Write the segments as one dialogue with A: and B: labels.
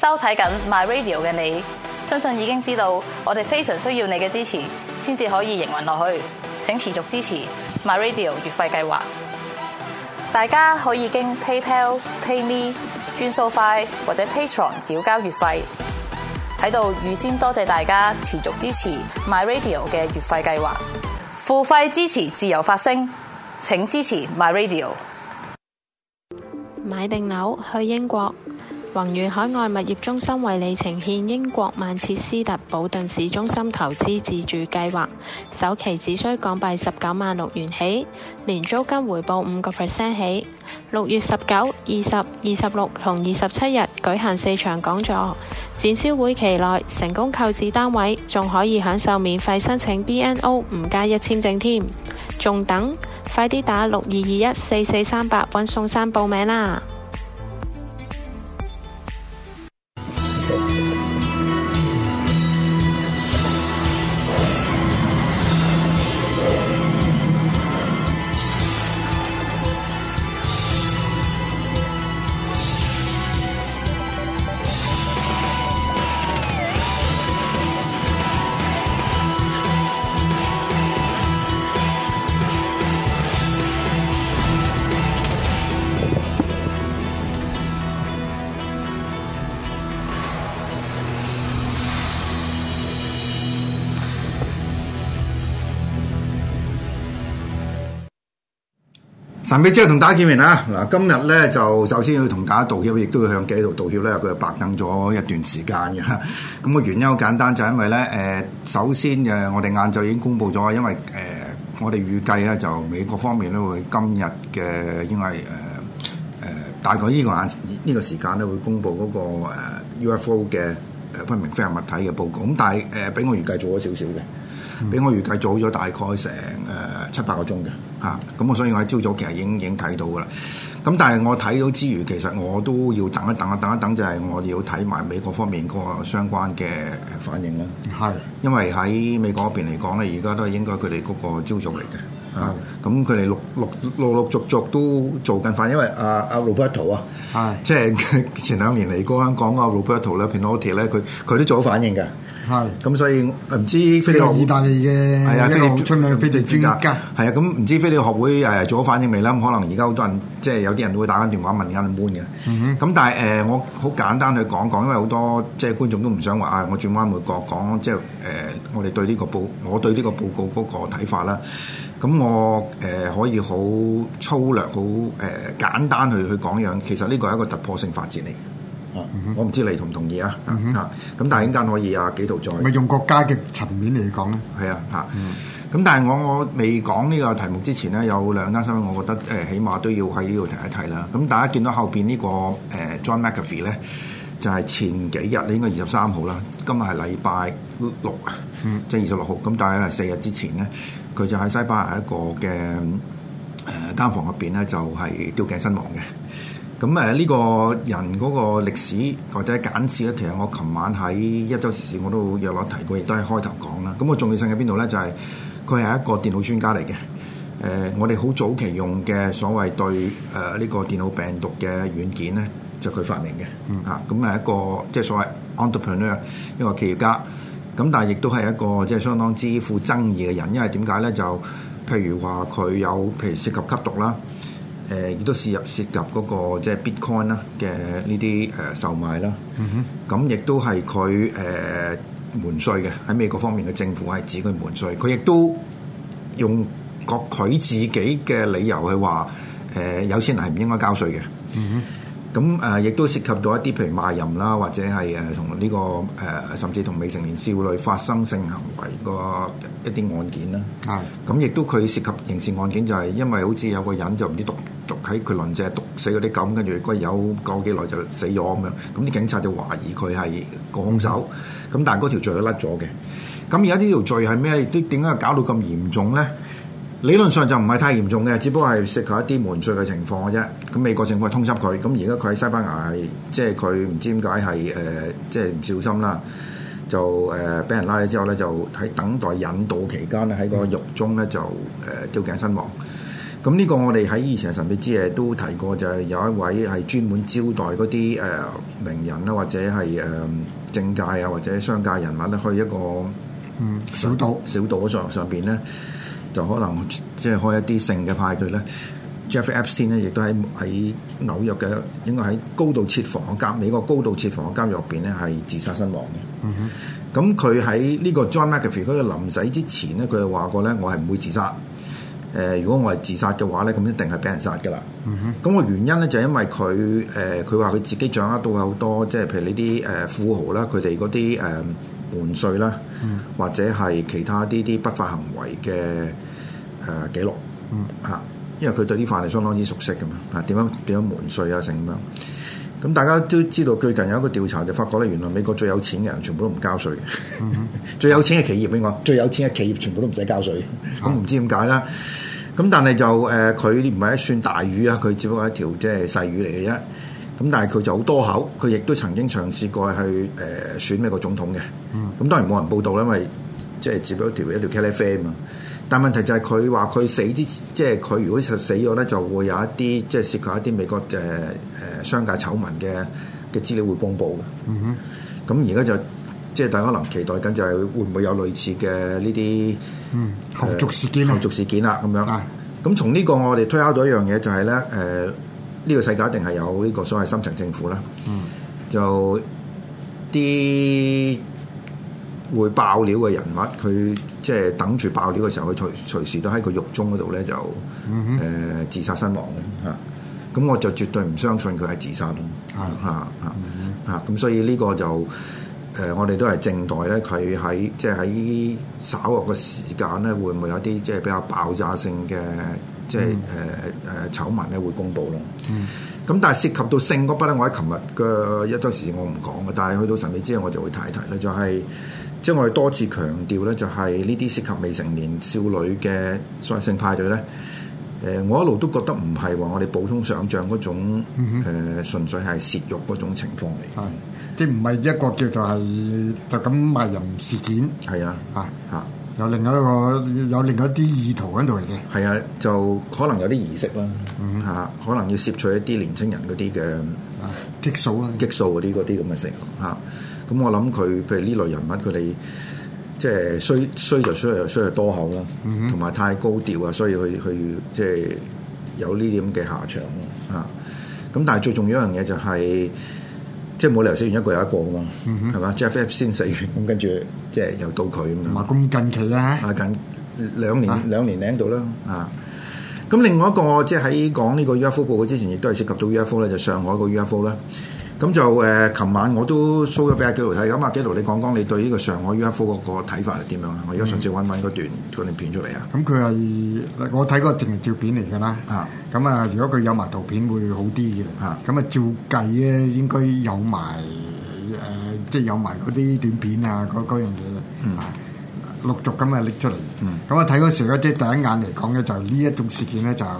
A: 收睇緊 My Radio 嘅你，相信已經知道我哋非常需要你嘅支持，先至可以營運落去，請持續支持 My Radio 月費計劃。大家可以經 PayPal、PayMe、轉數快或者 Patreon 繳交月費。喺度預先多謝大家持續支持 My Radio 嘅月費計劃，付費支持自由發聲，請支持 My Radio。
B: 買定樓去英國。宏遠海外物業中心為你呈獻英國曼徹斯特保頓市中心投資自住計劃，首期只需港幣十九萬六元起，年租金回報五個 percent 起。六月十九、二十、二十六同二十七日舉行四
C: 場講座，展銷會期內成功購置單位，仲可以享受免費
B: 申請 BNO 唔加一簽證添。仲等？快啲打六二二一四四三八搵宋生報名啦！
A: 神秘之夜同大家見面啦！嗱，今日咧就首先要同大家道歉，亦都要向紀陶道、道歉咧，佢又白等咗一段時間嘅。咁個原因好簡單，就係、因為咧，誒，首先誒，我哋晏晝已經公布咗，因為誒，我哋預計咧就美國方面咧會今日嘅因為誒誒，大概呢個晏呢個時間咧會公布嗰個 UFO 嘅誒不明飛行物體嘅報告。咁但係誒，比我預計早咗少少嘅。俾我預計早咗大概成誒、呃、七八個鐘嘅嚇，咁我、啊、所以我喺朝早其實已經已經睇到噶啦。咁但係我睇到之餘，其實我都要等一等一等一等，就係我哋要睇埋美國方面嗰個相關嘅反應咯。係的，因為喺美國嗰邊嚟講咧，而家都係應該佢哋嗰個朝早嚟嘅啊。咁佢哋陸陸陸陸續續都做緊反應，因為阿阿 Roberto 啊，係即係前兩年嚟過香港個 Roberto 咧、Pinotti 咧，佢佢都做咗反應㗎。係，咁是、嗯、所以唔知飛碟意大
B: 利嘅，係啊，飛碟
A: 出名飛碟專家，係啊，咁唔知飛碟學會誒、嗯、做咗反應未咧？咁可能而家好多人，即係有啲人都會打緊電話問緊 moon 嘅。咁、嗯、哼但係誒、呃，我好簡單去講講，因為好多即係觀眾都唔想話啊，我轉彎抹角講，即係誒、呃，我哋對呢個報，我對呢個報告嗰個睇法啦。咁我誒可以好粗略、好誒簡單去去講樣，其實呢個係一個突破性發展嚟。哦嗯、我唔知你同唔同意啊？咁、嗯、哼但係依家可以啊，幾度再咪用
B: 國家嘅層面嚟講
A: 咧？係啊，嚇、嗯！咁但係我我未講呢個題目之前咧，有兩單新聞，我覺得誒起碼都要喺呢度提一提啦。咁大家見到後邊呢個誒 John McAfee 咧，就係、是、前幾日應該二十三號啦，今、嗯、日係禮拜六啊，即係二十六號。咁但係四日之前咧，佢就喺西班牙一個嘅誒間房入邊咧，就係吊頸身亡嘅。咁誒呢個人嗰個歷史或者簡史咧，其實我琴晚喺《一周時事》我都約略提過，亦都係開頭講啦。咁我重要性喺邊度咧？就係佢係一個電腦專家嚟嘅。誒、呃，我哋好早期用嘅所謂對誒呢、呃這個電腦病毒嘅軟件咧，就佢、是、發明嘅。嗯、啊。咁係一個即係、就是、所謂 entrepreneur 一個企業家。咁但係亦都係一個即係、就是、相當之富爭議嘅人，因為點解咧？就譬如話佢有譬如涉及吸毒啦。誒亦都涉入涉及嗰個即係 Bitcoin 啦嘅呢啲誒售賣啦，哼、mm，咁、hmm. 亦都係佢誒瞞稅嘅，喺美國方面嘅政府係指佢瞞稅，佢亦都用各佢自己嘅理由去話誒、呃、有錢人係唔應該交稅嘅。
D: 哼、
A: mm，咁誒亦都涉及到一啲譬如賣淫啦，或者係誒同呢個誒、呃、甚至同未成年少女發生性行為個一啲案件啦。係咁、mm，亦都佢涉及刑事案件就係、是、因為好似有個人就唔知讀毒喺佢鄰只毒死嗰啲狗，跟住個友過幾耐就死咗咁樣，咁啲警察就懷疑佢係個兇手，咁但係嗰條罪都甩咗嘅。咁而家呢條罪係咩？啲點解搞到咁嚴重咧？理論上就唔係太嚴重嘅，只不過係涉及一啲門罪嘅情況嘅啫。咁美國政府係通緝佢，咁而家佢喺西班牙係即係佢唔知點解係誒即係唔小心啦，就誒俾、呃、人拉咗之後咧，就喺等待引渡期間咧喺個獄中咧就誒吊頸身亡。咁呢個我哋喺以前神秘之夜都提過，就係、是、有一位係專門招待嗰啲誒名人啦，或者係誒、呃、政界啊，或者商界人物咧，去一個小嗯小島小島上上邊咧，就可能即係開一啲性嘅派對咧。 Jeff Epstein 咧，亦都喺喺紐約嘅，應該喺高度設防嘅監，美國個高度設防嘅監倉入邊咧，係自殺身亡嘅。嗯
D: 哼，
A: 咁佢喺呢個 John McAfee 嗰個臨死之前咧，佢就話過咧，我係唔會自殺。誒，如果我係自殺嘅話咧，咁一定係俾人殺㗎啦。咁個、嗯、哼原因咧就係因為佢誒，佢話佢自己掌握到好多，即係譬如呢啲誒富豪啦，佢哋嗰啲誒瞞稅啦，et, 嗯、或者係其他啲啲不法行為嘅誒記錄。嗯，因為佢對啲法例相當之熟悉㗎嘛。嚇，點樣點樣瞞稅啊？成咁樣。咁大家都知道，最近有一個調查就發覺咧，原來美國最有錢嘅人全部都唔交稅、嗯、哼 最有錢嘅企業邊個，最有錢嘅企業全部都唔使交稅。咁唔知點解啦。咁但係就誒，佢唔係一串大魚啊，佢只不過係一條即係細魚嚟嘅啫。咁但係佢就好多口，佢亦都曾經嘗試過去誒、呃、選美國總統嘅。咁當然冇人報道啦，因為即係只不過一條一條 catfish 啊嘛。但係問題就係佢話佢死之前，即係佢如果實死咗咧，就會有一啲即係涉及一啲美國誒誒、呃、商界醜聞嘅嘅資料會公布嘅。嗯哼。咁而家就即係大家可能期待緊就係會唔會有類似嘅呢啲？嗯，後續事件啦，嗯、後續事件啦，咁樣。啊，咁從呢個我哋推敲咗一樣嘢、就係，就係咧，誒，呢個世界一定係有呢個所謂深層政府啦。嗯，就啲會爆料嘅人物，佢即係等住爆料嘅時候，佢隨時都喺個獄中嗰度咧，就誒、嗯哼呃、自殺身亡嘅。咁、啊、我就絕對唔相信佢係自殺咯。嚇嚇嚇嚇，咁所以呢個就。誒、呃，我哋都係靜待咧，佢喺即係喺稍後嘅時間咧，會唔會有啲即係比較爆炸性嘅即係誒誒誒醜聞咧，會公布咯？咁、嗯、但係涉及到性嗰筆咧，我喺琴日嘅一周時，我唔講嘅，但係去到神秘之後，我就會提一提咧，就係、是、即係我哋多次強調咧，就係呢啲涉及未成年少女嘅所謂性派對咧。誒，我一路都覺得唔係話我哋普通想象嗰種誒、呃，純粹係泄欲嗰種情況嚟。係，即
B: 唔係一個就係就咁賣淫事件。係啊，嚇嚇，有另外一個有另一啲意圖喺度嚟嘅。係啊，就可能有啲儀式啦，
A: 嚇、嗯，可能要攝取一啲年青人嗰啲嘅激素啊，激素嗰啲啲咁嘅食嚇，咁、啊、我諗佢譬如呢類人物佢哋。他們他們即係、就是、衰衰就衰，又衰又多口咯，同埋、嗯、哼太高調啊，所以佢佢即係有呢啲咁嘅下場咯啊！咁但係最重要一樣嘢就係即係冇理由死完一個又一個
C: 噶嘛，
A: 係嘛？JF 先死完，咁跟住即係又到佢咁、嗯、哼啊！咁近佢啦嚇，啊近兩年兩年零到啦啊！咁另外一個即係喺講呢個 UFO 報告之前，亦都係涉及到 UFO 咧，就上海個 UFO 啦、啊。咁就誒，琴、呃、晚我都 show 咗俾阿紀陶睇。咁阿紀陶，你講講你對呢個上海 UFO 個睇法係點樣啊？我而家上次係揾嗰段、嗯、段片出嚟啊！
B: 咁佢係我睇嗰個淨係照片嚟㗎啦。啊，咁啊，如果佢有埋圖片會好啲嘅。啊，咁啊，照計咧應該有埋誒、呃，即係有埋嗰啲短片啊，嗰樣嘢啊，嗯、陸續咁啊拎出嚟。嗯。咁我睇嗰時咧，即係第一眼嚟講咧，就呢一種事件咧、就係，就誒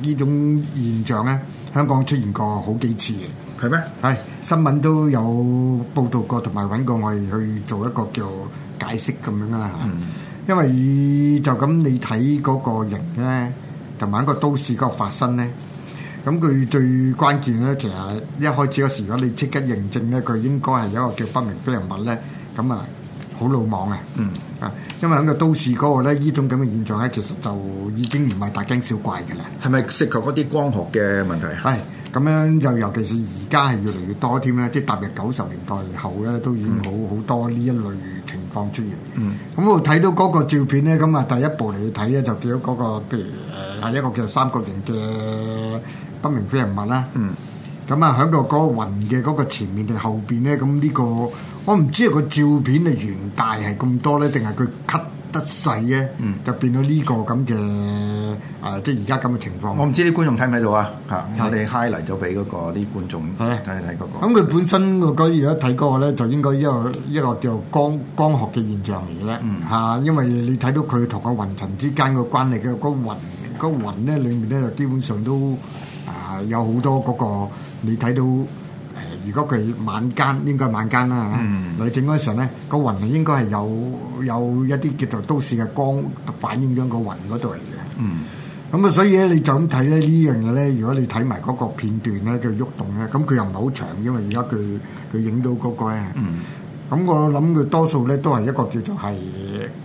B: 呢種現象咧，香港出現過好幾次嘅。係咩？係新聞都有報道過，同埋揾過我哋去做一個叫解釋咁樣啦嚇。嗯、因為就咁你睇嗰個人咧，同埋喺個都市嗰個發生咧，咁佢最關鍵咧，其實一開始嗰時如果你即刻認證咧，佢應該係有一個叫不明飛行物咧，咁啊好魯莽
C: 嘅、
B: 啊。嗯。啊，因為喺個都市嗰個咧，呢種咁嘅現象咧，其實就已經唔係大驚小怪嘅啦。係咪涉及嗰啲光學嘅問題？係。咁樣就尤其是而家係越嚟越多添啦。即係踏入九十年代後咧，都已經好好多呢一類情況出現。咁我睇到嗰個照片咧，咁啊第一步嚟睇咧就見到嗰個，譬如誒係、呃、一個叫做三角形嘅不明飛行物啦。咁啊喺個嗰雲嘅嗰個前面定後邊咧？咁呢個我唔知個照片係原大係咁多咧，定係佢 cut。得勢嘅，就變咗呢個咁嘅、嗯、啊！即係而家咁嘅情況。我唔知啲觀眾睇
A: 唔睇到啊？嚇，我哋 hi 嚟咗俾嗰個啲觀眾睇一睇嗰個。
B: 咁佢本身我覺得如果睇過咧，就應該一個一個叫做光光學嘅現象嚟嘅。嚇、嗯啊，因為你睇到佢同個雲層之間個關係嘅，個雲、個雲咧裡面咧，基本上都啊有好多嗰、嗰個你睇到。如果佢晚間應該係晚間啦嚇，夜靜嗰陣咧，個雲應該係有有一啲叫做都市嘅光反映咗個雲嗰度嚟嘅。咁啊、嗯，所以咧你就咁睇咧呢樣嘢咧，如果你睇埋嗰個片段咧叫喐動咧，咁佢又唔係好長，因為而家佢佢影到嗰個咧。咁、嗯、我諗佢多數咧都係一個叫做係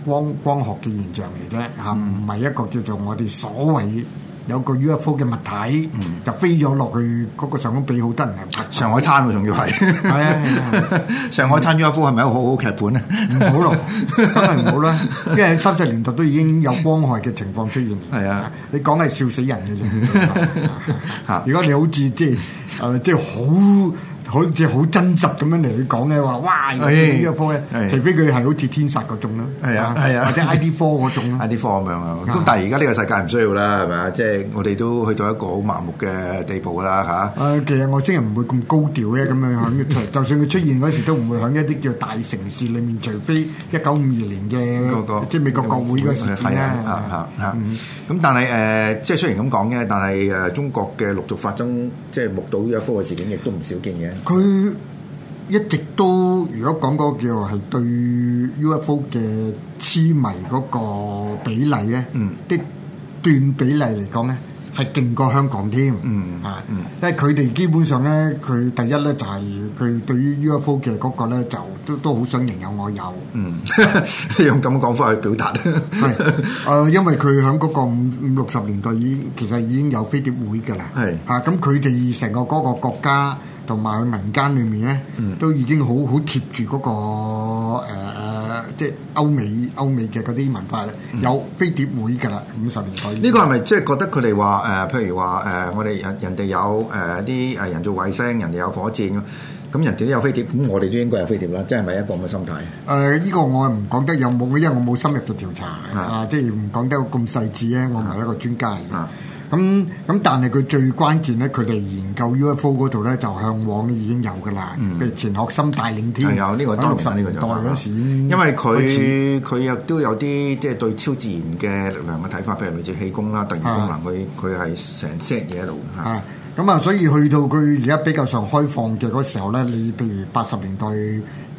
B: 光光學嘅現象嚟啫，嚇，唔係一個叫做我哋所謂。有個 UFO 嘅物體、嗯、就飛咗落去嗰、嗰個上空，畀好多人上海灘喎，仲要係。係啊，
A: 上海灘 UFO 係咪一個好好劇本咧？
B: 唔 好咯，梗係唔好啦，因為三十年代都已經有光害嘅情況出現。係啊，你講係笑死人嘅啫。如果 你好似即係，即係好。嗯好似好真實咁樣嚟去講咧，話哇！而家呢個科咧，除非佢係好似天殺嗰種啦，係啊，或者 ID4 嗰種啦，ID4 咁
A: 樣啊。咁但係而家呢個世界唔需要啦，係咪啊？即係我哋都去到一個好麻木嘅地步啦，嚇。
B: 誒，其實外星人唔會咁高調嘅咁樣，就算佢出現嗰時都唔會喺一啲叫大城市裡面，除非一九五二年嘅即係美國國會嗰個事件啦。嚇嚇嚇！
A: 咁但係誒，即係雖然咁講嘅，但係誒中國嘅陸續發生即係目睹呢個科嘅事件，亦都唔少見嘅。
B: 佢一直都如果講嗰個叫係對 UFO 嘅痴迷嗰個比例咧，啲段比例嚟講咧係勁過香港添，嚇，因為佢哋基本上咧，佢第一咧就係佢對於 UFO 嘅嗰個咧就都都好想人有我有，用咁講法去表達。係，誒，因為佢喺嗰個五五六十年代已經其實已經有飛碟會㗎喇，嚇，咁佢哋成個嗰個國家。同埋民間裏面咧，嗯、都已經好好貼住嗰、那個誒、呃，即係歐美歐美嘅嗰啲文化咧，嗯、有飛碟會噶啦，五十年代。呢個
A: 係咪即係覺得佢哋話誒，譬如話誒、呃，我哋人人哋有誒啲誒人造衛星，人哋有火箭咁，人哋都有飛碟，咁、呃、我哋都應該有飛碟啦，即係咪一個咁嘅心態？
B: 誒、呃，呢、這個我唔講得有冇，因為我冇深入嘅調查啊，即係唔講得咁細緻咧。我唔係一個專家。的的咁咁、嗯，但係佢最關鍵咧，佢哋研究 UFO 嗰度咧，就向往已經有嘅啦。譬、嗯、如「錢學森帶領添。呢、嗯這個當六十呢個就係因為佢
A: 佢亦都有啲即係對超自然嘅力量嘅睇法，譬如類似氣功啦、特異功能，佢佢係成 set 嘢喺
B: 度。啊，咁啊、嗯嗯，所以去到佢而家比較上開放嘅嗰時候咧，你譬如八十年代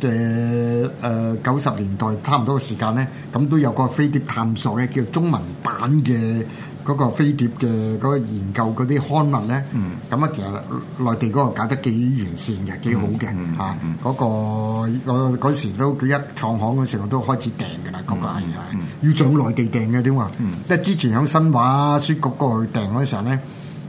B: 嘅誒九十年代差唔多嘅時間咧，咁、嗯、都有個飛碟探索咧，叫中文版嘅。嗰個飛碟嘅嗰、那個、研究嗰啲刊物咧，咁啊、嗯、其實內地嗰個搞得幾完善嘅，幾好嘅嚇。嗰、嗯嗯嗯啊那個我嗰時都佢一創行嗰時候我都開始訂嘅啦，嗰、那個係、哎、要上內地訂嘅點啊，即係、嗯、之前喺新華書局過去訂嗰陣咧，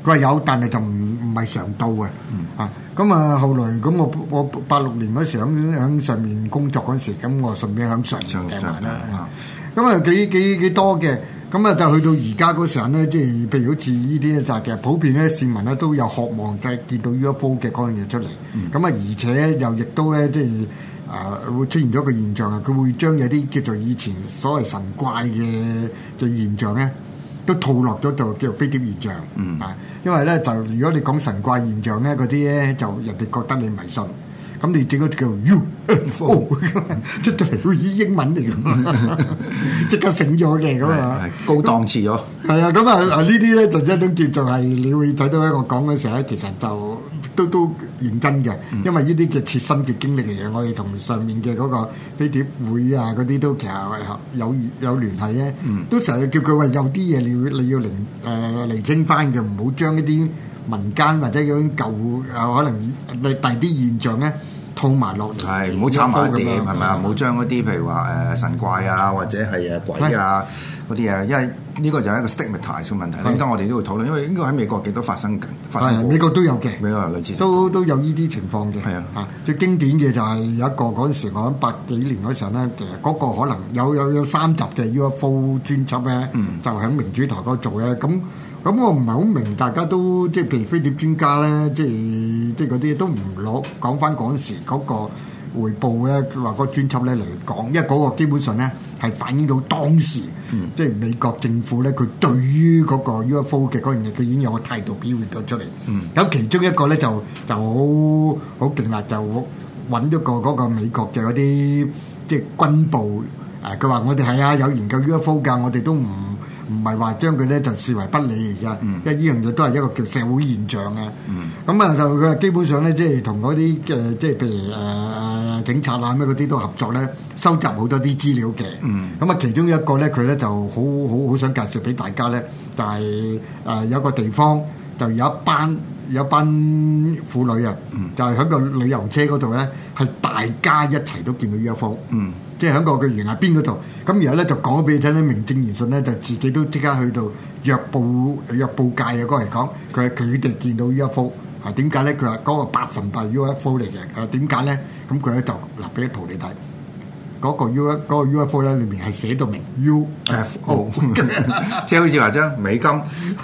B: 佢話有，但係就唔唔係常到嘅啊。咁啊，後來咁我我八六年嗰時響上面工作嗰時，咁我順便響上面訂埋啦，咁啊，幾幾幾多嘅？咁啊，就去到而家嗰時候咧，即係譬如好似呢啲，就係其實普遍咧，市民咧都有渴望即係見到 UFO 嘅嗰樣嘢出嚟。咁啊、嗯，而且又亦都咧，即係啊，會、呃、出現咗一個現象啊，佢會將有啲叫做以前所謂神怪嘅嘅現象咧，都套落咗就叫做飛碟現象啊。嗯、因為咧，就如果你講神怪現象咧，嗰啲咧就人哋覺得你迷信。咁你整嗰條 UFO 即到嚟，以英文嚟嘅，即刻醒咗嘅咁啊，
A: 高檔次咗。
B: 係啊，咁啊啊呢啲咧就一種叫做係，你會睇到喺我講嘅時候咧，其實就都都認真嘅，因為呢啲嘅切身嘅經歷嚟嘅，我哋同上面嘅嗰個飛碟會啊嗰啲都其實係有有聯繫嘅。都成日叫佢話有啲嘢你要你要釐誒釐清翻嘅，唔好將一啲。民間或者嗰種舊可能第二啲現象咧，套埋落嚟，係，唔好參埋啲，係咪啊？唔好吧
A: 將嗰啲譬如話誒神怪啊，或者係誒鬼啊嗰啲啊，因為。呢個就係一個 stimulus 問題啦。而家、啊、我哋都會討論，因為應該喺美國幾多發
B: 生緊？係、啊、美國都有嘅，美國類似都都有呢啲情況嘅。係啊，啊，最經典嘅就係有一個嗰陣時，我諗八幾年嗰時候咧，其實嗰個可能有有有，有三集嘅 UFO 專輯咧，嗯、就喺明珠台嗰度做嘅。咁咁我唔係好明，大家都即係譬如飛碟專家咧，即係即係嗰啲都唔攞講翻嗰陣時嗰、那個。回報咧，佢話嗰專輯咧嚟講，因為嗰個基本上咧係反映到當時，嗯、即係美國政府咧，佢對於嗰個 UFO 嘅嗰樣嘢，佢已經有個態度表現咗出嚟。咁、嗯、其中一個咧就就好好勁啊，就搵咗個嗰個美國嘅嗰啲即係軍部，佢、呃、話我哋係啊，有研究 UFO 㗎，我哋都唔。唔係話將佢咧就視為不理而家，嗯、因為依樣嘢都係一個叫社會現象嘅。咁啊、嗯、就佢基本上咧即係同嗰啲嘅即係譬如誒警察啊咩嗰啲都合作咧，收集好多啲資料嘅。咁啊、嗯、其中一個咧佢咧就好好好想介紹俾大家咧，就係、是、誒、呃、有一個地方就有一班有一班婦女啊，嗯、就係喺個旅遊車嗰度咧係大家一齊都見到 UFO。即係喺個嘅懸崖邊嗰度，咁然後咧就講俾你聽咧，名正言順咧就自己都即刻去到約報約報界嘅嗰個嚟講，佢係佢哋見到 UFO，係點解咧？佢話嗰個百分百 UFO 嚟嘅，誒點解咧？咁佢咧就嗱俾啲圖你睇，嗰個 U 嗰個 UFO 咧，裏面係寫到明 UFO，即係好似話將美金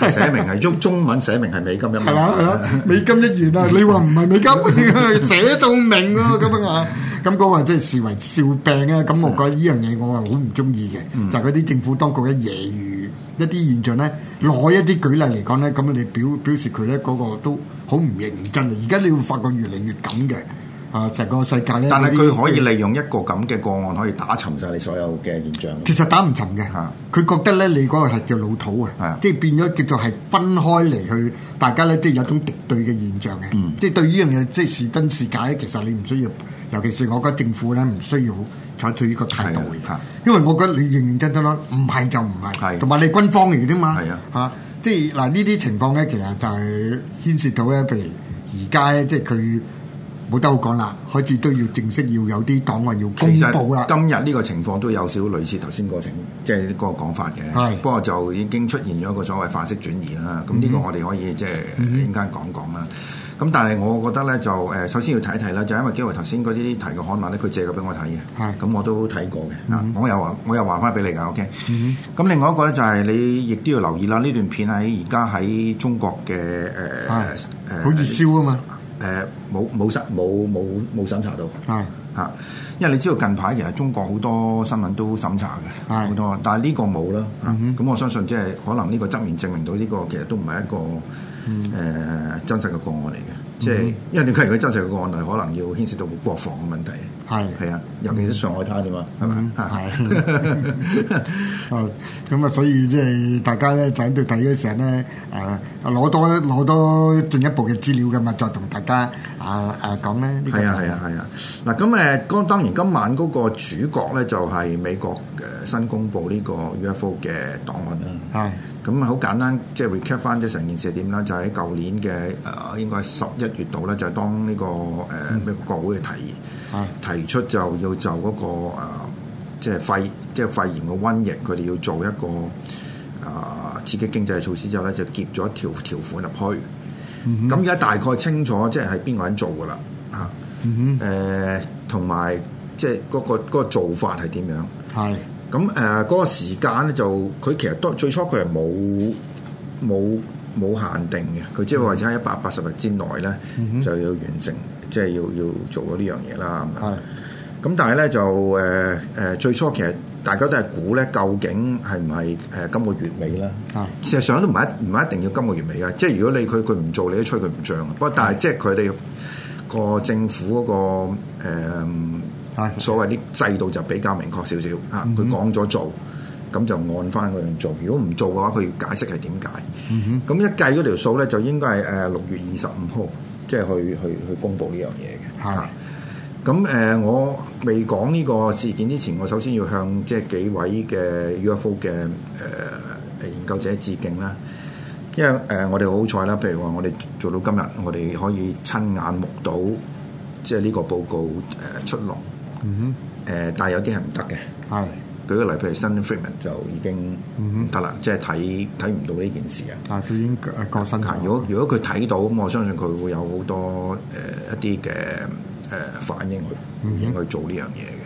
B: 寫明係用中文寫明係美金咁樣。係啦，美金一元啊！你話唔係美金，寫到明啊咁啊！咁嗰個即係視為笑柄啊！咁我覺得呢樣嘢我係好唔中意嘅，嗯、就係嗰啲政府當局嘅揶揄一啲現象咧，攞一啲舉例嚟講咧，咁你表表示佢咧嗰個都好唔認真啊！而家你會發覺越嚟越咁嘅啊，成、就係、個世界咧，但係佢可以利用
A: 一個咁嘅個案可以打沉晒你所有嘅現象。嗯、其
B: 實打唔沉嘅嚇，佢的覺得咧你嗰個係叫老土啊，的的即係變咗叫做係分開嚟去，大家咧即係有種敵對嘅現象嘅、嗯，即係對呢樣嘢即係是真是假，其實你唔需要。尤其是我覺得政府咧唔需要採取呢個態度嘅，的因為我覺得你認認真得咯，唔係就唔係，同埋你軍方嚟啫嘛嚇，即係嗱呢啲情況咧，其實就係牽涉到咧，譬如而家即係佢冇得好講啦，開始都要正式要有啲檔案要公布啦。
A: 今日呢個情況都有少類似頭先個情況，即係嗰個講法嘅，的不過就已經出現咗一個所謂範式轉移啦。咁呢、嗯、個我哋可以即係陣間講講啦。咁但係我覺得咧就誒，首先要睇一睇啦，就是，因為紀陶頭先嗰啲提個刊物咧，佢借過俾我睇嘅，咁、嗯、哼我都睇過嘅。嗱，我有還，我又還翻俾你㗎，OK，咁、嗯、哼另外一個咧就係你亦都要留意啦，呢段片喺而家喺中國嘅誒誒，好熱銷啊嘛。誒冇冇審冇冇冇審查到。係嚇的，因為你知道近排其實中國好多新聞都審查嘅，好的多，但係呢個冇啦。咁、嗯、哼我相信即係可能呢個側面證明到呢個其實都唔係一個。誒、嗯、真實嘅個案嚟嘅，即係因為你睇如果真實嘅個案係可能要牽涉到國防嘅
B: 問題，係係啊，尤其是上海灘咋嘛，係咪？係，咁啊，所以即係大家咧就喺度睇嘅時候咧，誒攞多攞多進一步嘅資料㗎嘛，再同大家啊誒講咧。係啊係啊係
A: 啊！嗱、啊，咁誒，今當然今晚嗰個主角咧就係美國。新公布呢個 UFO 嘅檔案啦，係咁好簡單，即係 recap 翻啲成件事點啦。就喺、是、舊年嘅誒，應該十一月度啦，就是、當呢、這個誒咩、呃、國,國會嘅提、mm. 提出就要就嗰、那個即係、呃就是、肺即係、就是、肺炎嘅瘟疫，佢哋要做一個誒、呃、刺激經濟嘅措施之後咧，就夾咗條條款入去。咁而家大概清楚即係係邊個人做噶啦，
C: 嚇、
A: 啊，誒同埋即係嗰個做法係點樣？係、mm。Mm 咁誒嗰個時間咧就，佢其實都最初佢係冇冇冇限定嘅，佢只係話喺一百八十日之內咧、嗯、哼就要完成，即、就、係、是、要要做咗呢樣嘢啦。係的。咁但係咧就誒誒、呃、最初其實大家都係估咧，究竟係唔係誒今個月尾咧？啊、嗯，事實上都唔係唔係一定要今個月尾㗎，嗯、即係如果你佢佢唔做，你都吹佢唔脹。不過但係即係佢哋個政府嗰、那個、呃所謂啲制度就比較明確少少，啊、嗯哼，佢講咗做，咁就按翻嗰樣做。如果唔做嘅話，佢要解釋係點解。咁、嗯、哼一計嗰條數咧，就應該係誒六月二十五號，即、就、係、是、去去去公佈呢樣嘢嘅。嚇、嗯哼！咁誒、呃，我未講呢個事件之前，我首先要向即係幾位嘅 UFO 嘅誒、呃、研究者致敬啦。因為誒、呃、我哋好彩啦，譬如話我哋做到今日，我哋可以親眼目睹即係呢個報告誒出爐。嗯哼，但係有啲係唔得嘅。係的，舉個例，譬如新 Freeman 就已經唔得啦，嗯、哼即係睇睇唔到呢件事啊。但係佢已經過身係，如果如果佢睇到咁，我相信佢會有好多誒、呃、一啲嘅誒反應去，而應該做呢樣嘢嘅。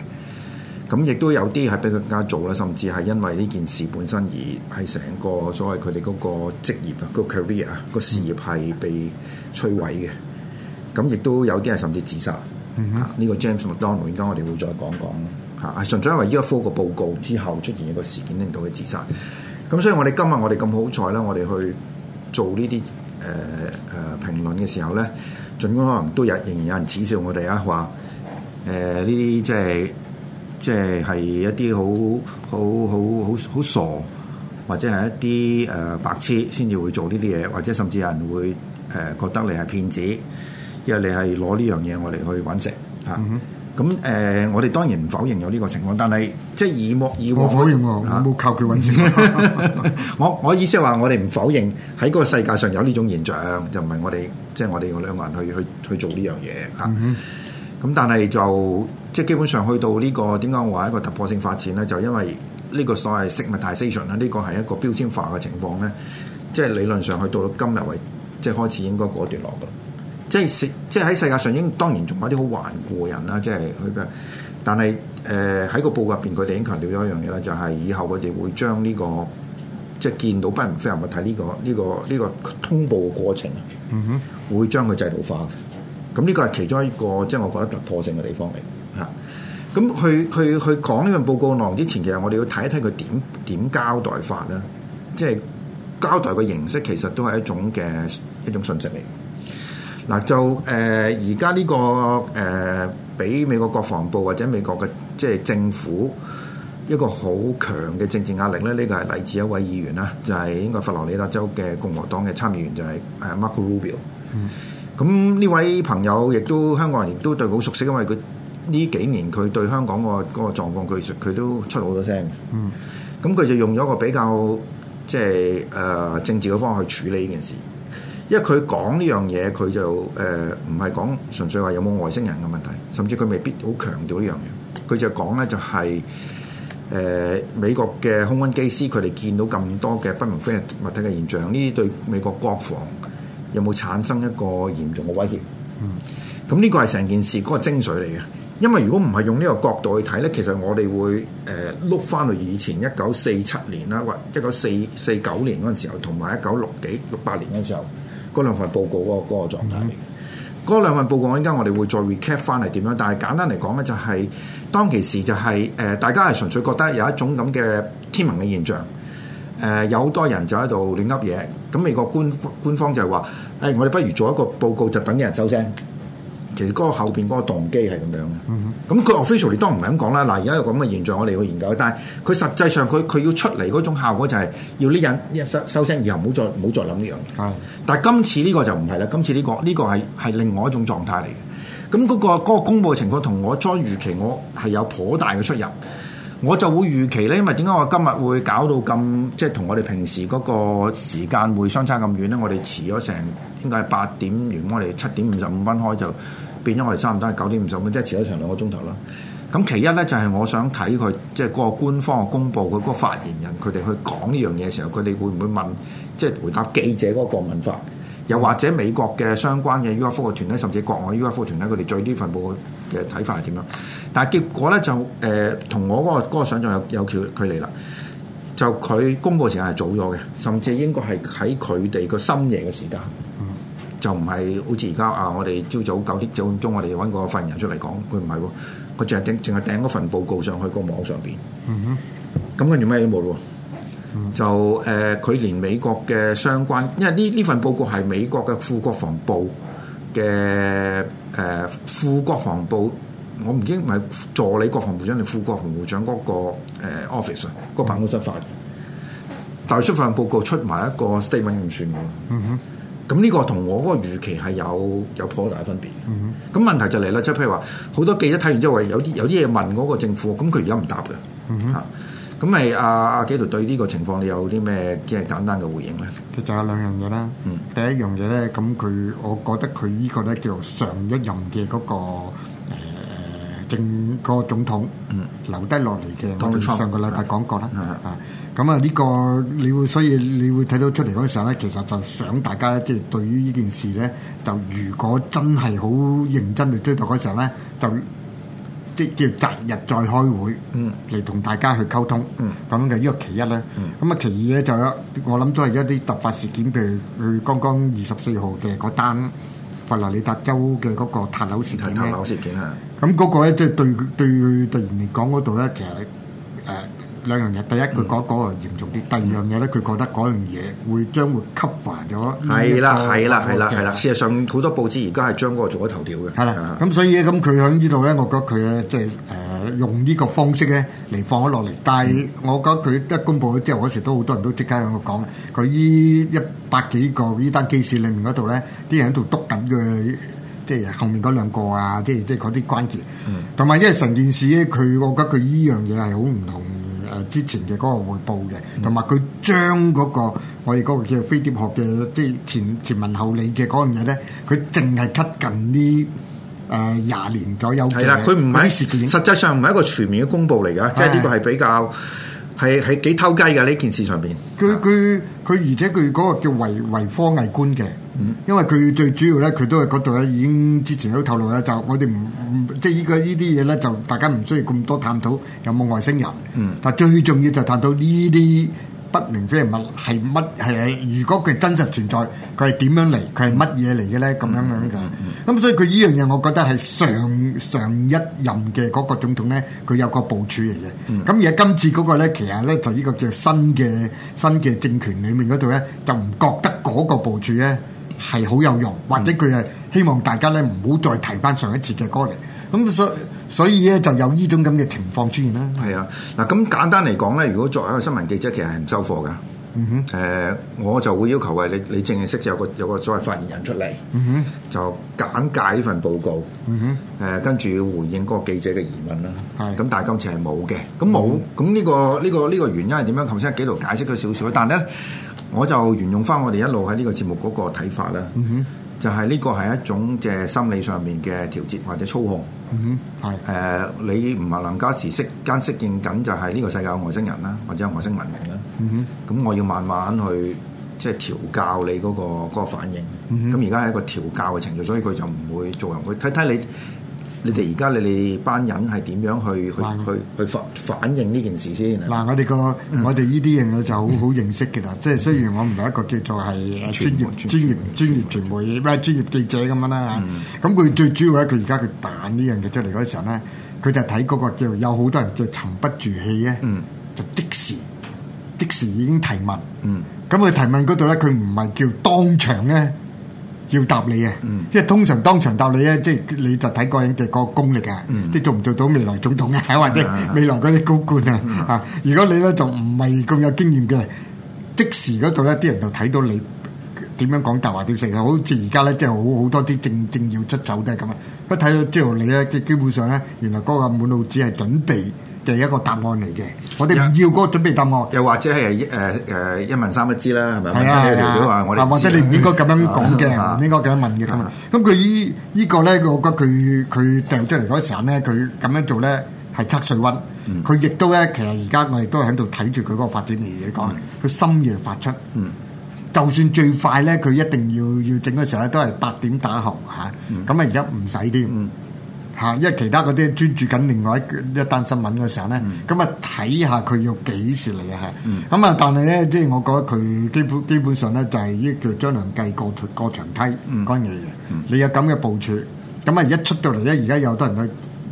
A: 咁亦都有啲係俾佢更加做啦，甚至係因為呢件事本身而係成個所謂佢哋嗰個職業啊，個 career 啊，個事業係被摧毀嘅。咁亦都有啲係甚至自殺。呢、嗯啊呢個 James McDonald，而家我哋會再講講嚇、啊，純粹因為呢一個報告之後出現一個事件令到佢自殺，咁所以我哋今日我哋咁好彩啦，我哋去做呢啲誒誒評論嘅時候咧，儘管可能都有仍然有人恥笑我哋啊，話誒呢啲即係即係係一啲好好好好好傻或者係一啲誒、呃、白痴先至會做呢啲嘢，或者甚至有人會誒、呃、覺得你係騙子。即係你係攞呢樣嘢，我哋去揾食嚇。咁誒，我哋當然唔否認有呢個情況，但係即係以莫以莫我否認喎，冇、啊、靠佢揾食。 我我意思係話，我哋唔否認喺個世界上有呢種現象，就唔係我哋即係我哋兩個人去去去做呢樣嘢嚇。咁、啊嗯、但係就即係基本上去到呢、這個點解話一個突破性發展咧，就因為呢個所謂 stigmatization 呢個係一個標籤化嘅情況咧，即係理論上去到到今日為即係開始應該告一段落嘅。即係即係喺世界上，已經當然仲有啲好頑固嘅人啦。即係佢但係誒喺個報告入邊，佢哋已經強調咗一樣嘢啦，就係、是、以後我哋會將呢個即係見到不人非人，我睇呢個呢、這個呢、這個這個通報嘅過程，嗯哼，會將佢制度化。咁、嗯、呢、嗯、個係其中一個即係我覺得突破性嘅地方嚟嚇。咁、嗯嗯、去去去講呢份報告內容之前，其實我哋要睇一睇佢點點交代法啦。即係交代嘅形式，其實都係一種嘅一種信息嚟。嗱、啊、就誒而家呢個誒俾、呃、美國國防部或者美國嘅即係政府一個好強嘅政治壓力咧，呢個係嚟自一位議員啦，就係、是、應該佛羅里達州嘅共和黨嘅參議員、就是，就係誒 Marco Rubio。嗯，咁呢位朋友亦都香港人亦都對佢好熟悉，因為佢呢幾年佢對香港個嗰、那個狀況，佢佢都出好多聲。嗯，咁佢就用咗個比較即係誒、呃、政治嘅方法去處理呢件事。因為佢講呢樣嘢，佢就誒唔係講純粹話有冇外星人嘅問題，甚至佢未必好強調呢樣嘢。佢就講咧就係誒美國嘅空軍機師，佢哋見到咁多嘅不明飛物體嘅現象，呢啲對美國國防有冇產生一個嚴重嘅威脅？嗯，咁呢、嗯、個係成件事嗰、那個精髓嚟嘅。因為如果唔係用呢個角度去睇咧，其實我哋會誒碌返去以前一九四七年啦，或者一九四四九年嗰陣時候，同埋一九六幾六八年嗰陣時候。嗰兩份報告嗰嗰、嗰個狀態嗰、嗰個、兩份報告，我一陣間我哋會再 recap 翻嚟點樣，但係簡單嚟講咧，就係當其時就係、是、誒、呃，大家係純粹覺得有一種咁嘅天文嘅現象，誒、呃、有好多人就喺度亂噏嘢，咁美國官官方就係話，誒、欸、我哋不如做一個報告，就等啲人收聲。其實嗰個後邊嗰個動機係咁樣嘅，咁佢 officially 當然唔係咁講啦。嗱，而家有個咁嘅現象，我哋去研究。但係佢實際上佢佢要出嚟嗰種效果就係要呢人一收收聲，以後唔好再唔好再諗呢樣。啊、但係今次呢個就唔係啦。今次呢、呢個呢、呢個係係另外一種狀態嚟嘅。咁嗰、嗰個嗰個公佈嘅情況同我初預期我係有頗大嘅出入。我就會預期咧，因為點解我今日會搞到咁即係同我哋平時嗰個時間會相差咁遠咧？我哋遲咗成應該係八點完，我哋七點五十五分開就。變咗我哋差唔多係九點五十分，即係遲咗成兩個鐘頭啦。咁其一咧就係、是、我想睇佢，即係嗰個官方嘅公佈，佢嗰個發言人佢哋去講呢樣嘢嘅時候，佢哋會唔會問，即、就、係、是、回答記者嗰個問法？又或者美國嘅相關嘅 UFO 嘅團體，甚至國外 UFO 團體，佢哋對呢份報告嘅睇法係點樣？但係結果咧就誒，同、呃、我嗰、那個想像有有橋距離啦。就佢公佈時間係早咗嘅，甚至應該係喺佢哋個深夜嘅時間。就唔係好似而家啊！我哋朝早九點九點鐘，我哋揾個發言人出嚟講，佢唔係喎，佢淨係訂淨係訂嗰份報告上去個網上邊。嗯
C: 哼，
A: 咁跟住咩都冇咯。就誒，佢連美國嘅相關，因為呢呢份報告係美國嘅副國防部嘅誒副國防部，我唔知係咪助理國防部長定副國防部長嗰個誒 office 啊，個辦公室發嘅，但係出份報告出埋一個 statement 唔算嘅。嗯哼。咁呢個同我嗰個預期係有有頗大分別
C: 嘅。
A: 咁、嗯、哼問題就嚟啦，即係譬如話好多記者睇完之後話，有啲有啲嘢問嗰個政府，咁佢而家唔答嘅。嚇、嗯哼，咁係阿阿紀陶對呢個情況你有啲咩即係簡單嘅回應咧？
B: 其實有兩樣嘢啦。嗯、第一樣嘢咧，咁、嗯、佢、嗯、我覺得佢呢個咧叫做上一任嘅嗰、嗰個政、呃嗰個總統、嗯、留低落嚟嘅。講錯啦。啊？咁啊，呢個你會，所以你會睇到出嚟嗰時候咧，其實就想大家即係對於呢件事咧，就如果真係好認真去追到嗰時候咧，就即係叫擇日再開會嚟同大家去溝通、嗯。咁嘅呢個其一咧。咁啊，其二咧就有，我諗都係一啲突發事件，譬如佢剛剛二十四號嘅嗰單佛羅里達州嘅嗰個塌樓事件咧。塌樓事件啊！咁嗰個咧，即係對對佢突然嚟講嗰度咧，其實誒。呃兩樣嘢，第一佢講嗰個嚴重啲，第二樣嘢咧，佢覺得嗰樣嘢會將會吸煩咗。係啦，係啦，係啦，係啦。事
A: 實上好多報紙而家係將嗰個做咗頭條嘅。係啦。咁
B: 所以咧，咁佢響呢度咧，我覺得佢咧即係誒用呢個方式咧嚟放咗落嚟。但係我覺得佢一公佈咗之後，嗰時都好多人都即刻喺度講，佢依一百幾個呢單機事裡面嗰度咧，啲人喺度督緊佢，即係後面嗰兩個啊，即係即係嗰啲關鍵。同埋因為成件事咧，佢我覺得佢依樣嘢係好唔同。誒之前嘅嗰個彙報嘅，同埋佢將嗰個我哋嗰個叫飛碟學嘅即前前文後理嘅嗰樣嘢咧，佢淨係 cut 近呢誒廿年左右嘅，佢唔係事
A: 件，實際上唔係一個全面嘅公佈嚟嘅，即係呢個係比較係係幾偷雞嘅
B: 呢件事上邊。佢佢佢，而且佢嗰個叫唯唯科藝觀嘅。因為佢最主要咧，佢都係嗰度咧，已經之前都透露咧，就我哋唔唔，即係呢個依啲嘢咧，就大家唔需要咁多探討有冇外星人。嗯。但最重要就探討呢啲不明飛物係乜係？如果佢真實存在，佢係點樣嚟？佢係乜嘢嚟嘅咧？咁樣樣㗎。咁、嗯嗯嗯、所以佢呢樣嘢，我覺得係上上一任嘅嗰個總統咧，佢有個部署嚟嘅。咁、嗯、而家今次嗰個咧，其實咧就呢個叫新嘅新嘅政權裡面嗰度咧，就唔覺得嗰個部署咧係好有用，或者佢係希望大家咧唔好再提翻上，上一次嘅歌嚟，咁所所以咧就有呢種咁嘅情況出現啦。
A: 係啊，嗱咁簡單嚟講咧，如果作為一個新聞記者，其實係唔收貨噶。嗯、哼，誒、呃、我就會要求係你你正式有個有個所謂發言人出嚟。嗯、哼，就簡介呢份報告。嗯、哼，誒跟住要回應嗰個記者嘅疑問啦。係是，咁但係今次係冇嘅。咁冇，咁呢、嗯呢個呢個呢個原因係點樣？頭先紀陶解釋咗少少，但係咧。我就沿用翻我哋一路喺呢個節目嗰、嗯、哼個睇法啦，就係呢個係一種即係心理上面嘅調節或者操控，係誒、嗯哼呃、你唔係能加時適間適應緊就係呢個世界外星人啦，或者外星文明啦，咁、嗯、哼我要慢慢去即係調教你嗰、嗰個嗰個反應，咁而家係一個調教嘅程序，所以佢就唔會做人去睇睇你。你哋而家你哋班
B: 人係點樣去去
A: 去去反
B: 反映呢件事先？嗱，我哋個我哋呢啲人咧就好好認識嘅啦。即係雖然我唔係一個叫做係專業專業專業傳媒咩係專業記者咁樣啦。咁佢最主要咧，佢而家佢彈呢樣嘢出嚟嗰時候咧，佢就睇嗰個叫有好多人就沉不住氣嘅，就即時即時已經提問。咁佢提問嗰度咧，佢唔係叫當場咧。要答你啊，即係通常當場答你咧，即係你就睇個人嘅嗰個功力啊，嗯、即係做唔做到未來總統啊，或者未來嗰啲高官啊嚇。嗯嗯、如果你咧就唔係咁有經驗嘅，即時嗰度咧啲人就睇到你點樣講大話點成啊，好似而家咧即係好好多啲政政要出走都係咁啊。一睇到之後你咧，基基本上咧，原來嗰個滿腦子係準備。嘅一個答案嚟嘅，我哋唔要嗰個準備答案。又或者係誒
A: 誒一問三不知啦，係咪、啊？即係代表話唔應該咁樣講嘅，唔
B: 應該咁樣問嘅。咁咁佢呢依個咧，我覺得佢佢掟出嚟嗰陣咧，佢咁樣做咧係測水溫。佢亦、嗯、都咧，其實而家我哋都係喺度睇住佢嗰個發展嘅嘢講。佢、嗯、深夜發出，嗯、就算最快咧，佢一定要要整嘅時候咧，都係八點打後嚇。咁啊，而家唔使添。嗯嚇，因為其他嗰啲專注緊另外一,一單新聞嘅時候咧，咁啊睇下佢要幾時嚟啊嚇。咁啊、嗯，但係咧，即係我覺得佢基本基本上咧就係、是、依叫張良計過脱過牆梯嗰樣嘢嘅。你有咁嘅部署，咁啊一出到嚟咧，而家有好多人都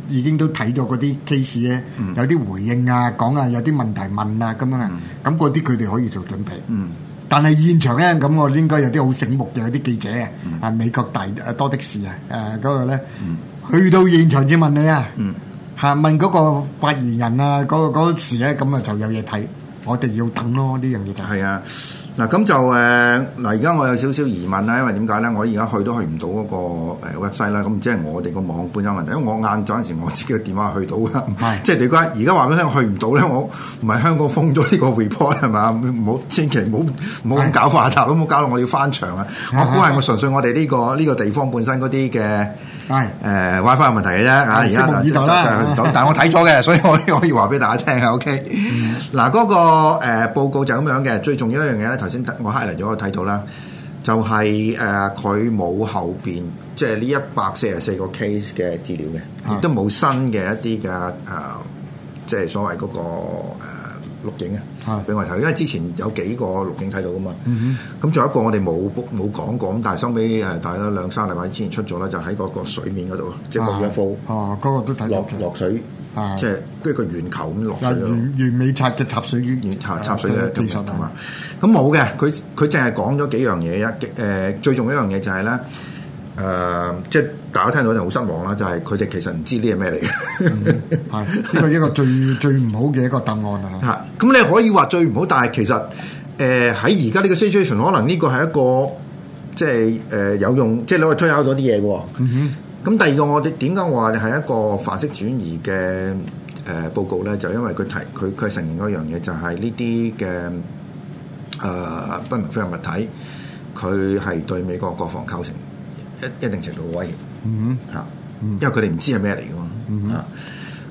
B: 已經都睇咗嗰啲 case 咧，嗯、有啲回應啊，講啊，有啲問題問啊咁樣，咁嗰啲佢哋可以做準備。嗯、但係現場咧，咁我應該有啲好醒目嘅有啲記者啊、嗯嗯，美國大啊多的士啊，誒、呃、嗰、呃那個咧。嗯嗯嗯嗯去到現場先問你啊，嚇、嗯、問嗰個發言人啊，嗰、嗰、嗰、嗰個、時咧，咁啊就有嘢睇，我哋要等咯，呢樣嘢就係啊。
A: 嗱咁就誒嗱，而家我有少少疑問啦，因為點解咧？我而家去都去唔到嗰個 website 啦。咁即係我哋個網,網本身問題，因為我晏嗰陣時我自己嘅電話去到噶，的即係李哥。而家話俾你聽,我去唔到咧？我唔係香港封咗呢個 report 係嘛？唔好千祈唔好唔好咁搞化頭，唔好的搞到我要翻牆啊！的我估係我純粹我哋呢、這個呢、這個地方本身嗰啲嘅誒 WiFi 問題嘅啫嚇。而家的在就就就咁，就就的但係我睇咗嘅，所以我可以話俾大家聽 OK，嗱嗰個誒報告就咁樣嘅，最重要一樣嘢咧。頭先我開嚟咗，我睇到啦，就係誒佢冇後邊，即係呢的一百四十四個 case 嘅資料嘅，亦都冇新嘅一啲嘅誒，即係所謂嗰、那個誒、呃、錄影啊，俾我睇。因為之前有幾個錄影睇到㗎嘛，咁仲、嗯、哼有一個我哋冇冇講過，咁但係收尾誒，大概兩三禮拜之前出咗啦，就喺、是、嗰個水面嗰度，啊、即係冇嘅 f 啊嗰個都睇落落水，即係跟一個圓球咁落水，
B: 完美拆嘅插水圓插水嘅
A: 咁冇嘅。佢佢淨係講咗幾樣嘢一，誒、呃、最重要一樣嘢就係、是、咧，誒、呃、即係大家聽到就好失望啦，就係佢哋其實唔知呢啲係咩嚟
B: 嘅，係一個一個最 最唔好嘅一個答案啊！
A: 嚇咁你可以話最唔好，但係其實誒喺而家呢個 situation，可能呢個係一個即係誒有用，即係你可以推敲咗啲嘢喎。哼。咁第二個，我哋點解話係一個範式轉移嘅誒報告咧？就因為佢提佢佢承認嗰樣嘢，就係呢啲嘅誒不明飛行物體，佢係對美國國防構成一一,一定程度嘅威脅。嗯、mm hmm. 因為佢哋唔知係咩嚟嘅嘛。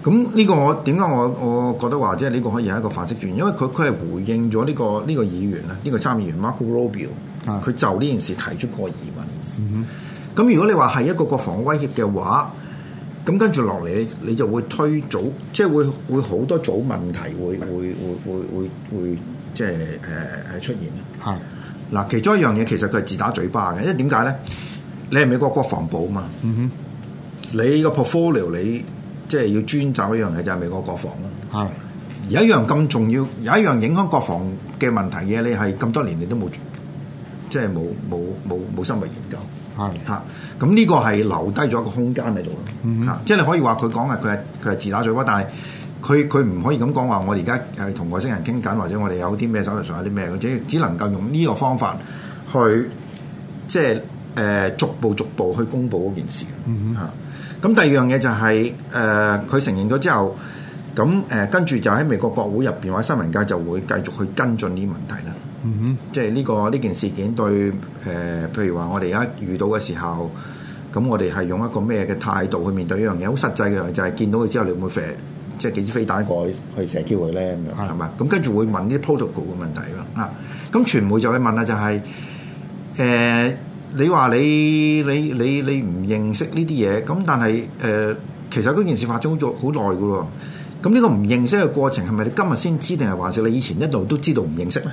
A: 咁呢、mm hmm. 啊這個我點解我我覺得話，即係呢個可以係一個範式轉移，因為佢佢係回應咗呢、這個呢、這個議員咧，呢、這個參議員 Marco Rubio，佢就呢件事提出過疑問。Mm hmm. 咁如果你話係一個國防威脅嘅話，咁跟住落嚟，你就會推早，即係會會好多組問題會，會會會會會會即係誒誒出現。係嗱的，其中一樣嘢其實佢係自打嘴巴嘅，因為點解咧？你係美國國防部啊嘛，嗯、哼，你個 portfolio 你即係要專責一樣嘢就係、是、美國國防咯。
B: 係
A: 的有一樣咁重要，有一樣影響國防嘅問題嘢，你係咁多年你都冇，即係冇冇冇冇深入研究。係嚇，咁呢個係留低咗一個空間喺度咯。嚇、嗯哼，即係你可以話佢講啊，佢係佢係自打嘴巴，但係佢佢唔可以咁講話。我而家係同外星人傾緊，或者我哋有啲咩手頭上有啲咩，或者只能夠用呢個方法去即係誒、呃、逐步逐步去公布嗰件事。嗯咁哼第二樣嘢就係誒佢承認咗之後，咁誒跟住就喺美國國會入邊或者新聞界就會繼續去跟進呢啲問題啦。
C: 嗯哼，
A: 即係呢、這個呢件事件對誒、呃，譬如話我哋而家遇到嘅時候，咁、嗯、我哋係用一個咩嘅態度去面對呢樣嘢？好實際嘅就係、是、見到佢之後，你會唔會飛即係幾支飛彈過去，去射丟佢咧咁樣，係嘛吧？咁跟住會問啲 protocol 嘅問題啦。啊，咁傳媒就會問啦、就是，就係誒，你話你你你你唔認識呢啲嘢，咁但係誒、呃，其實嗰件事發生咗好耐㗎喎。咁呢個唔認識嘅過程係咪你今日先知定係還是你以前一路都知道唔認識咧？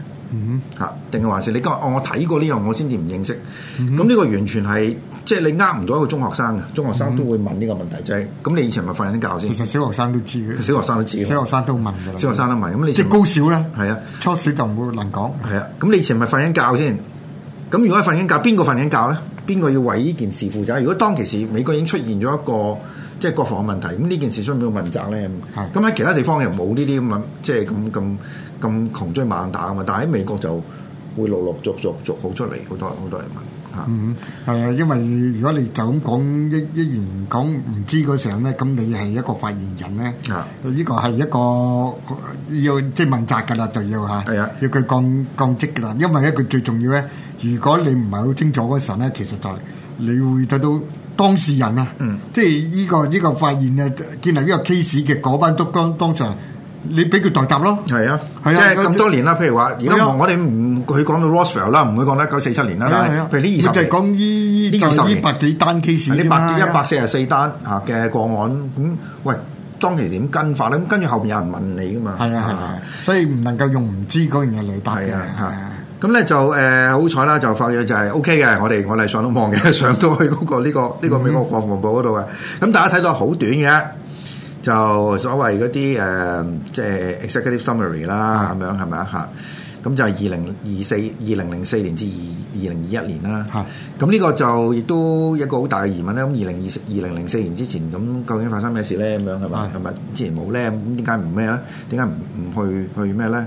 A: 吓，定係還是你今日哦？我睇過呢樣我先至唔認識。咁呢個完全係即係你呃唔到一個中學生嘅，中學生都會問呢個問題。就係咁，你以前咪瞓緊覺先。其實小學生都知嘅，小學生都知，小學生都問嘅，小學生都問。咁你即係高小咧？係啊，初小就唔會難講。係啊，咁你以前咪瞓緊覺先。咁如果係瞓緊覺，邊個瞓緊覺咧？邊個要為呢件事負責？如果當其時美國已經出現咗一個。即係國防嘅問題，咁呢件事需唔需要問責咧？咁喺是的 其他地方又冇呢啲咁樣，即係咁咁咁窮追猛打啊嘛！但係喺美國就會陸陸續續續好出嚟，好多好多人問
B: 吓。嗯，係啊，因為如果你就咁講一一言講唔知嗰時候咧，咁你係一個發言人咧，啊，呢個係一個要即係問責㗎啦，就要嚇。係啊是的，要佢降降職㗎啦，因為一句最重要咧，如果你唔係好清楚嗰時候咧，其實就係你會睇到。當事人啊，即係依個依個發現啊，建立呢個 case 嘅嗰班督江當時，你俾佢代答咯。係啊，係啊，咁多年啦。譬如話，
A: 而家我哋唔佢講到 Roswell 啦，唔會講到一九四七年啦。係、就是、啊，係啊。佢就係講呢就依百幾
B: 單 case。呢百一百四十
A: 四單啊嘅個案。咁喂，當其點跟法咧？咁跟住後邊有人問你噶嘛？係啊係啊，所以唔能夠用唔知嗰樣嘢嚟答嘅啊。係啊。咁咧就誒好彩啦，就發覺就係 O K 嘅。我哋我哋上到網嘅，上到去嗰個呢、這個呢、這個美國國防部嗰度嘅。咁、嗯、哼大家睇到好短嘅，就所謂嗰啲誒即、呃、係、就是、executive summary 啦，咁樣係咪啊？嚇，咁就係二零二四二零零四年至二二零二一年啦。咁呢、嗯、個就亦都一個好大嘅疑問啦。咁二零二二零零四年之前，咁究竟發生咩事咧？咁樣係咪係咪之前冇咧？咁點解唔咩咧？點解唔唔去去咩咧？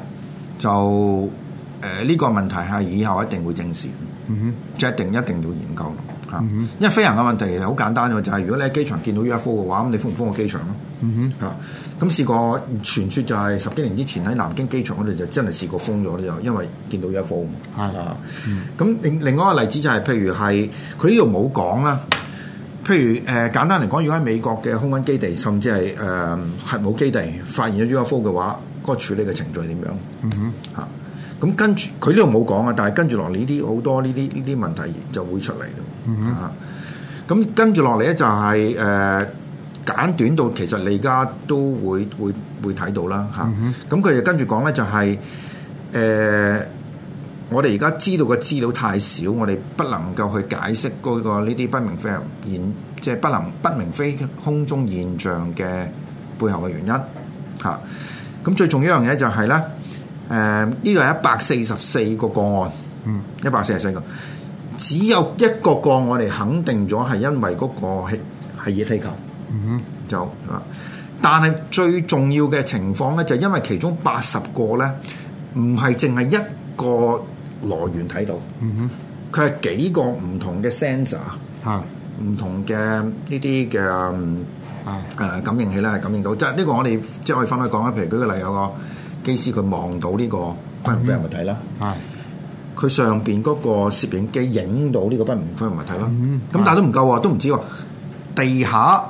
A: 就誒呢、呃這個問題係以後一定會正視、mm
C: hmm.
A: 即一，一定一定要研究咯、mm hmm. 因為飛行嘅問題好簡單嘅，就係、是、如果你喺機場見到 UFO 嘅話，咁你封唔封個機場咯？嚇咁試過傳説就係十幾年之前喺南京機場，我哋就真係試過封咗咧，就因為見到 UFO 嘛、mm。係、hmm. 咁、啊、另另外一個例子就係譬如係佢呢度冇講啦。譬如誒、呃、簡單嚟講，如果喺美國嘅空軍基地，甚至係誒、呃、核武基地發現咗 UFO 嘅話，個處理嘅程序係點樣？嚇咁、嗯哼嗯、跟住佢呢度冇講啊，但係跟住落嚟呢啲好多呢啲呢啲問題就會出嚟咯。嚇咁、嗯哼嗯、跟住落嚟咧就係、是、誒、呃、簡短到其實你而家都會會會睇到啦。嚇咁佢就跟住講咧就係誒我哋而家知道嘅資料太少，我哋不能夠去解釋嗰個呢啲不明飛現，即、就、係、是、不能不明飛空中現象嘅背後嘅原因嚇。嗯咁最重要一樣嘢就係咧，誒呢個係一百四十四個個案，嗯，一百四十四個，只有一個個案我哋肯定咗係因為嗰個係係熱氣球，嗯哼，就啊，但係最重要嘅情況咧就係因為其中八十個咧唔係淨係一個來源睇到，嗯
C: 哼，
A: 佢係幾個唔同嘅 sensor，嚇，唔同嘅呢啲嘅。啊！誒、嗯、感應器咧係感應到，即係呢個我哋即係可以分開講啊。譬如舉個例，有個機師佢望到呢個不明飛行物體啦，佢、嗯、上邊嗰個攝影機影到呢個不明飛行物體啦。咁但係都唔夠喎，都唔知喎。地下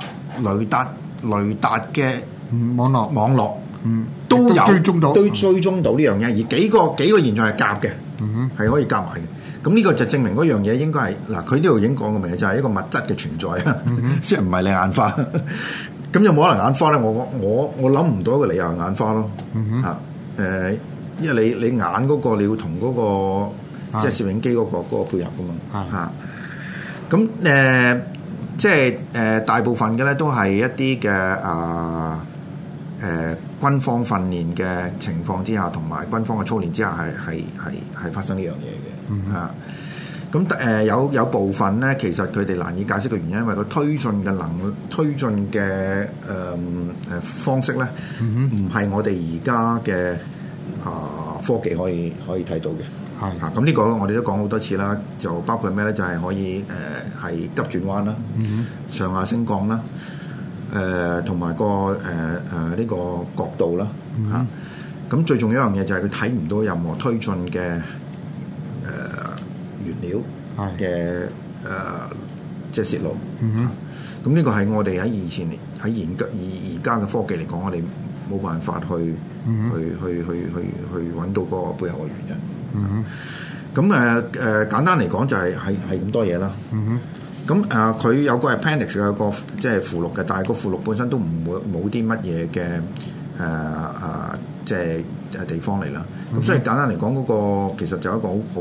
A: 雷達雷達嘅網絡網絡，嗯，嗯都有都追蹤到，對追蹤到呢樣嘢，而幾個幾個現象係夾嘅，嗯係可以夾埋嘅。咁呢個就證明嗰樣嘢應該係嗱，佢呢度已經講過未？就係、係、一個物質嘅存在啊，mm hmm. 即係唔係你眼花？咁有冇可能眼花咧？我我我諗唔到一個理由眼花咯。嚇誒、mm hmm. 啊，因為你你眼嗰個你要同嗰個即係攝影機嗰、嗰個嗰個配合噶嘛嚇。咁誒、mm hmm. 啊呃、即係誒、呃、大部分嘅咧都係一啲嘅啊誒軍方訓練嘅情況之下，同埋軍方嘅操練之下係係係係發生呢樣嘢。嗯咁誒、呃、有有部分咧，其實佢哋難以解釋嘅原因，因為個推進嘅能推進嘅誒誒方式咧，唔係、嗯、哼我哋而家嘅啊科技可以可以睇到嘅。係的啊，咁、這、呢個我哋都講好多次啦，就包括咩咧？就係、是、可以誒，係、呃、急轉彎啦，嗯、哼上下升降啦，誒同埋個誒誒呢個角度啦。
C: 嚇，
A: 咁最重要一樣嘢就係佢睇唔到任何推進嘅。嘅誒、呃，即係泄露。咁呢個係我哋喺以前、喺研究、而而家嘅科技嚟講，我哋冇辦法去、嗯、哼去去去去去揾到嗰個背後嘅原因。咁誒誒，簡單嚟講就係係係咁多嘢啦。咁誒、嗯哼，佢、啊、有個係 appendix 有個即係附錄嘅，但係個附錄本身都唔會冇啲乜嘢嘅誒誒，即係、啊啊就是、地方嚟啦。咁、啊、所以簡單嚟講，嗰個、嗯、哼其實就係一個好好。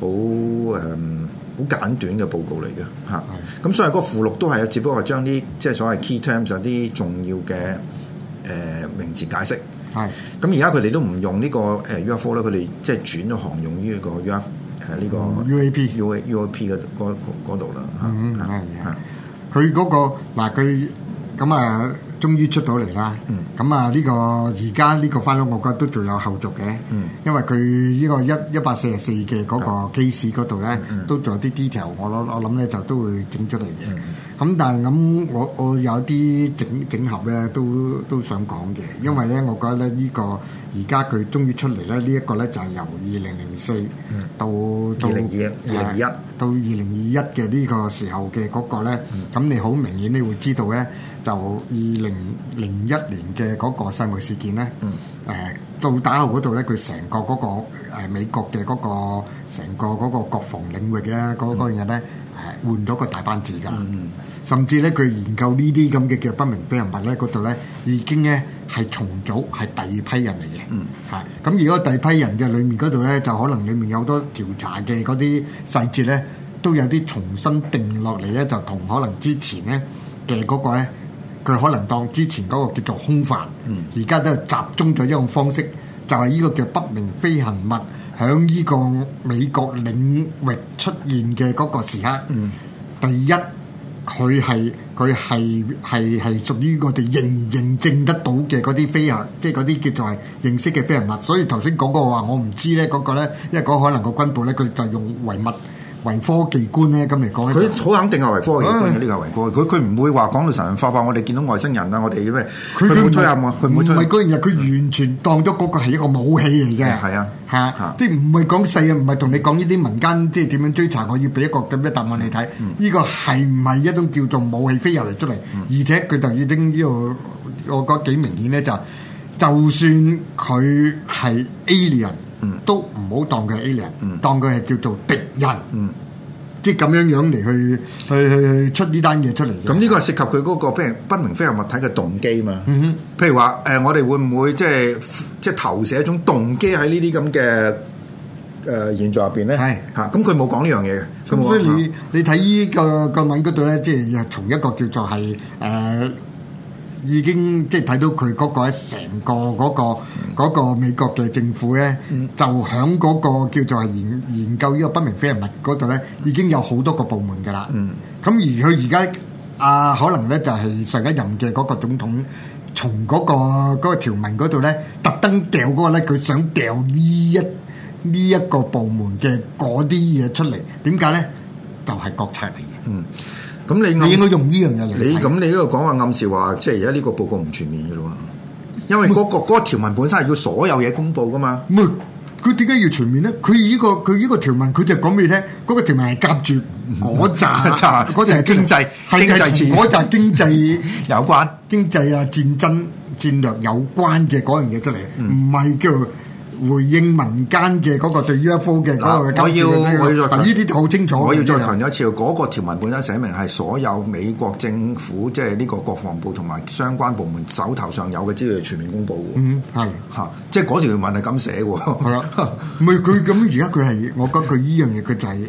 A: 好誒，好、嗯、簡短嘅報告嚟嘅嚇，咁是的、啊、所以嗰個附錄都係，只不過係將啲即係所謂 key terms 有啲重要嘅誒、呃、名字解釋。係是的，咁而家佢哋都唔用呢個誒 UFO 啦，佢哋即係轉咗行用呢個 UF 誒呢個 UAP UAP 嗰度啦嚇。
B: 係啊，佢、這、嗰個嗱佢咁啊。啊啊終於出到嚟啦！咁啊、嗯，呢個而家呢個翻到，我覺得都仲有後續嘅，因為佢呢個一一百四十四嘅嗰個 case 嗰度咧，都仲有啲 detail，我我我諗咧就都會整出嚟嘅。咁但係咁，我我有啲整整合咧，都都想講嘅，因為咧，我覺得呢依個而家佢終於出嚟咧，呢一個咧就係由二零零四到二零二一到二零二一嘅呢個時候嘅嗰、那個咧，咁、嗯嗯、你好明顯你會知道咧。就二零零一年嘅嗰個世貿事件咧，誒、嗯呃、到打號嗰度咧，佢成個嗰、那個、呃、美國嘅嗰、那個成個嗰個國防領域嘅嗰嗰樣嘢咧，誒、那個嗯、換咗個大班子㗎。嗯、甚至咧，佢研究呢啲咁嘅叫不明飛行物咧，嗰度咧已經咧係重組，係第二批人嚟嘅。係咁、嗯，如果第二批人嘅裡面嗰度咧，就可能裡面有好多調查嘅嗰啲細節咧，都有啲重新定落嚟咧，就同可能之前咧嘅嗰個咧。佢可能當之前嗰個叫做空泛，而家都係集中咗一種方式，就係、是、呢個叫不明飛行物響呢個美國領域出現嘅嗰個時刻。嗯、第一，佢係佢係係係屬於我哋認認證得到嘅嗰啲飛行，即係嗰啲叫做係認識嘅飛行物。所以頭先講過話，我唔知咧嗰、嗰個咧，因為嗰可能個軍部咧，佢就用遺物。為科技官咧，咁嚟講佢好肯
A: 定係為科技官嘅呢個為科佢佢唔會話講到神神化化，我哋見到外星人啦，我哋咩？佢唔會推佢唔會
B: 推佢完全當咗嗰個係一個武器嚟嘅。係啊，嚇！即係唔係講細啊？唔係同你講呢啲民間即係點樣追查？我要俾一個咁嘅答案你睇。呢個係唔係一種叫做武器飛入嚟出嚟？而且佢就已經呢個我覺得幾明顯咧，就就算佢係 alien。Ant, 嗯，都唔好當佢 alien 當佢係叫做敵人，嗯、即係咁樣樣嚟去、嗯、去去，去，去出呢單嘢出嚟。咁呢個係涉及佢嗰個譬不明飛行物體嘅動機嘛。
C: 嗯、
A: 哼譬如話誒、呃，我哋會唔會、就是、即係即係投射一種動機喺、呃、呢啲咁嘅誒現象入邊咧？係嚇是，咁佢冇講呢樣嘢嘅，所以你
B: 你睇依個個文嗰度咧，即係、嗯嗯、從一個叫做係誒。呃已經即係睇到佢嗰個喺成個嗰個，個美國嘅政府咧，嗯、就喺嗰個叫做係研研究呢個不明飛行物嗰度咧，已經有好多個部門噶啦。咁、嗯、而佢而家啊，可能咧就係上一任嘅嗰個總統從、嗰個，從、嗰、嗰個條文嗰度咧，特登掉嗰個咧，佢想掉呢一呢一、這個部門嘅嗰啲嘢出嚟。點解咧？就係、係、國策嚟嘅。嗯咁你，你應該用呢樣嘢嚟。你咁
A: 你呢個講話暗示話，即係而家呢個報告唔全面嘅咯。
B: 因為嗰、嗰個嗰是條文本身係要所有嘢公佈噶嘛。唔係，佢點解要全面咧？佢呢、呢個佢呢個條文，佢就講俾你聽。嗰、嗰個條文係夾住我揸揸嗰條係經濟經濟事，我就經濟，經濟 有關經濟啊戰爭，戰，爭戰略有關嘅嗰樣嘢出嚟，唔係、嗯、叫。回應民間嘅嗰個對於 UFO 嘅嗰個嘅、那個，但係呢啲就好清楚。我要再強
A: 調、啊、一次，嗰、啊、個條文本身寫明係所有美國政府即係呢個國防部同埋相關部門手頭上
B: 有嘅資料全面公佈嘅。嗯，係嚇、啊，即係嗰條文係咁寫喎。係啊，唔係佢咁而家佢係，我覺得佢依樣嘢佢就係、是。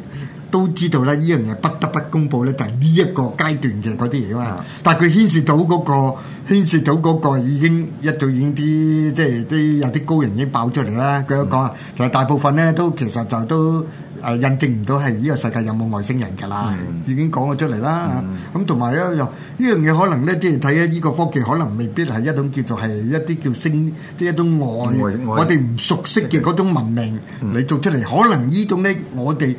B: 都知道咧，呢樣嘢不得不公佈咧，就係呢一個階段嘅嗰啲嘢嘛。但係佢牽涉到嗰個牽涉到嗰個已經一早已經啲即係啲有啲高人已經爆出嚟啦。佢都講，其實大部分咧都其實就都誒印證唔到係呢個世界有冇外星人㗎啦。已經講咗出嚟啦。咁同埋咧，又呢樣嘢可能咧即係睇啊呢個科技可能未必係一種叫做係一啲叫星即係一種外我哋唔熟悉嘅嗰種文明嚟做出嚟，可能呢種咧我哋。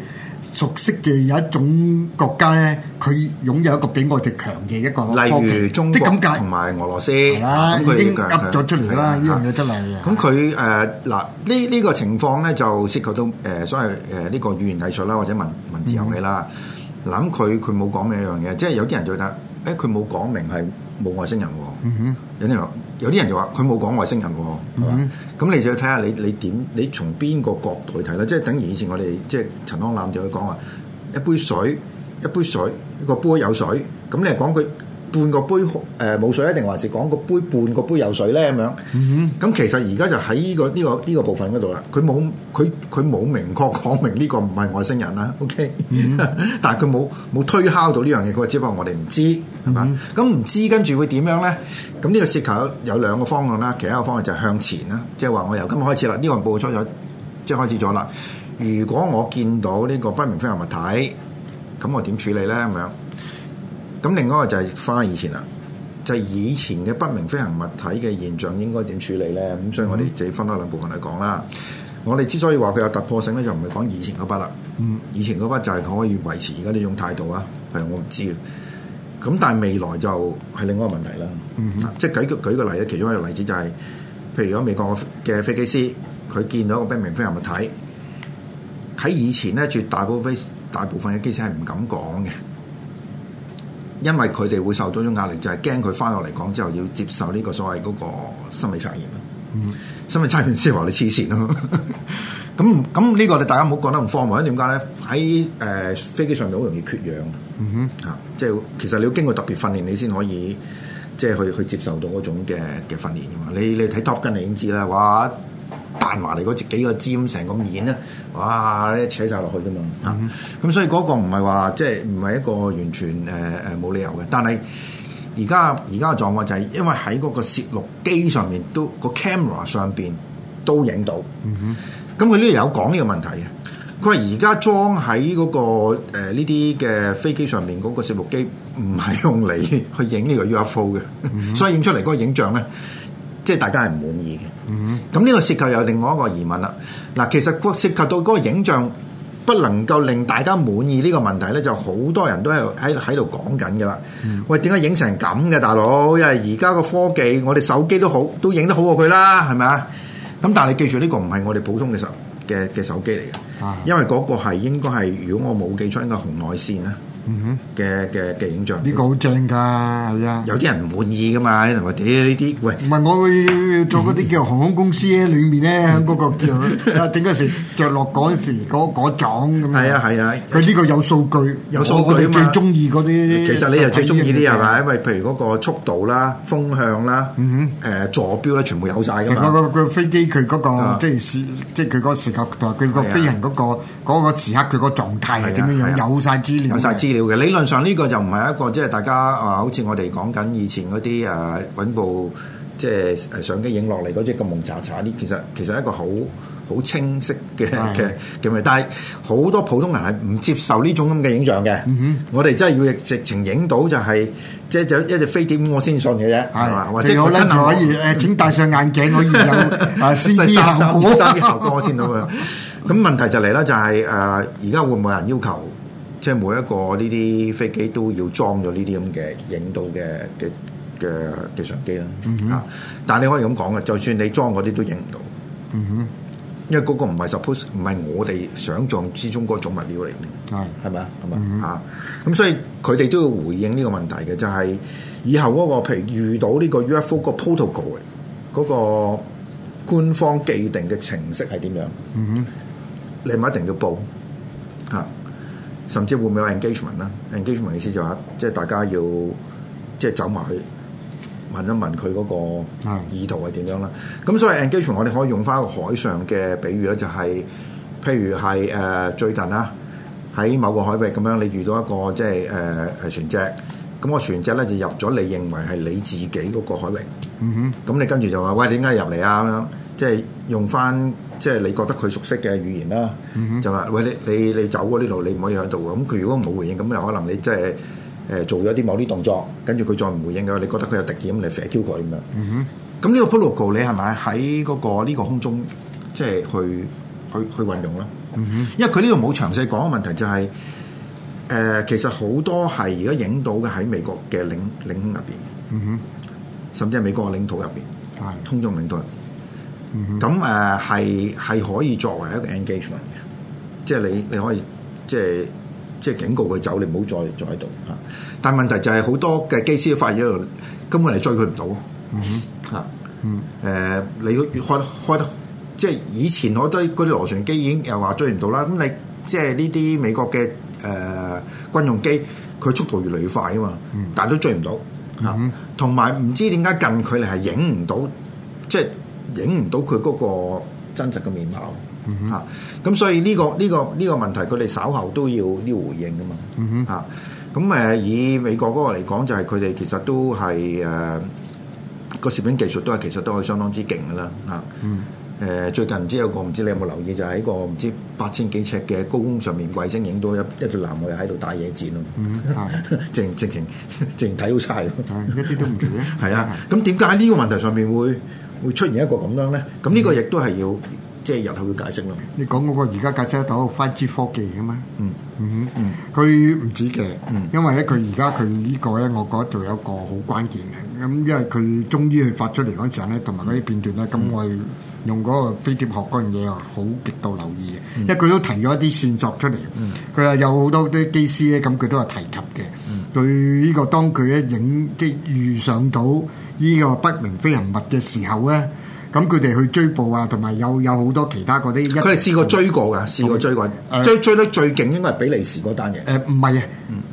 B: 熟悉嘅有一種國家咧，佢擁有一個比我哋強嘅一個，例如中國
A: 同埋俄羅斯，係啦的已經作出嚟啦，呢樣嘢出嚟。咁佢誒嗱呢呢個情況咧，就涉及到到、呃、所謂誒呢、呃這個語言藝術啦，或者文文字遊戲啦。諗佢佢冇講嘅一樣嘢，即係有啲人就覺得，誒佢冇講明係冇外星人
C: 喎。
A: 嗯、哼，有啲人。有啲人就話佢冇講外星人喎，係咪？咁、mm hmm. 你就要睇下你你點？你從邊個角度去睇啦。即係等於以前我哋即係陳康南就會講話：一杯水一杯水一個杯有水，咁你講講佢。半個杯誒冇水，一定還是講個杯半個杯有水咧咁樣。咁、mm hmm. 其實而家就喺呢、這個呢、這個呢、這個部分嗰度啦。佢冇佢佢冇明確講明呢個唔係外星人啦。O、okay? K，、mm hmm. 但係佢冇冇推敲到呢樣嘢，佢話只不過我哋唔知係嘛。咁唔、mm hmm. 知跟住會點樣咧？咁呢個涉及有兩個方向啦。其他個方向就係向前啦，即係話我由今日開始啦，呢、這個報告出咗，即係開始咗啦、就是。如果我見到呢個不明飛行物體，咁我點處理咧？咁樣。咁另外就係翻以前啦，就係、是、以前嘅不明飛行物體嘅現象應該點處理咧？咁、mm hmm. 所以我哋就要分開兩部分嚟講啦。我哋之所以話佢有突破性咧，就唔係講以前嗰筆啦。嗯、mm，hmm. 以前嗰筆就係可以維持而家呢種態度啊。係我唔知，咁但係未來就係另外一個問題啦。
C: Mm
A: hmm. 即係舉舉個例咧，其中一個例子就係、是、譬如如果美國嘅飛機師佢見到一個不明飛行物體，喺以前咧，絕大部分大部分嘅機師係唔敢講嘅。因為佢哋會受到種壓力，就係驚佢翻落嚟講之後要接受呢個所謂嗰個心理測驗啊。嗯、心理測驗先話你黐線咯，咁咁呢個我大家唔好覺得唔放唔開點解咧？喺誒、呃、飛機上面好容易缺氧，嚇、嗯哼啊，即係其實你要經過特別訓練，你先可以即係去去接受到嗰種嘅嘅訓練嘅嘛。你你睇 Top Gun 你已經知啦，哇！彈埋嚟嗰幾個尖成個面咧，哇！扯晒落去㗎嘛嚇，咁、mm hmm. 啊、所以嗰個唔係話即係唔係一個完全誒誒冇理由嘅，但係而家而家嘅狀況就係因為喺嗰個攝錄機上面都、個 camera 上邊都影到，咁佢呢度有講呢個問題嘅，佢話而家裝喺嗰個誒呢啲嘅飛機上面嗰個攝錄機唔係用嚟去影呢個 UFO 嘅，mm hmm. 所以影出嚟嗰個影像咧。即係大家係唔滿意嘅，咁呢、mm hmm. 個涉及有另外一個疑問啦。嗱，其實涉及到嗰個影像不能夠令大家滿意呢個問題咧，就好多人都係喺喺度講緊噶啦。Mm hmm. 喂，點解影成咁嘅大佬？因為而家個科技，我哋手機都好，都影得好過佢啦，係咪啊？咁但係你記住呢、呢個唔係我哋普通嘅手嘅嘅手機嚟嘅。啊、因為嗰個係應該係如果我冇記錯，呢個紅外線啦。嗯哼嘅
B: 嘅嘅影像呢個好正噶，係啊！有啲人唔滿意噶嘛，啲人話，屌呢啲喂，唔係我做嗰啲叫航空公司咧，裡面咧，喺嗰個叫啊，整時着落嗰陣時嗰種咁。係啊係啊！佢呢個有數據，有數據你最中意嗰
A: 啲，其實你又最中意啲係咪？因為譬如嗰個速度啦、風向啦、嗯坐標咧，全部有晒噶嘛！個
B: 個飛機佢嗰個即係即係佢嗰個時刻同埋佢個飛行嗰個嗰個時刻佢個狀態係點樣樣，有晒資料，有曬資
A: 料。理論上呢個就唔係一個即係大家啊，好似我哋講緊以前嗰啲誒，搵、啊、部即係誒相機影落嚟嗰隻咁蒙查查啲，其實其實一個好好清晰嘅嘅嘅嘢，但係好多普通人係唔接受呢種咁嘅影像嘅。嗯、哼我哋真係要直情影到就係、是、即係就一隻飛碟，我先信嘅啫。係嘛，或者我真係可以誒，
B: 請戴上眼鏡， 可以有啊，晒晒嗰三幾毫多先到。樣。
A: 咁問題就嚟啦，就係誒，而家會唔會有人要求？即係每一個呢啲飛機都要裝咗呢啲咁嘅影到嘅嘅嘅嘅相機啦嚇、嗯哼啊，但係你可以咁講嘅，就算你裝嗰啲都影唔到。嗯
C: 哼，
A: 因為嗰個唔係 suppose，唔係我哋想象之中嗰種物料嚟嘅。係係咪啊？係咪、嗯、哼啊？咁所以佢哋都要回應呢個問題嘅，就係、係、以後嗰、嗰個譬如遇到呢個 UFO 個 protocol 嗰個官方既定嘅程式係點樣？
C: 嗯哼，
A: 你唔一定要報嚇。啊甚至會唔會有 engagement 啦？engagement 意思就係、係、即係大家要即係走埋去問一問佢嗰個意圖係點樣啦。咁所以 engagement 我哋可以用返一個海上嘅比喻咧、就係，就係譬如係誒、呃、最近啦，喺某個海域咁樣，你遇到一個即係誒誒船隻，咁、嗰個船隻咧就入咗你認為係你自己嗰個海域，嗯哼，咁你跟住就話喂，你點解入嚟啊，咁樣，即係用返。即係你覺得佢熟悉嘅語言啦，就話喂你你你走嗰啲路，你唔可以喺度嘅。咁佢如果冇回應，咁又可能你即係誒做咗啲某啲動作，跟住佢再唔回應嘅話，你覺得佢有敵意咁嚟反 Q 佢咁樣？咁呢個布魯稿你係咪喺嗰個呢個空中即係去去去運用咧？因為佢呢度冇詳細講嘅問題就係誒，其實好多係而家影到嘅喺美國嘅領領空入邊，嗯
C: 哼，
A: 甚至係美國嘅領土入邊，空中領土。咁誒係係可以作為一個 engagement 嘅，即係你你可以即係即係警告佢走，你唔好再再喺度嚇。但問題就係好多嘅機師發現一樣，根本係追佢唔到嗯。嗯
C: 哼
A: 嚇、呃，嗯你開開得即係以前我對嗰啲螺旋機已經又話追唔到啦。咁你即係呢啲美國嘅誒、呃、軍用機，佢速度越嚟越快啊嘛，嗯、但係都追唔到，同埋唔知點解近距離係影唔到，即係。影唔到佢嗰個真實嘅面貌吓，咁所以呢個呢個呢個問題，佢哋稍後都要啲回應㗎嘛吓。咁誒以美國嗰個嚟講，就係佢哋其實都係誒個攝影技術都係其實都係相當之勁㗎啦吓。誒、啊啊、最近唔知有個唔知你有冇留意，就喺、是、個唔知八千幾尺嘅高空上面衞星影到一一段男嘅喺度打野戰咯，淨淨淨淨睇好晒，一啲都唔奇啊！係 啊，咁點解呢個問題上面會？會出現一個咁樣咧，咁呢個亦都係要、mm. 即係日後要解釋咯。
B: 你講嗰個而家解釋得到飛科技嘅咩？嗯嗯、mm hmm. 嗯，佢唔止嘅、mm hmm.，因為咧佢而家佢呢個咧，我覺得仲有一個好關鍵嘅。咁因為佢終於係發出嚟嗰陣咧，同埋嗰啲片段咧，咁我、mm hmm. 用嗰個飛碟學嗰樣嘢啊，好極度留意嘅。Mm hmm. 因為佢都提咗一啲線索出嚟，佢話、mm hmm. 有好多啲機師咧，咁佢都係提及嘅。對呢個當佢咧影即遇上到呢個不明飛行物嘅時候咧，咁佢哋去追捕啊，同埋有有好多其他嗰啲，佢哋試
A: 過追過嘅，試過追過，嗯、追追得最勁應該係比利時嗰單嘢。
B: 誒唔係啊，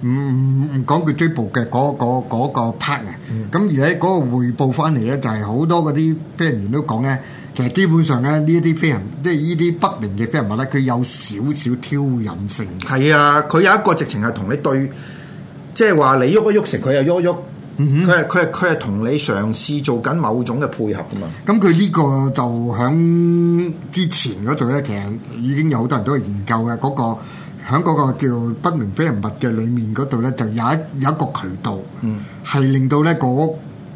B: 唔唔唔講佢追捕嘅嗰、嗰個 part 啊，咁、嗰個嗰個嗯、而且嗰個回報翻嚟咧，就係、係、好多嗰啲飛行員都講咧，其實基本上咧呢一啲飛行，即係呢啲不明嘅飛行物咧，佢有少少挑釁性。係啊，佢有一個直情係同你對，即係話你喐一喐，成佢又喐喐。佢係佢係佢係同你嘗試做緊某種嘅配合㗎嘛？咁佢呢個就喺之前嗰度咧，其實已經有好多人都係研究嘅嗰、那個，喺嗰個叫不明飛人物嘅裏面嗰度咧，就有一有一個渠道，係、嗯、令到咧、那、嗰、個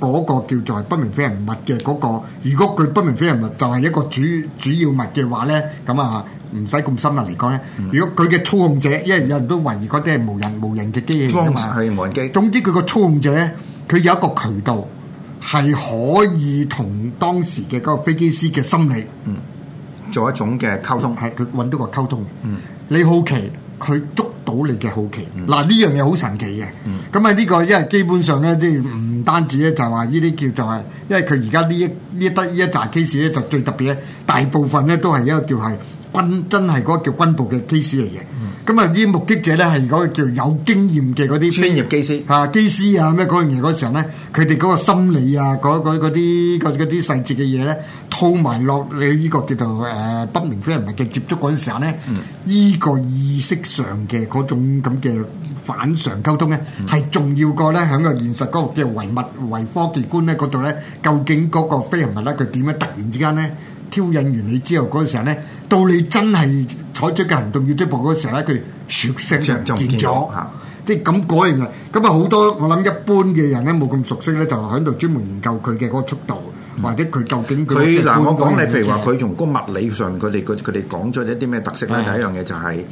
B: 那個叫做不明飛行物嘅嗰、那個，如果佢不明飛行物就係一個主主要物嘅話咧，咁啊唔使咁深入嚟講咧。嗯、如果佢嘅操控者，因為有人都懷疑嗰啲係無人無人嘅機器㗎嘛，係、嗯、無人機。總之佢個操控者。佢有一個渠道，係可以同當時嘅嗰個飛機師嘅心理、嗯，做一種嘅溝通，係佢搵到個溝通。嗯、你好奇，佢捉到你嘅好奇。嗱呢、嗯、樣嘢好神奇嘅。咁啊呢個因為基本上咧，即係唔單止咧，就話呢啲叫就係、是，因為佢而家呢一呢一得呢一紮 case 咧，就最特別咧，大部分咧都係一個叫係。軍真係嗰個叫軍部嘅機師嚟嘅。咁啊啲目擊者咧係嗰個叫有經驗嘅嗰啲專業機師啊機師啊咩，嗰樣嘢嗰時候咧，佢哋嗰個心理啊，嗰嗰嗰啲嗰嗰啲細節嘅嘢咧，套埋落你依個叫做誒不明飛行物嘅接觸嗰陣時候咧，依個意識上嘅嗰種咁嘅反常溝通咧，係重要過咧喺個現實嗰個叫唯物唯科技觀咧嗰度咧，究竟嗰個飛行物咧佢點樣突然之間咧？挑引完你之後，嗰個時候咧，到你真係採取嘅行動要出報嗰個時候咧，佢瞬息就唔見咗，即係咁嗰樣嘅。咁啊好多，我諗一般嘅人咧，冇咁熟悉咧，就係喺度專門研究佢嘅嗰個速度，或者佢究竟佢嗱、嗯、我講你，譬如話佢
A: 從嗰物理上，佢哋佢哋講咗一啲咩特色咧？第的一樣嘢就係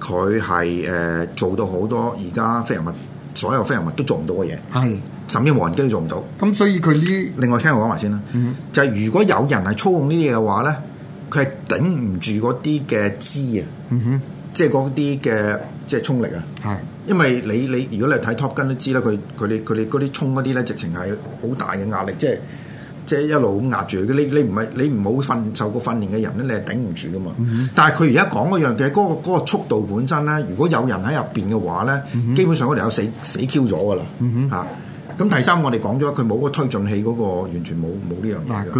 A: 佢係誒做到好多而家飛行物。所有非人物都做唔到嘅嘢，係甚至無人機都做唔到。咁所以佢呢？另外聽我講埋先啦。嗯、哼就係如果有人係操控呢啲嘢嘅話咧，佢係頂唔住嗰啲嘅支啊。
C: 嗯
A: 哼，即係嗰啲嘅即係衝力啊。係、嗯哼，因為你你如果你睇 Top 跟都知啦，佢佢哋佢哋嗰啲衝嗰啲咧，直情係好大嘅壓力，即、就、係、是。即係一路咁壓住佢，你你唔係你唔好訓受過訓練嘅人咧，你係頂唔住噶嘛。嗯、哼但係佢而家講嗰樣嘅嗰個嗰個速度本身咧，如果有人喺入邊嘅話咧，嗯、哼基本上嗰條友死死 Q 咗噶啦嚇。嗯哼啊。咁第三，我哋講咗佢冇嗰推進器嗰、那個，完全冇冇呢樣
B: 嘢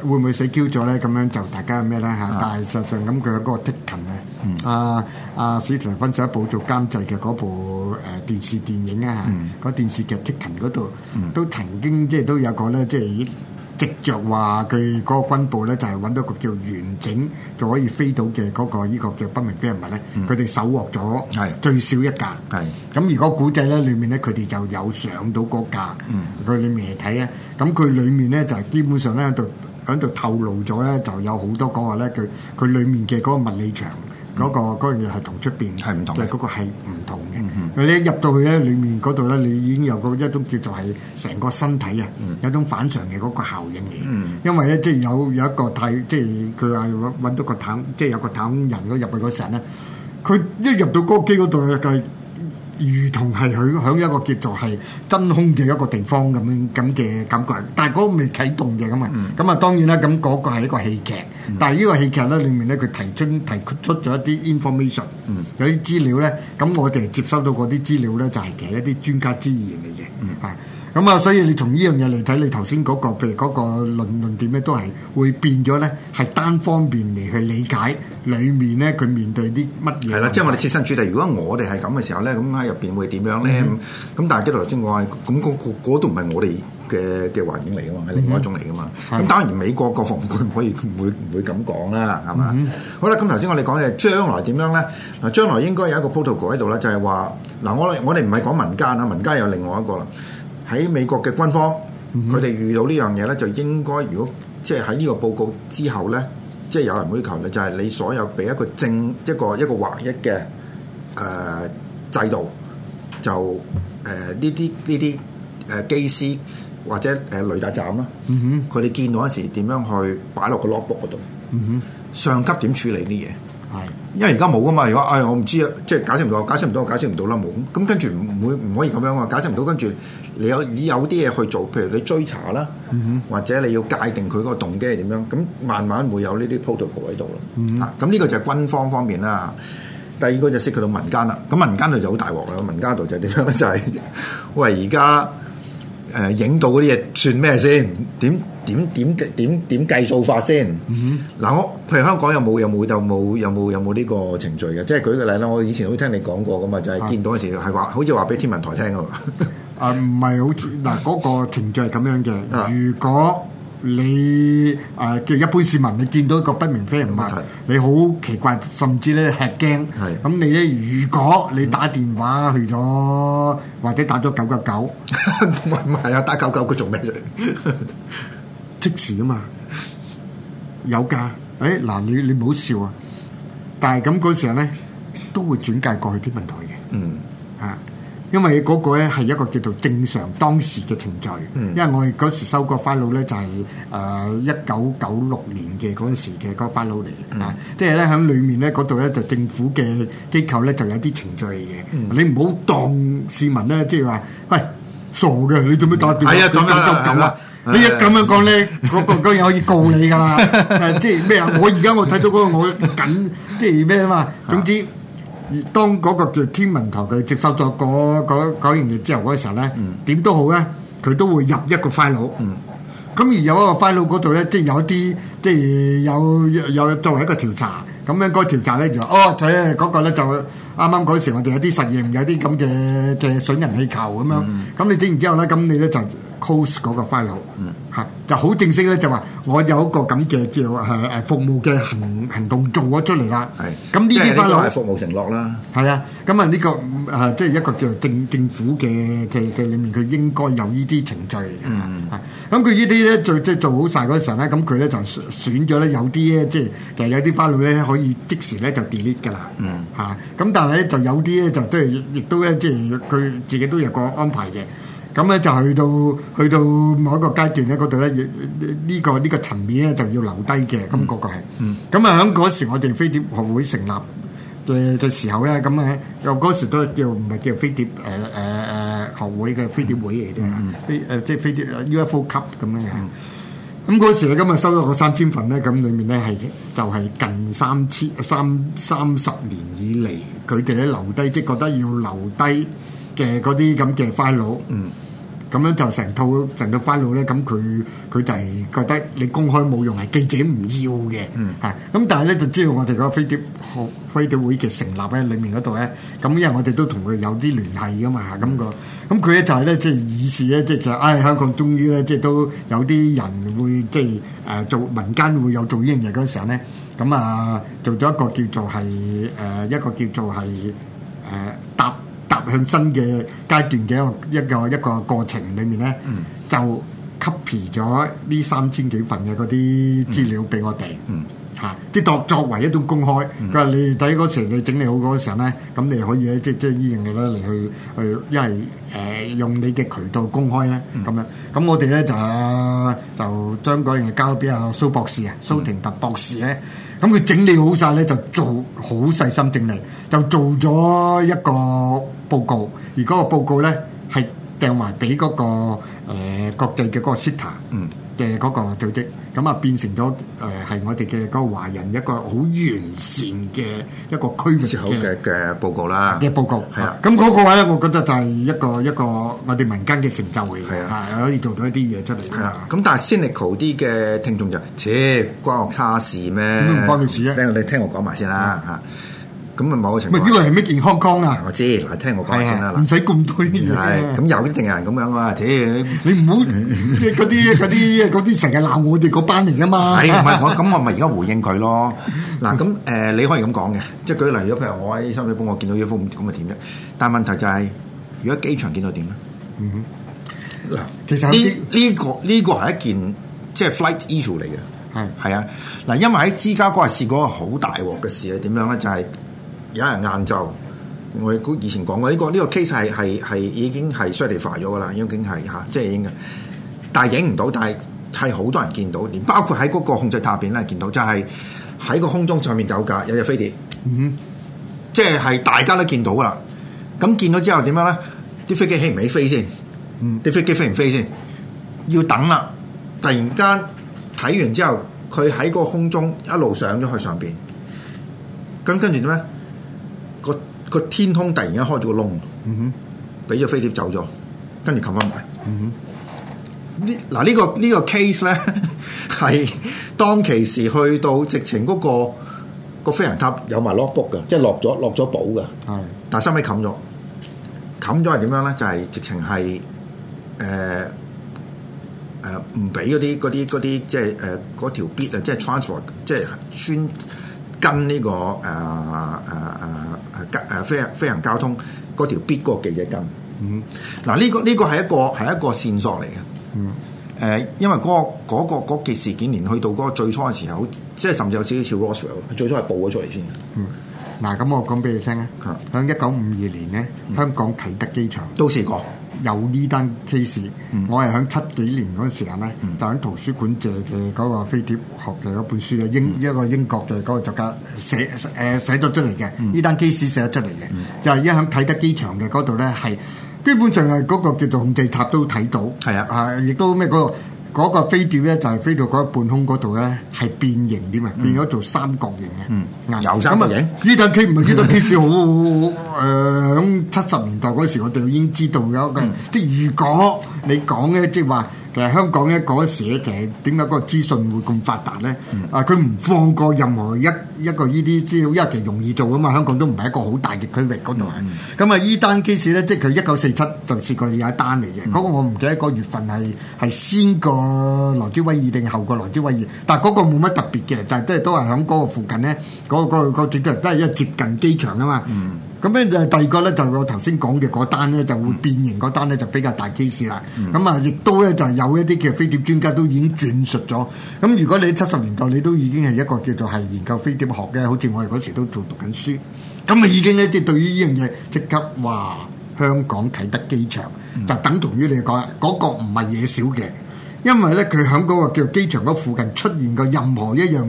B: 佢會唔會死鳩咗咧？咁樣就大家咩咧嚇？是的 但係實上咁，佢嗰個 Taken、嗯、啊，啊啊史提芬一部做監製嘅嗰部誒、呃、電視電影啊，嗰、嗯、電視劇 Taken 嗰度都曾經即係都有個咧，即係。直着話佢嗰個軍部咧，就係揾到個叫完整，就可以飛到嘅嗰個呢個叫不明飛行物咧。佢哋、嗯、搜獲咗最少一架。咁如果古仔咧，裡面咧，佢哋就有上到嗰架。佢、嗯、裡面嚟睇咧，咁佢裡面咧就基本上咧喺度喺度透露咗咧，就有好多講話咧，佢佢裡面嘅嗰個物理場。嗰個嗰樣嘢係同出邊係唔同嘅，嗰個係唔同嘅。佢、hmm. 一入到去咧，裡面嗰度咧，你已經有個一種叫做係成個身體啊，mm hmm. 有種反常嘅嗰個效應嚟。Mm hmm. 因為咧，即係有有一個太，即係佢話揾到個氽，即、就、係、是、有個氽人嗰入去嗰時候咧，佢一入到歌機嗰度一如同係佢喺一個叫做係真空嘅一個地方咁樣咁嘅感覺，但係嗰個未啟動嘅咁嘛。咁啊、嗯，當然啦，咁嗰個係一個戲劇，嗯、但係呢個戲劇咧裏面咧，佢提出提出咗一啲 information，嗯、有啲資料咧。咁我哋接收到嗰啲資料咧，就係其實一啲專家資源嚟嘅。嚇、嗯，咁啊，所以你從呢樣嘢嚟睇，你頭先嗰個譬如嗰個論論點咧，都係會變咗咧，係單方面嚟去理解。裏面咧，佢面對啲
A: 乜嘢？係啦，即係我哋設身處地。如果我哋係咁嘅時候咧，咁喺入邊會點樣咧？咁、mm hmm. 但係啲頭先我咁嗰個嗰度唔係我哋嘅嘅環境嚟噶嘛，係、mm hmm. 另外一種嚟噶嘛。咁、mm hmm. 當然美國國防部可以唔會唔會咁講啦，係嘛？Mm
D: hmm.
A: 好啦，咁頭先我哋講嘅將來點樣咧？嗱，將來應該有一個 protocol 喺度啦，就係話嗱，我我哋唔係講民間啊，民間有另外一個啦。喺美國嘅軍方，佢哋、mm hmm. 遇到呢樣嘢咧，就應該如果即係喺呢個報告之後咧。即係有人會要求你，就係、是、你所有俾一個正一個一個橫一嘅誒制度，就誒呢啲呢啲誒機師或者誒、呃、雷達站啦，佢哋、mm hmm. 見到嗰時點樣去擺落個 notebook 嗰度，mm hmm. 上級點處理啲嘢？因為而家冇噶嘛，如果誒我唔知啊，即係解釋唔到，解釋唔到，解釋唔到，解釋唔到，解釋唔到啦，冇咁，跟住唔會唔可以咁樣啊，解釋唔到，跟住你有你有啲嘢去做，譬如你追查啦，嗯、哼或者你要界定佢嗰個動機係點樣，咁慢慢會有呢啲 protocol 喺度咯。咁呢、嗯哼啊呢個就係軍方方面啦，第二個就涉及到民間啦，咁民間度就好大鑊啦，民間度就點樣就係、係、喂而家。誒影到嗰啲嘢算咩先？點點點點點，點計數法先？嗱、mm，我、hmm. 譬如香港有冇有冇就冇有冇有冇呢個程序嘅？即係舉個例啦，我以前好似聽你講過㗎嘛，就係、是、見到嗰時係話 Yeah.，好似話俾天文台聽
B: 㗎嘛、 啊。啊，唔係好似嗱嗰個程序係咁樣嘅。如果、yeah. 你誒叫一般市民，你見到一個不明飛行物體，你好奇怪，甚至咧吃驚。咁你咧，如果你打電話去咗，或者打咗九九九，唔係唔係啊，打九九九佢做咩啫？即時啊嘛，有㗎。誒嗱，你你唔好笑啊！但係咁嗰時候咧，都會轉介過去啲天文台嘅。嗯啊。因為嗰個咧係一個叫做正常當時嘅程序，因為我哋嗰時收個 file 咧就係、是、誒、呃嗯、一九九六年嘅嗰時嘅個 file 嚟，啊，即係咧喺裡面咧嗰度咧就政府嘅機構咧就有啲程序嘅，你唔好當市民咧，即係話，喂，傻嘅，你做咩打電話咁急咁啊？啊啊啊你一咁樣講咧，啊、我個當然可以告你噶啦，即係咩啊？ 我而家我睇到嗰個我緊，即係咩啊嘛？總之。當嗰個叫天文球、那個，佢接收咗嗰嗰嗰件事之後嗰時候咧，點都好咧，佢都會入一個 file。咁、嗯、而有一個 file 嗰度咧，即係有啲即係有有，有作為一個調查，咁樣嗰個調查咧就哦，即係嗰個咧就啱啱嗰時我哋有啲實驗，有啲咁嘅嘅水銀氣球咁樣。咁、嗯、你整完之後咧，咁你咧就。close 嗰 file，嚇、嗯、就好正式咧，就話我有一個咁嘅叫誒誒服務嘅行行動做咗出嚟啦。係是，咁呢啲 file 係
A: 服務承諾啦。
B: 係啊，咁啊呢個誒即係一個叫政政府嘅嘅嘅裡面，佢應該有呢啲程序。嗯嗯。咁、嗯、佢呢啲咧，就即係做好曬嗰陣咧，咁佢咧就選咗咧，有啲咧即係其實有啲 file 咧可以即時咧就 delete 噶啦。嗯。嚇，咁但係咧就有啲咧就即係亦都咧即係佢自己都有個安排嘅。咁咧就去到去到某一個階段咧，嗰度咧呢個呢、呢個層面咧就要留低嘅，咁、嗯、個、嗯、個係。咁啊喺嗰時我哋飛碟學會成立嘅嘅時候咧，咁啊又嗰時都叫唔係叫飛碟誒誒誒學會嘅飛碟會嚟嘅，誒即係飛碟、嗯、UFO 級咁樣。咁嗰、嗯、時咧咁啊今日收到個三千份咧，咁裡面咧係就係、是、近三千三三十年以嚟佢哋咧留低，即、就是、覺得要留低嘅嗰啲咁嘅 file。咁樣就成套成套翻老咧，咁佢佢就係覺得你公開冇用，係記者唔要嘅嚇。咁、嗯啊、但係咧就知道我哋個飛碟學飛碟會嘅成立喺裏面嗰度咧，咁因為我哋都同佢有啲聯繫噶嘛，咁、那個咁佢咧就係咧即係以示咧即係，唉、就是就是哎，香港終於咧即係都有啲人會即係誒做民間會有做呢樣嘢嗰陣時候咧，咁、嗯、啊做咗一個叫做係誒、呃、一個叫做係誒搭，呃踏向新嘅階段嘅一個一個一個過程裏面咧，嗯、就 copy 咗呢三千幾份嘅嗰啲資料俾我哋，嚇！即作作為一種公開，佢話、嗯、你睇嗰時你整理好嗰時咧，咁你可以咧即即呢樣嘢咧嚟去去，一係誒、呃、用你嘅渠道公開咧咁、嗯、樣。咁我哋咧就就將嗰樣嘢交俾阿蘇博士啊，嗯、蘇廷達博士咧，咁佢整理好晒咧就做好細心整理，就做咗一個報告，而嗰個報告咧係掟埋俾嗰個誒、呃、國際嘅嗰個 SETI 嘅嗰個組織，咁啊、嗯、變成咗誒係我哋嘅嗰個華人一個好完善嘅一個區域嘅
A: 嘅報告啦嘅、啊、報
B: 告，係啊，咁嗰、啊嗯嗰個話咧，我覺得就係一個一個我哋民間嘅成就嚟嘅，係啊，啊，可以做到一啲嘢出嚟。係啊，咁但係 cynical 啲
A: 嘅聽眾就，切關我叉事咩？點解唔關佢事啫？你聽我講埋先啦，嚇。咁啊某個情況。唔係呢
B: 個係咩健康康啊？
A: 我知，嗱聽我講先啦，唔使
B: 咁多嘅
A: 咁有啲定人咁樣啊？啫！你唔好嗰啲嗰啲嗰啲成日鬧我哋嗰班嚟噶嘛？係唔係？我咁我咪而家回應佢咯？嗱，咁誒你可以咁講嘅，即係舉例如果譬如我喺收尾幫我見到嘢，幅咁咪點啫？但係問題就係，如果機場見到點咧？嗯哼。嗱，其實呢呢個呢個係一件即係 flight issue 嚟嘅。係係啊，嗱，因為喺芝加哥係試過一個好大鑊嘅事咧，點樣咧就係。有人晏晝，我以前講過呢個呢、呢個 case 係係係已經係 certify 咗嘅啦，已經係嚇、啊，即係已經。但係影唔到，但係係好多人見到，連包括喺嗰個控制塔入邊咧見到，就係喺個空中上面有架有隻飛碟，嗯、即係大家都見到啦。咁見到之後點樣咧？啲飛機起唔起飛先？嗯，啲飛機飛唔飛先？要等啦。突然間睇完之後，佢喺個空中一路上咗去上邊。咁跟住點咧？個個天空突然間開咗個窿，
C: 嗯哼，
A: 俾咗飛碟走咗，跟住冚翻埋，嗯哼。呢嗱呢個呢、這個 case 咧，係 當其時去到直情嗰、那個、那個飛行塔有埋 lockbook 嘅，即係落咗落咗保嘅，係是，但係收尾冚咗。冚咗係點樣咧？就係、是、直情係誒誒唔俾嗰啲嗰啲啲即係誒嗰條 bit 啊，即係 transfer，即係穿。跟呢、這個誒誒誒誒飛飛行交通嗰條必嗰個記嘅根，嗯，嗱呢、這個呢、這個係一個係一個線索嚟嘅，嗯，誒，因為嗰、那個件、那個那個那個、事件連去到嗰個最初嘅時候，即係甚至有少少似 Roswell，最初係報咗出嚟先，嗯，
B: 嗱咁我講俾你聽啊，響一九五二年咧，香港啟德機場、嗯嗯、都試過。有呢單 case，我係喺七幾年嗰陣時間咧，嗯、就喺圖書館借嘅嗰個飛碟學嘅一本書咧，嗯、英一個英國嘅嗰個作家寫誒、呃、寫咗出嚟嘅，呢單 case 寫咗出嚟嘅，嗯、就係一喺啟德機場嘅嗰度咧，係基本上係嗰個叫做控制塔都睇到，係啊，亦、啊、都咩嗰、嗰個。嗰個飛碟咧就係飛到嗰半空嗰度咧，係變形啲嘛，嗯、變咗做三角形
C: 嘅。
B: 嗯，有三角形。呢架機唔係幾多機是好誒，喺七十年代嗰時我哋已經知道咗嘅。嗯、即係如果你講咧，即係話。其實香港嗰時嘅點解個資訊會咁發達咧？嗯、啊，佢唔放過任何一一,一個呢啲資料，因為其實容易做啊嘛！香港都唔係一個好大嘅區域嗰度咁啊，依單機士咧，即係佢一九四七就試過有一單嚟嘅。嗰、嗯、個我唔記得嗰月份係係先個羅斯威爾定後個羅斯威爾，但係嗰個冇乜特別嘅，但係都係都係喺嗰個附近咧，嗰、那個、那個、那個絕對都係一接近機場啊嘛。嗯咁咧就第二個咧就我頭先講嘅嗰單咧就會變形嗰單咧就比較大 case 啦。咁啊、嗯，亦都咧就有一啲嘅飛碟專家都已經轉述咗。咁如果你七十年代你都已經係一個叫做係研究飛碟學嘅，好似我哋嗰時都做讀緊書，咁啊已經咧即對於呢樣嘢即刻話香港啟德機場、嗯、就等同於你講嗰、嗰個唔係嘢少嘅，因為咧佢喺嗰個叫機場嗰附近出現過任何一樣。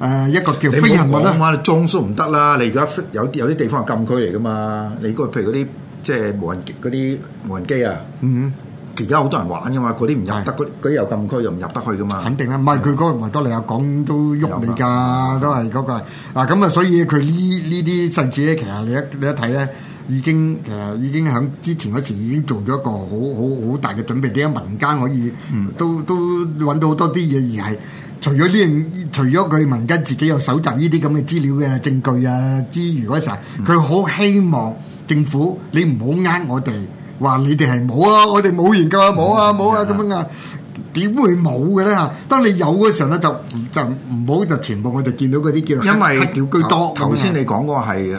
B: 誒、呃、一個叫飛行物咧，裝修唔得啦！
A: 你而家有有啲地方係禁區嚟噶嘛？你嗰譬如嗰啲即係無人機嗰啲無人
B: 機啊，嗯哼，而家好多人玩噶嘛？嗰啲唔入得，嗰啲又禁區又唔入得去噶嘛？肯定啦，唔係佢嗰個多理由講都喐你㗎，都係嗰、那個啊咁啊、嗯！所以佢呢呢啲甚至咧，其實你一你一睇咧，已經其實已經喺之前嗰時已經做咗一個好好好大嘅準備，點解民間可以都、嗯、都揾到好多啲嘢而係？而除咗呢，樣，除咗佢民間自己有搜集呢啲咁嘅資料嘅、啊、證據啊之餘嗰陣，佢好、嗯、希望政府你唔好呃我哋，話你哋係冇啊，我哋冇研究啊冇啊冇啊咁樣啊，點、啊、會冇嘅咧？當你有嗰陣咧就就唔好就全部我哋見到嗰啲叫因為黑居多，頭先你講
A: 個係誒誒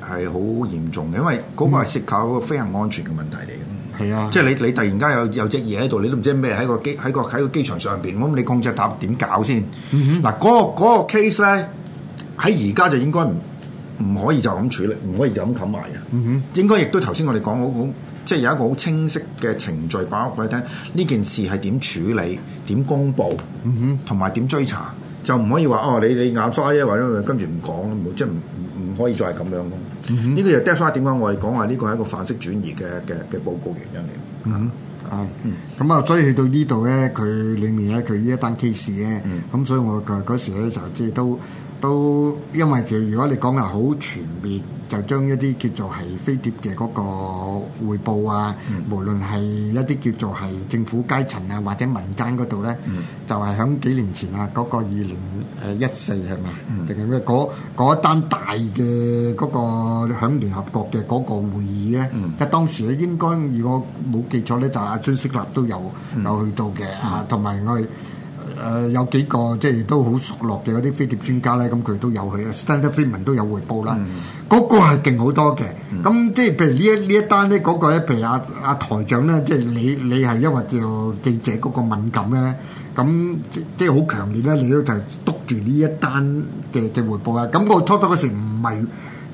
A: 係好嚴重嘅，因為嗰個係涉及一個飛行安全嘅問題嚟。嗯係啊，即係你你突然間有有隻嘢喺度，你都唔知咩喺個機喺個喺個機場上邊，咁你控制塔點搞先？嗱、mm，嗰、hmm. 嗰個嗰個 case 咧，喺而家就應該唔唔可以就咁處理，唔可以就咁冚埋嘅。哼、mm，hmm. 應該亦都頭先我哋講好好，即係有一個好清晰嘅程序擺屋俾你聽，呢件事係點處理、點公佈、哼、mm，同埋點追查，就唔可以話哦，你你眼花啫，或者跟住唔講即係唔。可以再係咁樣咯，呢、嗯、哼個又 data 點解？Fi, 我哋講話呢個係一個反式轉移嘅嘅嘅報告原因嚟、嗯。啊，
B: 咁啊，所以去到呢度咧，佢裡面咧，佢呢一單 case 咧，咁所以我個嗰時咧就即係都都，因為其實如果你講嘅好全面。就將一啲叫做係飛碟嘅嗰個匯報啊，嗯、無論係一啲叫做係政府階層啊，或者民間嗰度咧，嗯、就係響幾年前啊，嗰、嗰個二零誒一四係嘛，定係咩嗰嗰單大嘅嗰個響聯合國嘅嗰個會議咧，即係、嗯、當時咧應該如果冇記錯咧，就係、阿朱斯立都有、嗯、有去到嘅啊，同埋、嗯、我哋。誒、呃、有幾個即係都好熟絡嘅嗰啲飛碟專家咧，咁佢都有佢啊。Stanton Friedman 都有回報啦，嗰、嗯、個係勁好多嘅。咁、嗯、即係譬如呢一呢一單咧，嗰個咧，譬如阿、啊、阿台長咧，即係你你係因為做記者嗰個敏感咧，咁即即係好強烈咧，你都就係督住呢一單嘅嘅回報啦。咁我初初嗰時唔係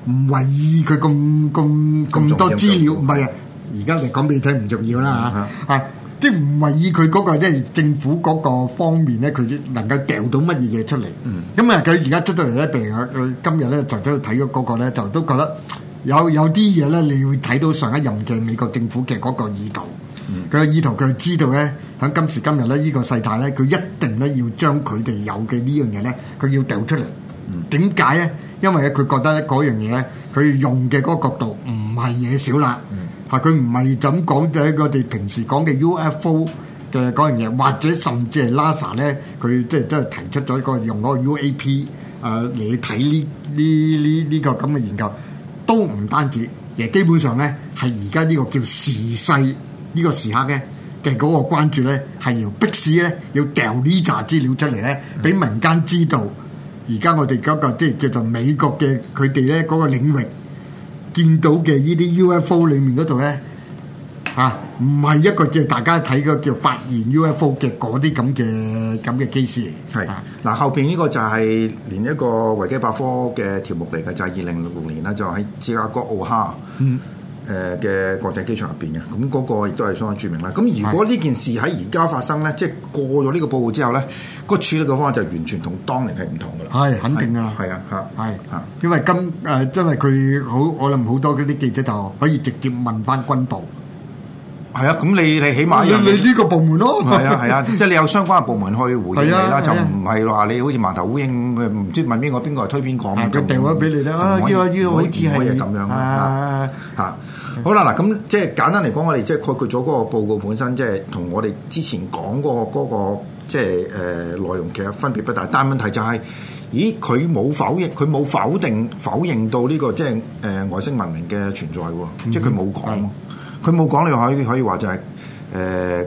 B: 唔為意佢咁咁咁多資料，唔係。而家嚟講俾你聽，唔重要啦嚇啊！嗯嗯即係唔係以佢嗰、嗰個咧政府嗰個方面咧，佢能夠掉到乜嘢嘢出嚟？嗯、因為，佢而家出到嚟咧，譬如佢今日咧就睇咗嗰個咧，就都覺得有有啲嘢咧，你會睇到上一任嘅美國政府嘅嗰個意圖。
D: 佢
B: 嘅、嗯、意圖，佢知道咧，喺今時今日咧，呢個世態咧，佢一定咧要將佢哋有嘅、嗯、呢樣嘢咧，佢要掉出嚟。點解咧？因為佢覺得嗰樣嘢咧，佢用嘅嗰個角度唔係嘢少啦。嗯係佢唔係咁講嘅，我哋平時講嘅 UFO 嘅嗰樣嘢，或者甚至係 NASA 咧，佢即係真係提出咗一個用嗰個 UAP 啊、呃、嚟睇呢呢、這、呢呢個咁嘅、這個、研究，都唔單止，而基本上咧係而家呢個叫時勢呢、這個時刻嘅嘅嗰個關注咧，係由迫使咧要掉呢紮資料出嚟咧，俾民間知道，而家我哋嗰、那個即係叫做美國嘅佢哋咧嗰個領域。見到嘅呢啲 UFO 裏面嗰度咧，嚇唔係一個叫大家睇嘅叫發現 UFO 嘅嗰啲咁嘅咁嘅記事。
A: 係嗱、啊啊，後邊呢個就係連一個維基百科嘅條目嚟嘅，就係二零零六年啦，就喺、是、芝加哥奧哈。嗯誒嘅國際機場入邊嘅，咁、那、嗰個亦都係相當著名啦。咁如果呢件事喺而家發生咧，即係過咗呢個報告之後咧，個處理嘅方法就完全同當年係唔同㗎啦。係肯定
B: 㗎啦。係啊，嚇係嚇，因為今誒，因為佢好，我諗好多啲記者就可以直接問翻軍部。係啊，咁你你起碼要你呢個部門咯。係啊係啊，
A: 即係你有相關嘅部門去回應你啦，就唔係話你好似盲頭烏蠅，唔知問邊個，邊個嚟推邊講。定位俾你啦。要個依個好似係咁樣啊嚇。好啦嗱，咁即係簡單嚟講，我哋即係概括咗嗰個報告本身，即係同我哋之前講過嗰個即係誒內容，其實分別不大。但問題就係，咦？佢冇否認，佢冇否定，否認到呢個即係誒外星文明嘅存在喎，即係佢冇講。佢冇講，你可以可以話就係誒，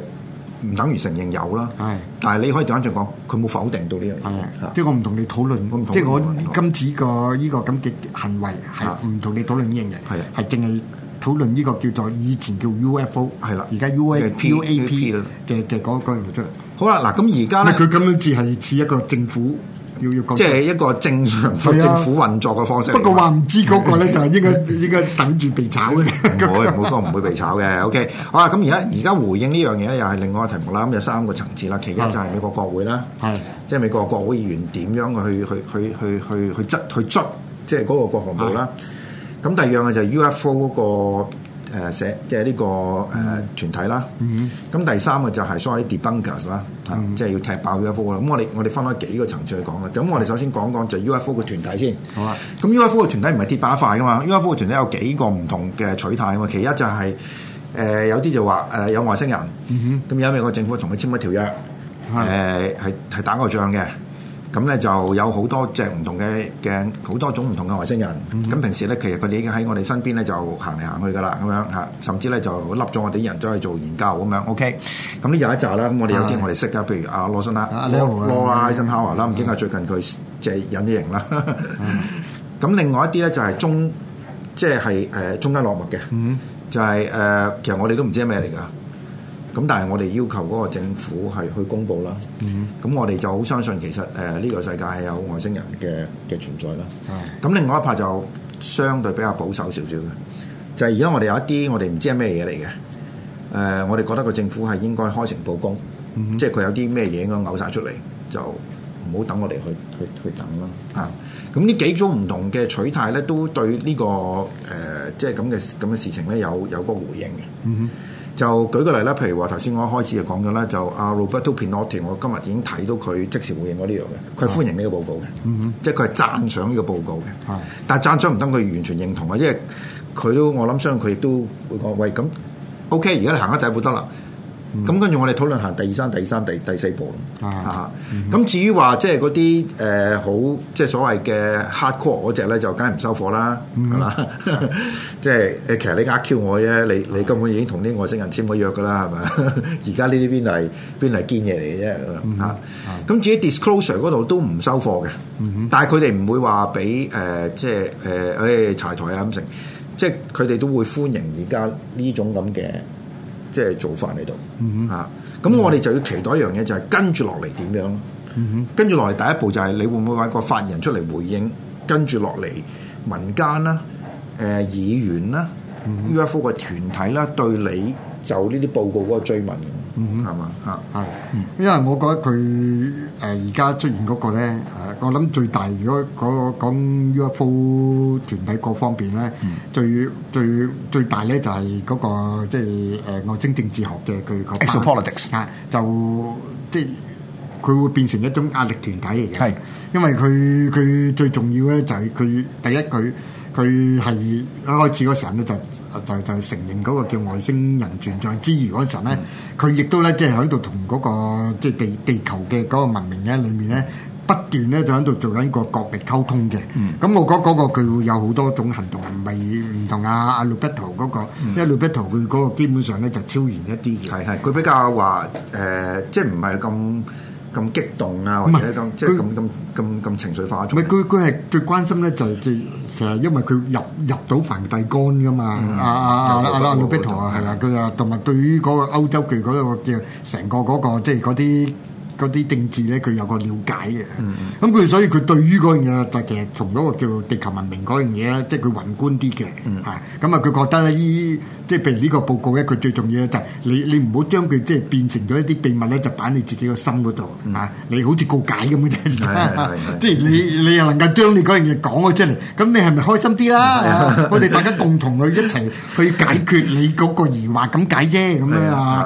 A: 唔等於承認有啦。係，但係你可以一直講，佢冇否定到呢樣嘢。係，
B: 即係我唔同你討論。即係我今次個呢個咁嘅行為係唔同你討論呢樣嘢。係，係淨係討論呢個叫做以前叫 UFO。係啦，而家 UAPUAP 嘅嘅嗰嗰樣嘢出嚟。好啦，嗱咁而家咧，佢咁樣似係似一個政府，即係一個正常嘅政府運作嘅方式。不過話唔知嗰個咧就係、應該
A: 應該等住被炒嘅。唔會，唔好講，唔會被炒嘅。OK，好啦，咁而家而家回應呢樣嘢咧，又係另外一個題目啦。咁有三個層次啦，其一就係美國國會啦，即係的美國國會議員點樣去的去去去去去質去捽，即係嗰個國防部啦。咁的第二樣嘅就係 UFO 嗰、嗰個。誒、呃、寫即係呢、這個誒、呃、團體啦，咁、mm hmm. 第三個就係所謂啲 debunkers 啦，嚇、mm hmm. 啊、即係要踢爆 UFO 啦。咁、嗯、我哋我哋分開幾個層次去講啦。咁我哋首先講講就 UFO 嘅團體先。好啊的。咁 UFO 嘅團體唔係鐵板塊噶嘛，UFO 嘅團體有幾個唔同嘅取態啊嘛。其一就係、是、誒、呃、有啲就話誒、呃、有外星人，咁、mm hmm. 有美國政府同佢簽咗條約，誒係係打過仗嘅。咁咧就有好多隻唔同嘅鏡，好多種唔同嘅外星人。咁平時咧，其實佢哋已經喺我哋身邊咧，就行嚟行去噶啦，咁樣嚇。甚至咧就笠咗我哋啲人走去做研究咁樣。OK。咁呢有一扎啦，咁我哋有啲我哋識噶，譬如阿羅辛娜、羅拉、新考華啦。唔知解最近佢即係隱形啦。咁另外一啲咧就係中，即係係誒中間落幕嘅，就係誒其實我哋都唔知係咩嚟噶。咁但係我哋要求嗰個政府係去公布啦，咁、嗯、哼我哋就好相信，其實誒呢、呃這個世界係有外星人嘅嘅存在啦。咁、啊、另外一派就相對比較保守少少嘅，就係而家我哋有一啲我哋唔知係咩嘢嚟嘅，誒、呃、我哋覺得個政府係應該開誠布公，嗯、哼即係佢有啲咩嘢應該，嘔晒出嚟就唔好等我哋去去去等啦。啊，咁呢幾種唔同嘅取態咧，都對呢、這個誒即係咁嘅咁嘅事情咧，有有，有個回應嘅。嗯就舉個例啦，譬如話頭先我一開始就講咗啦，就阿 Roberto Pinotti，我今日已經睇到佢即時回應咗呢樣嘅，佢歡迎呢個報告嘅，嗯哼，即係佢係讚賞呢個報告嘅，啊、嗯哼，但係讚賞唔得佢完全認同啊，因為佢都我諗相信佢亦都會講、哦、喂咁，OK，而家你行一仔步得啦。咁跟住我哋討論下第二三第二三第第四步咯，啊嚇！咁至於話即係嗰啲誒好即係所謂嘅 hard core 嗰隻咧，就梗係唔收貨啦，係嘛？即係誒，其實你呃 Q 我啫，你你根本已經同啲外星人簽咗約噶啦，係嘛？而家呢啲邊係邊係堅嘢嚟嘅啫，嚇！咁至於 disclosure 嗰度都唔收貨嘅，但係佢哋唔會話俾誒即係誒誒柴台啊咁成，即係佢哋都會歡迎而家呢種咁嘅。即係做法喺度嚇，咁、嗯哼啊、我哋就要期待一樣嘢，就係、是、跟住落嚟點樣咯？嗯、哼跟住落嚟第一步就係你會唔會揾個發言人出嚟回應？跟住落嚟民間啦、誒、呃、議員啦、UFO 嘅團體啦，對你就呢啲報告嗰個追問。
B: 嗯，係嘛，啊係，因為我覺得佢誒而家出現嗰個咧，誒我諗最大如果講講 UFO 團體各方邊咧， 最最最大咧就係嗰個即係誒外星政治學嘅佢個 exopolitics, 啊，就即係佢會變成一種壓力團體嚟嘅，係 因為佢佢最重要咧就係佢第一佢。佢係一開始嗰陣咧，就就就承認嗰個叫外星人存在之餘嗰陣咧，佢亦、嗯、都咧即係喺度同嗰個即係、就是、地地球嘅嗰個文明咧裏面咧不斷咧就喺度做緊個各別溝通嘅。咁、嗯、我覺得嗰個佢會有好多種行動，唔係唔同啊啊魯畢圖嗰、那個，嗯、因為魯畢圖佢嗰個,個基本上咧就是、超然一啲嘅。係係，佢比較話誒、呃，即係唔係咁。咁激
A: 動啊！或者咁即係咁咁咁咁情緒化
B: 咗。唔係，佢佢係最關心咧，就係其實因為佢入入到梵蒂岡噶嘛。啊阿啊 Lupetto 啊，係啊，佢啊同埋對於嗰個歐洲嘅嗰個叫成個嗰個即係嗰啲。嗰啲政治咧，佢有個了解嘅，咁佢所以佢對於嗰樣嘢就其實從嗰個叫做地球文明嗰樣嘢咧，即係佢宏觀啲嘅嚇。咁啊，佢覺得咧依即係譬如呢個報告咧，佢最重要咧就係你你唔好將佢即係變成咗一啲秘密咧，就擺你自己個心嗰度嚇。你好似告解咁嘅啫，即係你你又能夠將你嗰樣嘢講咗出嚟，咁你係咪開心啲啦？我哋大家共同去一齊去解決你嗰個疑惑咁解啫，咁樣啊，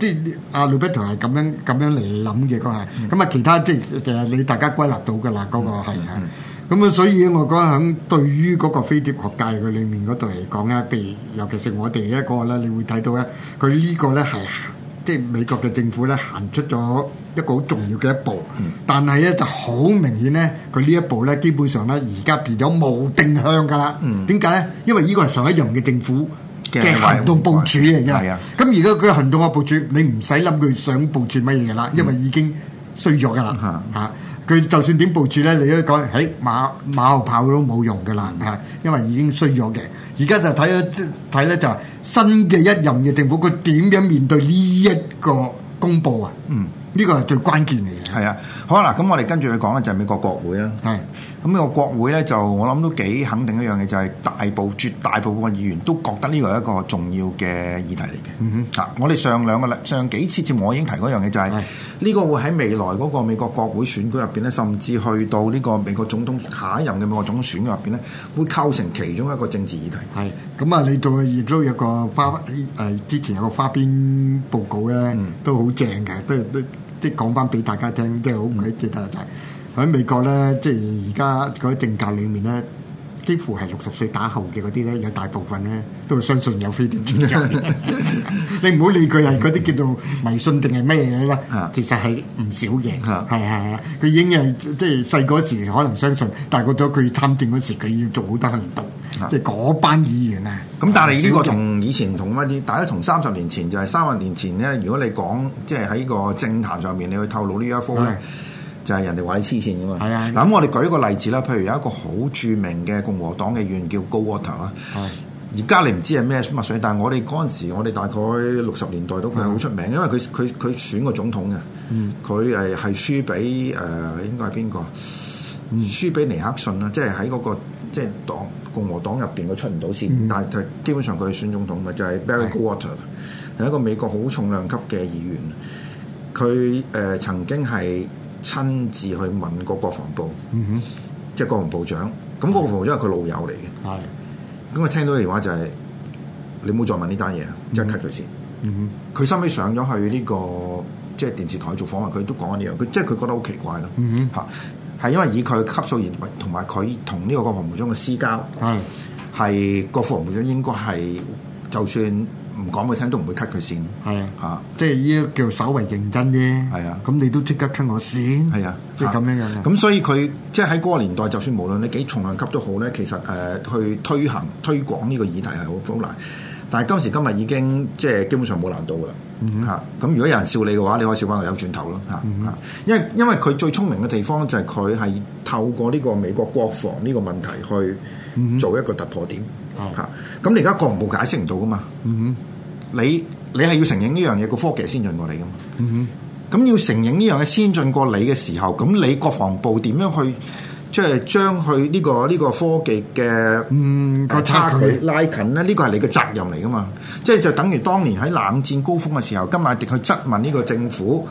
B: 即係阿盧比特係咁樣咁樣嚟諗嘅。嗰個啊，咁啊其他即係其實你大家歸納到嘅啦，嗰、嗰個係咁啊，所以我覺得喺對於嗰個飛碟學界嘅裏面嗰度嚟講咧，譬如尤其是我哋一個咧，你會睇到咧，佢呢個咧係即係美國嘅政府咧行出咗一個好重要嘅一步，嗯、但係咧就好明顯咧，佢呢一步咧基本上咧而家變咗冇定向噶啦，點解咧？因為呢個係上一任嘅政府。嘅行動部署嚟噶，咁而家佢行動嘅部署，你唔使諗佢想部署乜嘢噶啦，因為已經衰咗噶啦嚇。佢、嗯、就算點部署咧，你都講喺馬馬後炮都冇用噶啦嚇，因為已經衰咗嘅。而家就睇咗睇咧，就新嘅一任嘅政府，佢點樣面對呢一個公佈啊？嗯。呢個係最關鍵嘅嘢。
A: 係啊，好啦，咁我哋跟住去講咧，就係美國國會啦。係，咁美國國會咧，就我諗都幾肯定一樣嘢，就係大部絕大部分嘅議員都覺得呢個係一個重要嘅議題嚟嘅。嗯哼，嚇，啊，我哋上兩個咧，上幾次節目我已經提嗰樣嘢，就係呢個會喺未來嗰個美國國會選舉入邊咧，甚至去到呢個美國總統下一任嘅美國總統選入邊咧，
B: 會構成其中一個政治議題。係，咁啊，你仲有個花誒之前有個花邊報告咧，都好正嘅，都都。即係講翻俾大家聽，即係好唔係幾大嘅就係、是、喺美國咧，即係而家嗰啲政界裏面咧。幾乎係六十歲打後嘅嗰啲咧，有大部分咧都會相信有非典存在。 你唔好理佢係嗰啲叫做迷信定係咩嘢啦。的其實係唔少嘅，係係啊。佢的已經係即係細個時可能相信，大個咗佢參政嗰時，佢要做好多行動。即係嗰班議員啊。咁、嗯、但係呢個同
A: 以前唔同乜嘢？大家同三十年前就係三十年前咧。如果你講即係喺個政壇上面，你去透露呢一科咧。就係人哋話你黐線㗎嘛？係啊！嗱咁我哋舉一個例子啦，譬如有一個好著名嘅共和黨嘅議員叫高沃特啦。而家你唔知係咩墨水，但係我哋嗰陣時，我哋大概六十年代都佢係好出名，因為佢佢佢選過總統嘅。佢係係輸俾誒，應該係邊個？輸俾尼克遜啦，即係喺嗰個即係黨共和黨入邊，佢出唔到線，但係基本上佢選總統咪就係 Barry 高沃特，係一個美國好重量級嘅議員。佢誒曾經係，親自去問個國防部，嗯、哼即係國防部長。咁國防部長係佢老友嚟嘅，咁我的聽到你話就係、是、你唔好再問呢單嘢，即係 cut 佢先。佢收尾上咗去呢個即係電視台做訪問，佢都講緊呢樣。佢即係佢覺得好奇怪咯。嚇、嗯哼，係因為以佢嘅級數而同埋佢同呢個國防部長嘅私交，係個的國防部長應該係就算。唔講佢聽都唔會 cut 佢線，係啊，嚇，即係依叫稍為認真啫。係啊，咁你都即刻 cut 我線，係啊，即係咁樣樣。咁所以佢即係喺嗰個年代，就算無論你幾重量級都好咧，其實誒去推行推廣呢個議題係好難。但係今時今日已經即係基本上冇難度啦。嚇，咁如果有人笑你嘅話，你可以笑翻佢扭轉頭咯。嚇嚇，因為因為佢最聰明嘅地方就係佢係透過呢個美國國防呢個問題去做一個突破點。嚇，咁你而家國防部解釋唔到噶嘛？嗯你你係要承認呢樣嘢，個科技先進過你噶嘛？嗯哼、mm，咁、hmm. 要承認呢樣嘢先進過你嘅時候，咁你國防部點樣去？即係將佢呢、呢個呢、呢個科技嘅個、嗯啊、差距拉近咧，呢個係你嘅責任嚟噶嘛？即係就等於當年喺冷戰高峰嘅時候，甘迺迪去質問呢個政府，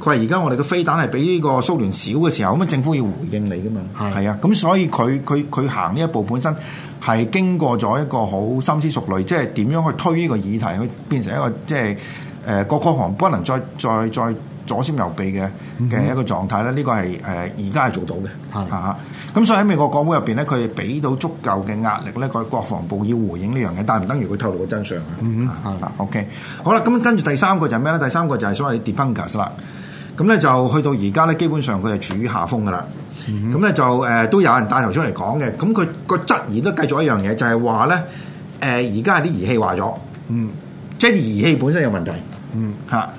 A: 佢話而家我哋嘅飛彈係比呢個蘇聯少嘅時候，咁啊政府要回應你噶嘛？係啊的，咁的所以佢佢佢行呢一步本身係經過咗一個好深思熟慮，即係點樣去推呢個議題去變成一個即係誒各個行不能再再再。再再左閃右避嘅嘅一個狀態咧，呢、嗯、個係誒而家係做到嘅嚇。咁所以喺美國國會入邊咧，佢係俾到足夠嘅壓力咧。佢國防部要回應呢樣嘢，但係唔等於佢透露個真相，嗯、啊的啊、OK，好啦，咁跟住第三個就係咩咧？第三個就係所謂 debunkers 啦。咁咧就去到而家咧，基本上佢係處於下風噶啦。咁咧、嗯、就誒、呃、都有人帶頭出嚟講嘅。咁佢個質疑都繼續一樣嘢，就係話咧誒而家啲儀器壞咗，嗯，即係儀器本身有問題，嗯嚇。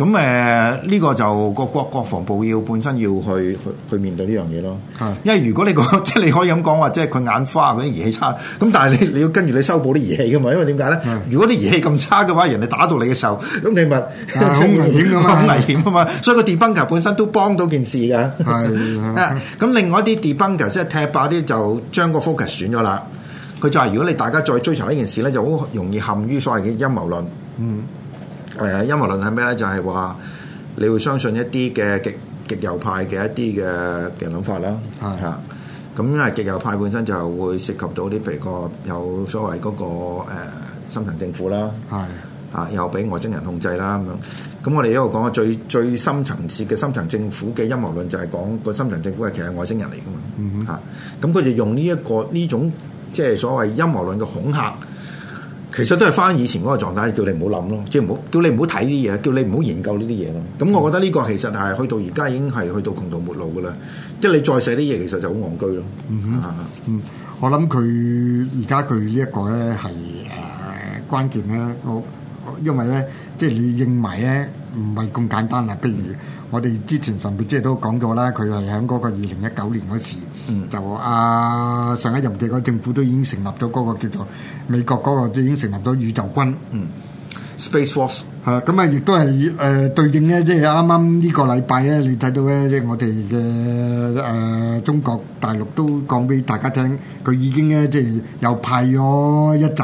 A: 咁誒呢個就個國國防部要本身要去、嗯、去面對呢樣嘢咯，是因為如果你講即係你可以咁講話，即係佢眼花嗰啲儀器差，咁但係你你要跟住你修補啲儀器嘅嘛。因為點解咧？如果啲儀器咁差嘅話，人哋打到你嘅時候，咁你咪好危險嘅嘛，好危險嘅嘛，所以個 debunker 本身都幫到件事嘅。係咁，另外一啲 debunker 即係踢爆啲就將個 focus 損咗啦。佢就係如果你大家再追查呢件事咧，就好容易陷於所謂嘅陰謀論。嗯。嗯係啊！陰謀論係咩咧？就係、是、話你會相信一啲嘅極極右派嘅一啲嘅嘅諗法啦。係啊是的，咁因為極右派本身就會涉及到啲譬如個有所謂嗰、那個、呃、深層政府啦。係啊，又俾外星人控制啦咁是的 樣。咁我哋一路講嘅，最最深層次嘅深層政府嘅陰謀論就係講個深層政府係其實外星人嚟㗎嘛。嗯咁哼佢就用呢、這、一個呢種即係所謂陰謀論嘅恐嚇。其實都係翻以前嗰個狀態，叫你唔好諗咯，即係唔好叫你唔好睇啲嘢，叫你唔好研究呢啲嘢咯。咁、嗯、我覺得呢個其實係去到而家已經係去到窮途末路噶啦。即係你再寫啲嘢，其實就好戇居咯。嗯哼，的嗯，
B: 我諗佢而家佢呢一個咧係誒關鍵啦。我因為咧即係你認為咧唔係咁簡單啊。譬如我哋之前甚至即係都講過啦，佢係喺嗰個二零一九年嗰時。嗯，mm. 就，啊上一任嘅個政府都已經成立咗個叫做美國個個即係已經成立咗宇宙軍，嗯、mm.，Space Force 係啊，咁啊亦都係誒、呃、對應咧，即係啱啱呢個禮拜咧，你睇到咧，即、就、係、是、我哋嘅誒中國大陸都講俾大家聽佢已經咧即係又派咗一紮誒、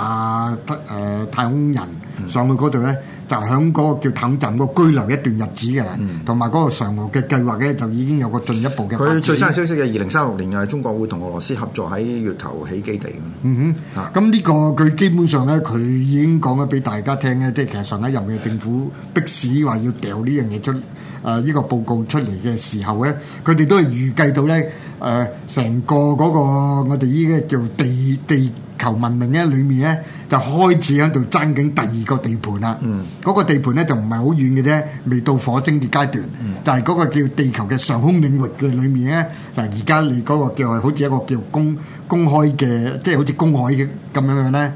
B: 呃、太空人。上去嗰度咧，就喺嗰個叫騰鎮個居留一段日子嘅，同埋嗰個嫦娥嘅計劃咧，就已經有個進一步嘅佢最新
A: 消息嘅，二零三六年嘅中國會同俄羅斯合作喺月球起
B: 基地。嗯哼，咁呢個佢基本上咧，佢已經講咗俾大家聽咧，即係其實上一任嘅政府逼使話要掉呢樣嘢出，誒、呃、呢個報告出嚟嘅時候咧，佢哋都係預計到咧。誒，成、呃、個嗰個我哋依家叫地地球文明咧，裡面咧就開始喺度爭緊第二個地盤啦。嗰、嗯、個地盤咧就唔係好遠嘅啫，未到火星嘅階段，嗯、就係嗰個叫地球嘅上空領域嘅裡面咧，就而、是、家你嗰個叫係好似一個叫公公開嘅，即係好似公海咁樣樣咧，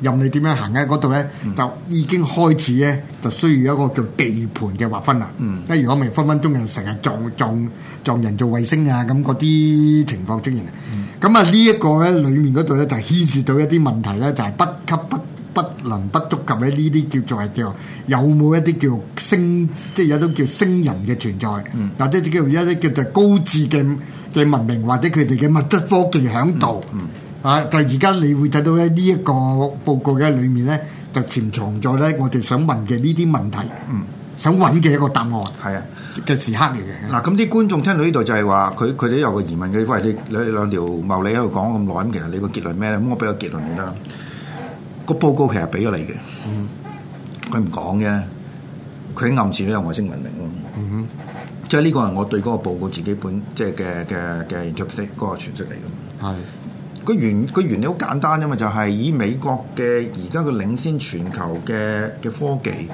B: 任你點樣行喺嗰度咧，就已經開始咧，就需要一個叫地盤嘅劃分啦。嗯、不如我咪分分鐘人成日撞撞撞人造衛星啊，咁嗰啲情況出現。咁啊呢一個咧，裡面嗰度咧就牽涉到一啲問題咧，就係不給不不能不足及咧呢啲叫做有有叫有冇一啲叫做星，即係有啲叫星人嘅存在，嗯、或者叫一啲叫做高智嘅嘅文明，或者佢哋嘅物質科技喺度。嗯嗯嗯啊！就而家你會睇到咧呢一個報告嘅裏面咧，就潛藏咗咧我哋想問嘅呢啲問題，嗯、想揾嘅一個答案。係啊嘅時刻嚟嘅。嗱咁啲
A: 觀眾聽到呢度就係話，佢佢哋有個疑問嘅。喂，你兩兩條茂利喺度講咁耐，咁其實你結個結論咩咧？咁我俾個結論你啦。個報告其實俾咗你嘅，佢唔講嘅，佢暗示都有外星文明咯。
C: 嗯、
A: 哼，即係呢個係我對嗰個報告自己本即係嘅嘅嘅 interpret 傳出嚟嘅。係。個原個原理好簡單啫嘛，就係以美國嘅而家嘅領先全球嘅嘅科技，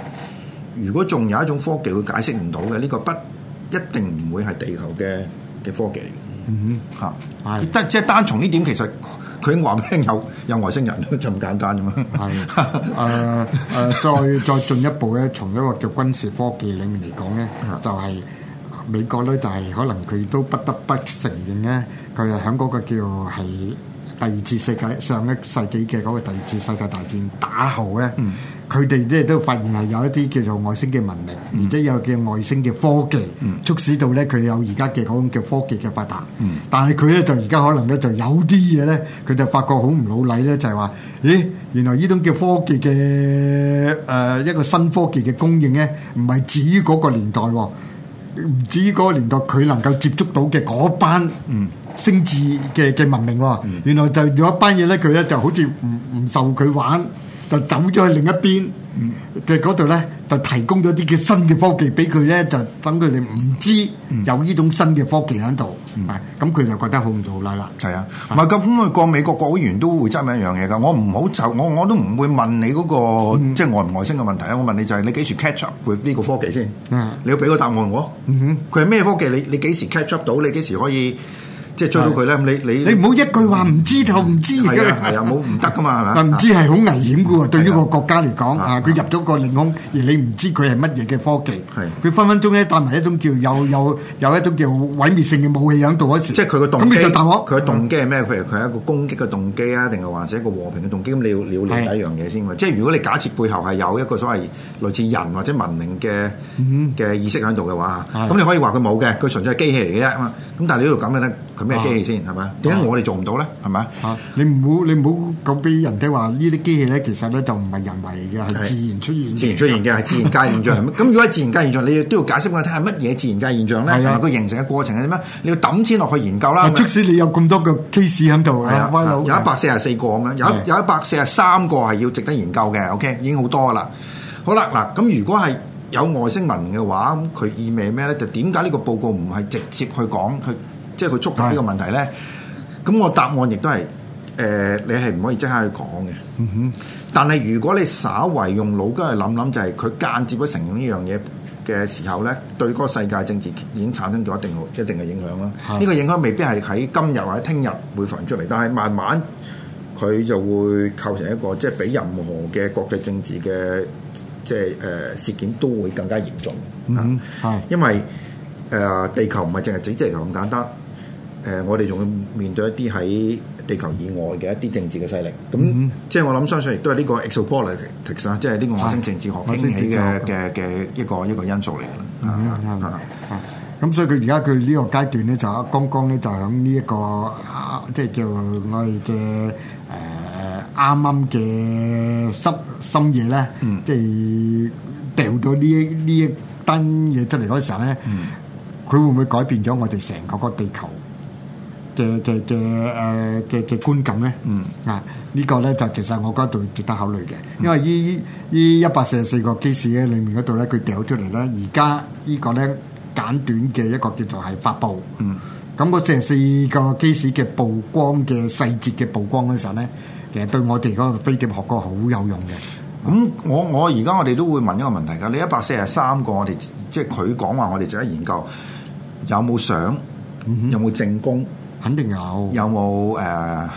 A: 如果仲有一種科技會解釋唔到嘅，呢個不一定唔會係地球嘅嘅科技嚟嘅。嗯，嚇，係，即係即係單從呢點其實佢已經
B: 話聽有有外星人就咁簡單啫嘛。係，誒誒，再再進一步咧，從一個叫軍事科技裡面嚟講咧，就係美國咧就係可能佢都不得不承認咧，佢係喺嗰個叫係。第二次世界上一世紀嘅嗰個第二次世界大戰打後咧，佢哋咧都發現係有一啲叫做外星嘅文明，嗯、而且有嘅外星嘅科技，嗯、促使到咧佢有而家嘅嗰種叫科技嘅發達。但係佢咧就而家可能咧就有啲嘢咧，佢就發覺好唔老禮咧，就係話咦，原來呢種叫科技嘅誒一個新科技嘅供應咧，唔係止於嗰個年代喎，唔止於嗰個年代佢能夠接觸到嘅嗰班。嗯星智嘅嘅文明喎、哦，原來就有一班嘢咧，佢咧就好似唔唔受佢玩，就走咗去另一邊嘅嗰度咧，就提供咗啲嘅新嘅科技俾佢咧，就等佢哋唔知有呢種新嘅科技喺度，咁佢、嗯嗯嗯、就覺得好唔到啦啦。係啊，唔係咁，每、那個美國國
A: 會議員都會爭一樣嘢噶。我唔好就我我都唔會問你嗰、那個即係、就是、外唔外星嘅問題啦。我問你就係你幾時 catch up with 呢個科技先？你要俾個答案我。佢係咩科技？你你幾時 catch up 到？你幾時可以？即係追到佢咧，咁你你你唔
B: 好一句話唔知就唔知㗎。係啊，
A: 冇唔得㗎嘛，係嘛？唔知係
B: 好危險嘅喎，對於個國家嚟講，啊，佢入咗個領空，而你唔知佢係乜嘢嘅科技，佢分分鐘咧帶埋一種叫有有有一種叫毀滅性嘅武器響度嗰時。即係佢個動機。佢
A: 嘅動機係咩？譬如佢係一個攻擊嘅動機啊，定係或者一個和平嘅動機？咁你要了解一樣嘢先。即係如果你假設背後係有一個所謂類似人或者文明嘅嘅意識響度嘅話，咁你可以話佢冇嘅，佢純粹係機器嚟嘅
B: 啫。咁但係你呢度咁嘅咧？咩機器先係嘛？點解、啊、吧我哋做唔到咧？係嘛、啊？你唔好你唔好講俾人聽話呢啲機器咧，其實咧就唔係人為嘅，係自然出現。自然
A: 出現嘅係自然界現象。咁 如果係自然界現象，你亦都要解釋吓睇係乜嘢自然界現象咧？啊、個形成嘅過程係點樣？你要揼錢落去研究啦。啊、吧即使
B: 你有咁多個 case 喺度啊，啊吧有一
A: 百四十四個咁樣，有一有一百四十三個係要值得研究嘅。OK，已經好多啦。好啦，嗱咁如果係有外星文嘅話，佢意味咩咧？就點解呢個報告唔係直接去講佢？即係佢觸及呢個問題咧，咁我答案亦都係誒，你係唔可以即刻去講嘅。嗯哼。但係如果你稍為用腦筋去諗諗，就係佢間接咗承認呢樣嘢嘅時候咧，對嗰個世界政治已經產生咗一定一定嘅影響啦。呢個影響未必係喺今日或者聽日會浮出嚟，但係慢慢佢就會構成一個即係俾任何嘅國際政治嘅即係誒事件都會更加嚴重。
C: 嗯哼。係。
A: 因為誒地球唔係淨係整隻球咁簡單。誒，我哋仲要面對一啲喺地球以外嘅一啲政治嘅勢力，咁即係我諗相信，亦都係呢個 exopolitics 啊，即係呢個外星政治學嘅嘅嘅一個一個因素嚟㗎啦。啊，
B: 咁所以佢而家佢呢個階段咧，就剛剛咧，就喺呢一個即係叫我哋嘅誒啱啱嘅深深夜咧，即係掉到呢呢一單嘢出嚟嗰陣咧，佢會唔會改變咗我哋成個個地球？嘅嘅嘅誒嘅嘅觀感咧，嗯、啊、這個、呢個咧就其實我覺得值得考慮嘅，因為依依一百四十四個機士嘅裡面嗰度咧，佢掉出嚟咧，而家呢個咧簡短嘅一個叫做係發布，咁嗰四十四個機士嘅曝光嘅細節嘅曝光嗰時候咧，其實對我哋嗰個飛碟學過好有用嘅。咁、嗯、我我而家我哋都
A: 會問一個問題㗎，你一百四十三個我哋即係佢講話，我哋就係研究有冇相，有冇正功。嗯哼 肯定有，有冇誒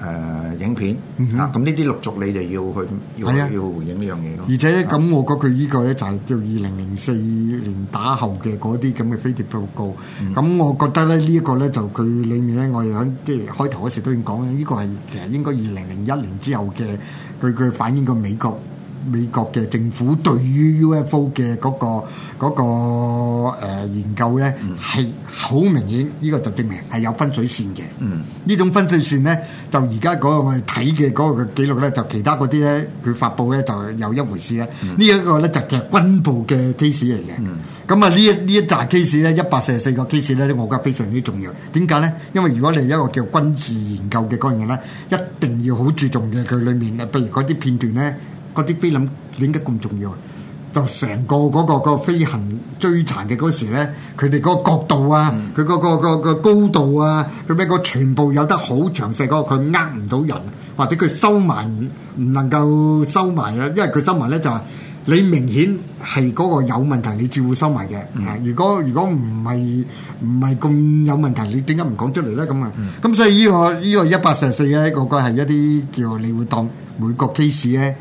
A: 誒影片，嗯、哼啊？咁呢啲陸續你就要去，要去的要回應呢樣嘢咯。而
B: 且咧，咁、嗯、我覺得呢個咧就係叫二零零四年打後嘅嗰啲咁嘅飛碟報告。咁、嗯、哼我覺得咧呢一個咧就佢裏面咧，我哋喺即係開頭嗰時都已經講，呢、這個係其實應該二零零一年之後嘅，佢佢反映過美國。美國嘅政府對於 UFO 嘅嗰、嗰個嗰、嗰個、研究咧，係好明顯，呢、嗯、個就證明係有分水線嘅。呢、嗯、種分水線咧，就而家嗰個我哋睇嘅嗰個記錄咧，就其他嗰啲咧，佢發布咧就有一回事咧。嗯、呢一個咧就其實軍部嘅 case 嚟嘅。咁啊、嗯、呢呢一紮 case 咧，一百四十四個 case 咧，我覺得非常之重要。點解咧？因為如果你一個叫軍事研究嘅嗰樣嘢咧，一定要好注重嘅佢裏面，譬如嗰啲片段咧。嗰啲菲林點解咁重要啊？就成個嗰、嗰個、嗰個飛行追殘嘅嗰時咧，佢哋嗰個角度啊，佢嗰個個個高度啊，佢咩個全部有得好詳細嗰個，佢呃唔到人，或者佢收埋唔能夠收埋啊，因為佢收埋咧就係、你明顯係嗰個有問題，你自然會收埋嘅。如果如果唔係唔係咁有問題，你點解唔講出嚟咧咁啊？咁、嗯、所以呢、呢個呢、呢個, 4, 個一百四十四咧，個個係一啲叫你會當每個 case 咧。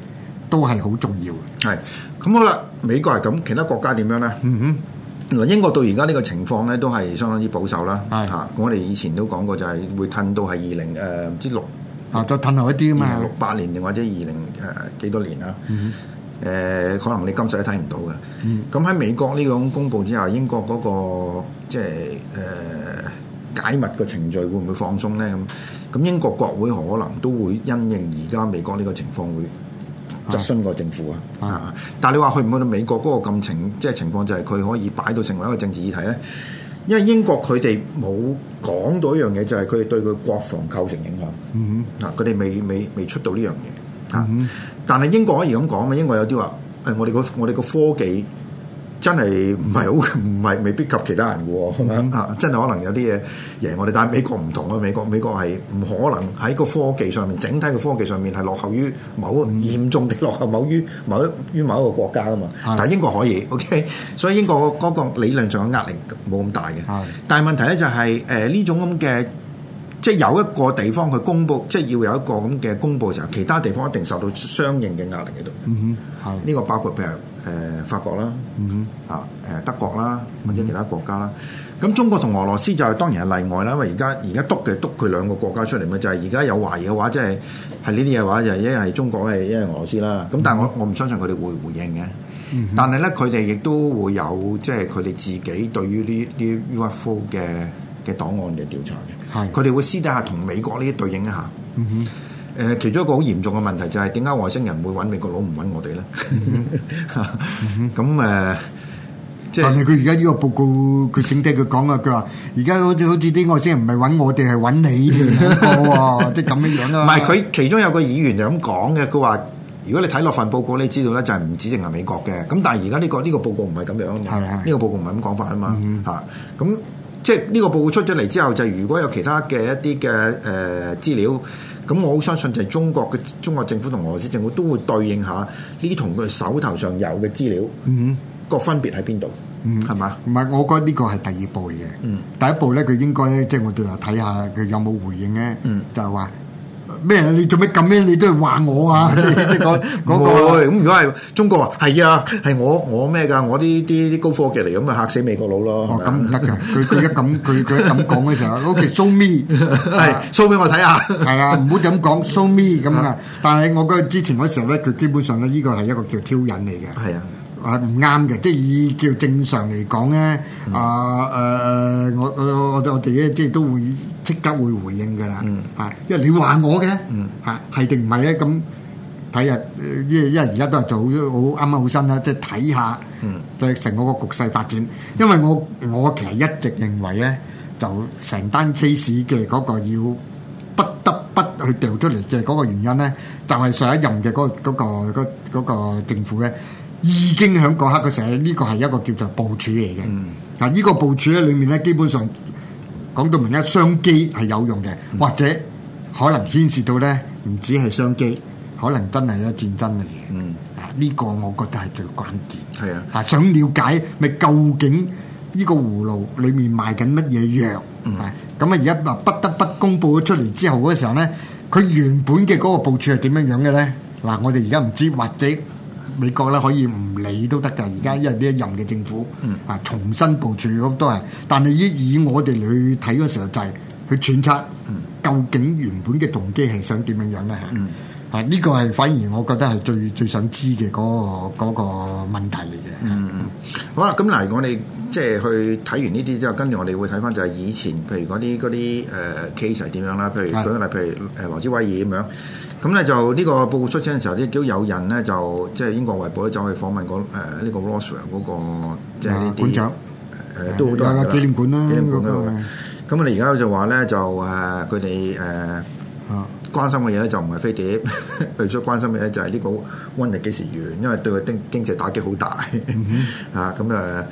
B: 都係好重要嘅，
A: 係咁好啦。美國係咁，其他國家點樣咧？嗯哼，嗱，英國到而家呢個情況咧，都係相當之保守啦。係嚇的，啊、我哋以前都講過就 20,、呃，就係會褪到係二零誒唔知六啊，再褪後一啲啊嘛。二零六八年定或者二零誒幾多年啊？誒、嗯哼呃，可能你今世都睇唔到嘅。咁喺、嗯、美國呢種公佈之後，英國嗰、嗰個即係誒解密嘅程序會唔會放鬆咧？咁咁英國國會可能都會因應而家美國呢個情況會。質詢過政府啊，啊，但係你話去唔去到美國嗰個咁情，即係情況就係佢可以擺到成為一個政治議題咧？因為英國佢哋冇講到一樣嘢，就係佢哋對佢國防構成影響。嗯哼，嗱、啊，佢哋未未未出到呢樣嘢。嚇、啊，嗯、但係英國可以咁講啊嘛？英國有啲話，誒、哎，我哋個我哋個科技。真係唔係好唔係未必及其他人嘅喎，吧真係可能有啲嘢贏我哋，但係美國唔同啊，美國美國係唔可能喺個科技上面，整體嘅科技上面係落後於某吧嚴重地落後某於某，某於某一個國家啊嘛，吧但係英國可以，OK，所以英國嗰個理論上嘅壓力冇咁大嘅，吧但係問題咧就係誒呢種咁嘅，即係有一個地方佢公布，即係要有一個咁嘅公布時候，其他地方一定受到相應嘅壓力喺度，呢吧、嗯、個包括譬如。誒法國啦，嚇誒、mm hmm. 德國啦，或者其他國家啦。咁中國同俄羅斯就係當然係例外啦，因為而家而家篤嘅篤佢兩個國家出嚟嘛，就係而家有懷疑嘅話，即係係呢啲嘢話，就一係中國，一係俄羅斯啦。咁但係我我唔相信佢哋會回應嘅。Mm
D: hmm. 但
A: 係咧，佢哋亦都會有即係佢哋自己對於呢啲 UFO 嘅嘅檔案嘅調查嘅。係的，佢哋會私底下同美國呢啲對應一下。嗯哼、mm。Hmm. 誒，其中一個好嚴重嘅問題就係點解外星人會揾美國佬唔揾我哋咧？
B: 咁 誒、呃，即係。佢而家呢個報告，佢整低佢講啊，佢話而家好似好似啲外星人唔係揾我哋，係揾你個即係咁嘅樣啦、啊。唔係，佢
A: 其中有個議員就咁講嘅，佢話如果你睇落份報告，你知道咧就係唔指定係美國嘅。咁但係而家呢個呢、呢個報告唔係咁樣啊嘛，呢 個報告唔係咁講法啊嘛。嚇， 咁即係呢個報告出咗嚟之後，就、如果有其他嘅一啲嘅誒資料。咁我好相信就係中國嘅中國政府同俄羅斯政府都會對應下呢，同佢手頭上有嘅
B: 資料，個、mm hmm. 分別喺邊度，係嘛、mm？唔、hmm. 係，我覺得呢個係第二步嘅，mm hmm. 第一步咧佢應該咧即係我哋又睇下佢有冇回應咧，mm hmm. 就係話。咩？你做咩咁咩？你都係話我啊！即係講嗰個咁。 是如果係中國啊，係啊，
A: 係我我咩噶？我啲啲啲高科技嚟咁咪嚇死美國佬咯！啊、哦，咁唔得嘅。佢佢一咁
B: 佢佢一咁講嘅時候 ，OK，show、okay, me，係 show 俾我睇下，係啊，唔好咁講，show me 咁啊。但係我覺得之前嗰時候咧，佢基本上咧，呢個係一個叫挑釁嚟嘅。係啊。啊，唔啱嘅。即係以叫正常嚟講咧，啊、誒我我我我哋咧，即係都會即刻會回應㗎啦，嚇，因為你話我嘅嚇係定唔係咧？咁睇日，即係因為而家都係做咗好啱啱好新啦，即係睇下對成個個局勢發展。因為我我其實一直認為咧，就成單 case 嘅嗰個要不得不去掉出嚟嘅嗰個原因咧，就係上一任嘅嗰嗰個嗰嗰個政府咧。已經喺嗰刻嘅時候，呢個係一個叫做部署嚟嘅。嗱、嗯，呢個部署咧，裡面咧基本上講到明咧，商機係有用嘅，嗯、或者可能牽涉到咧，唔止係商機，嗯、可能真係一戰爭嚟嘅。啊、嗯，呢個我覺得係最關鍵。係啊，想了解咪究竟呢個葫蘆裡面賣緊乜嘢藥？咁啊、嗯，而家話不得不公佈咗出嚟之後嗰時候咧，佢原本嘅嗰個部署係點樣樣嘅咧？嗱，我哋而家唔知或者。美國咧可以唔理都得㗎，而家因為呢一任嘅政府啊、嗯、重新部署都係，但係依以我哋去睇嘅時候就係去揣測，究竟原本嘅動機係想點樣樣咧嚇？啊呢、嗯、個係反而我覺得係最最想知嘅嗰、嗰個嗰、嗰個問題嚟嘅。嗯，
A: 嗯好啦，咁嗱，我你即係去睇完呢啲之後，跟住我哋會睇翻就係以前譬、呃，譬如嗰啲啲誒 case 係點樣啦，譬如嗰個例如誒羅斯威爾咁樣。咁咧就呢個報告出聲嘅時候，亦都有人咧就即係、就是、英國衛報咧走去訪問個呢、呃這個 Roswell、那個就是、Roswell 嗰個即係呢啲都好多誒，到大家紀念館啦、啊，紀念館度。咁我哋而家就話咧就誒佢哋誒關心嘅嘢咧就唔係飛碟，最 關心嘅咧就係呢個瘟疫幾時完，因為對佢經經濟打擊好大、嗯、哼 啊。咁誒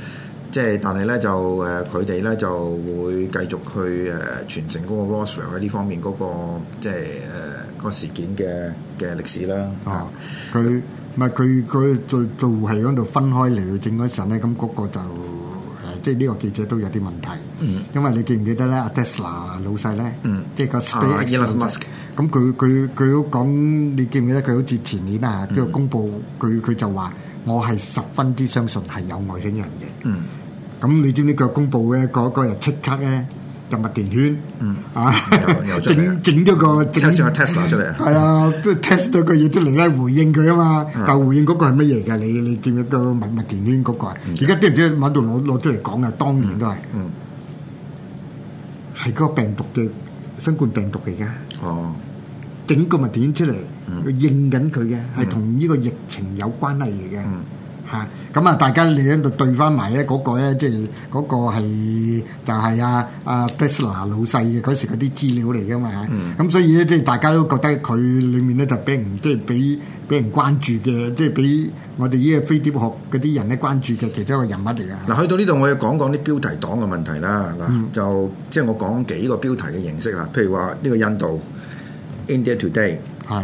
A: 即係但係咧就誒佢哋咧就會繼續去誒傳承嗰個 Roswell 喺呢方面嗰、那個即係誒。就是就是呃個事件嘅嘅歷史啦，
B: 哦，佢唔係佢佢做做係嗰度分開嚟去證嗰陣咧，咁嗰個就誒、呃，即係呢個記者都有啲問題，
A: 嗯，
B: 因為你記唔記得咧？阿、啊、Tesla 老細咧，嗯，即係個 SpaceX，Elon Musk，咁佢佢佢都講，你記唔記得佢好似前年啊，佢係公佈，佢佢就話我係十分之相信係有外星人嘅，嗯，咁你知唔知佢公佈嘅嗰個又即刻咧？就麥田圈，啊，整整咗個，test 個 test 出嚟，係啊，都 test 咗個嘢出嚟咧回應佢啊嘛，但係回應嗰個係乜嘢噶？你你見到個麥麥田圈嗰個？而家知唔知喺度攞攞出嚟講啊，當年都係，嗯，係嗰個病毒嘅新冠病毒嚟噶，哦，整個麥田圈出嚟，佢應緊佢嘅，係同呢個疫情有關係嘅。嚇！咁啊，大家你喺度對翻埋咧，嗰個咧即係嗰個係就係啊阿 Tesla 老細嘅嗰時嗰啲資料嚟嘅嘛嚇。咁、嗯、所以咧即係大家都覺得佢裡面咧就俾人即係俾俾人關注嘅，即係俾我哋呢個飛碟學嗰啲人咧關注嘅其中一個人物嚟嘅。嗱，
A: 去到呢度我要講講啲標題黨嘅問題啦。嗱，就即係我講幾個標題嘅形式啦。譬如話呢個印度 India Today 係、嗯。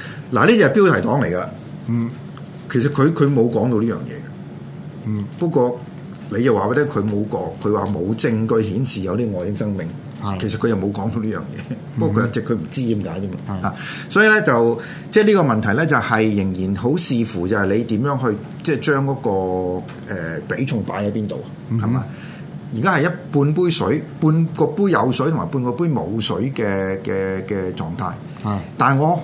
A: 嗱，呢隻係標題黨嚟噶啦。嗯，其實佢佢冇講到呢樣嘢嘅。嗯，不過你又話咩咧？佢冇講，佢話冇證據顯示有啲外星生命。的其實佢又冇講到呢樣嘢。嗯、哼不過佢一直佢唔知點解啫嘛。嗯、哼啊，所以咧就即係呢個問題咧，就係仍然好視乎就係你點樣去即係將嗰個、呃、比重擺喺邊度咁啊，而家係一半杯水，半個杯有水同埋半個杯冇水嘅嘅嘅狀態。係、嗯哼，但係我。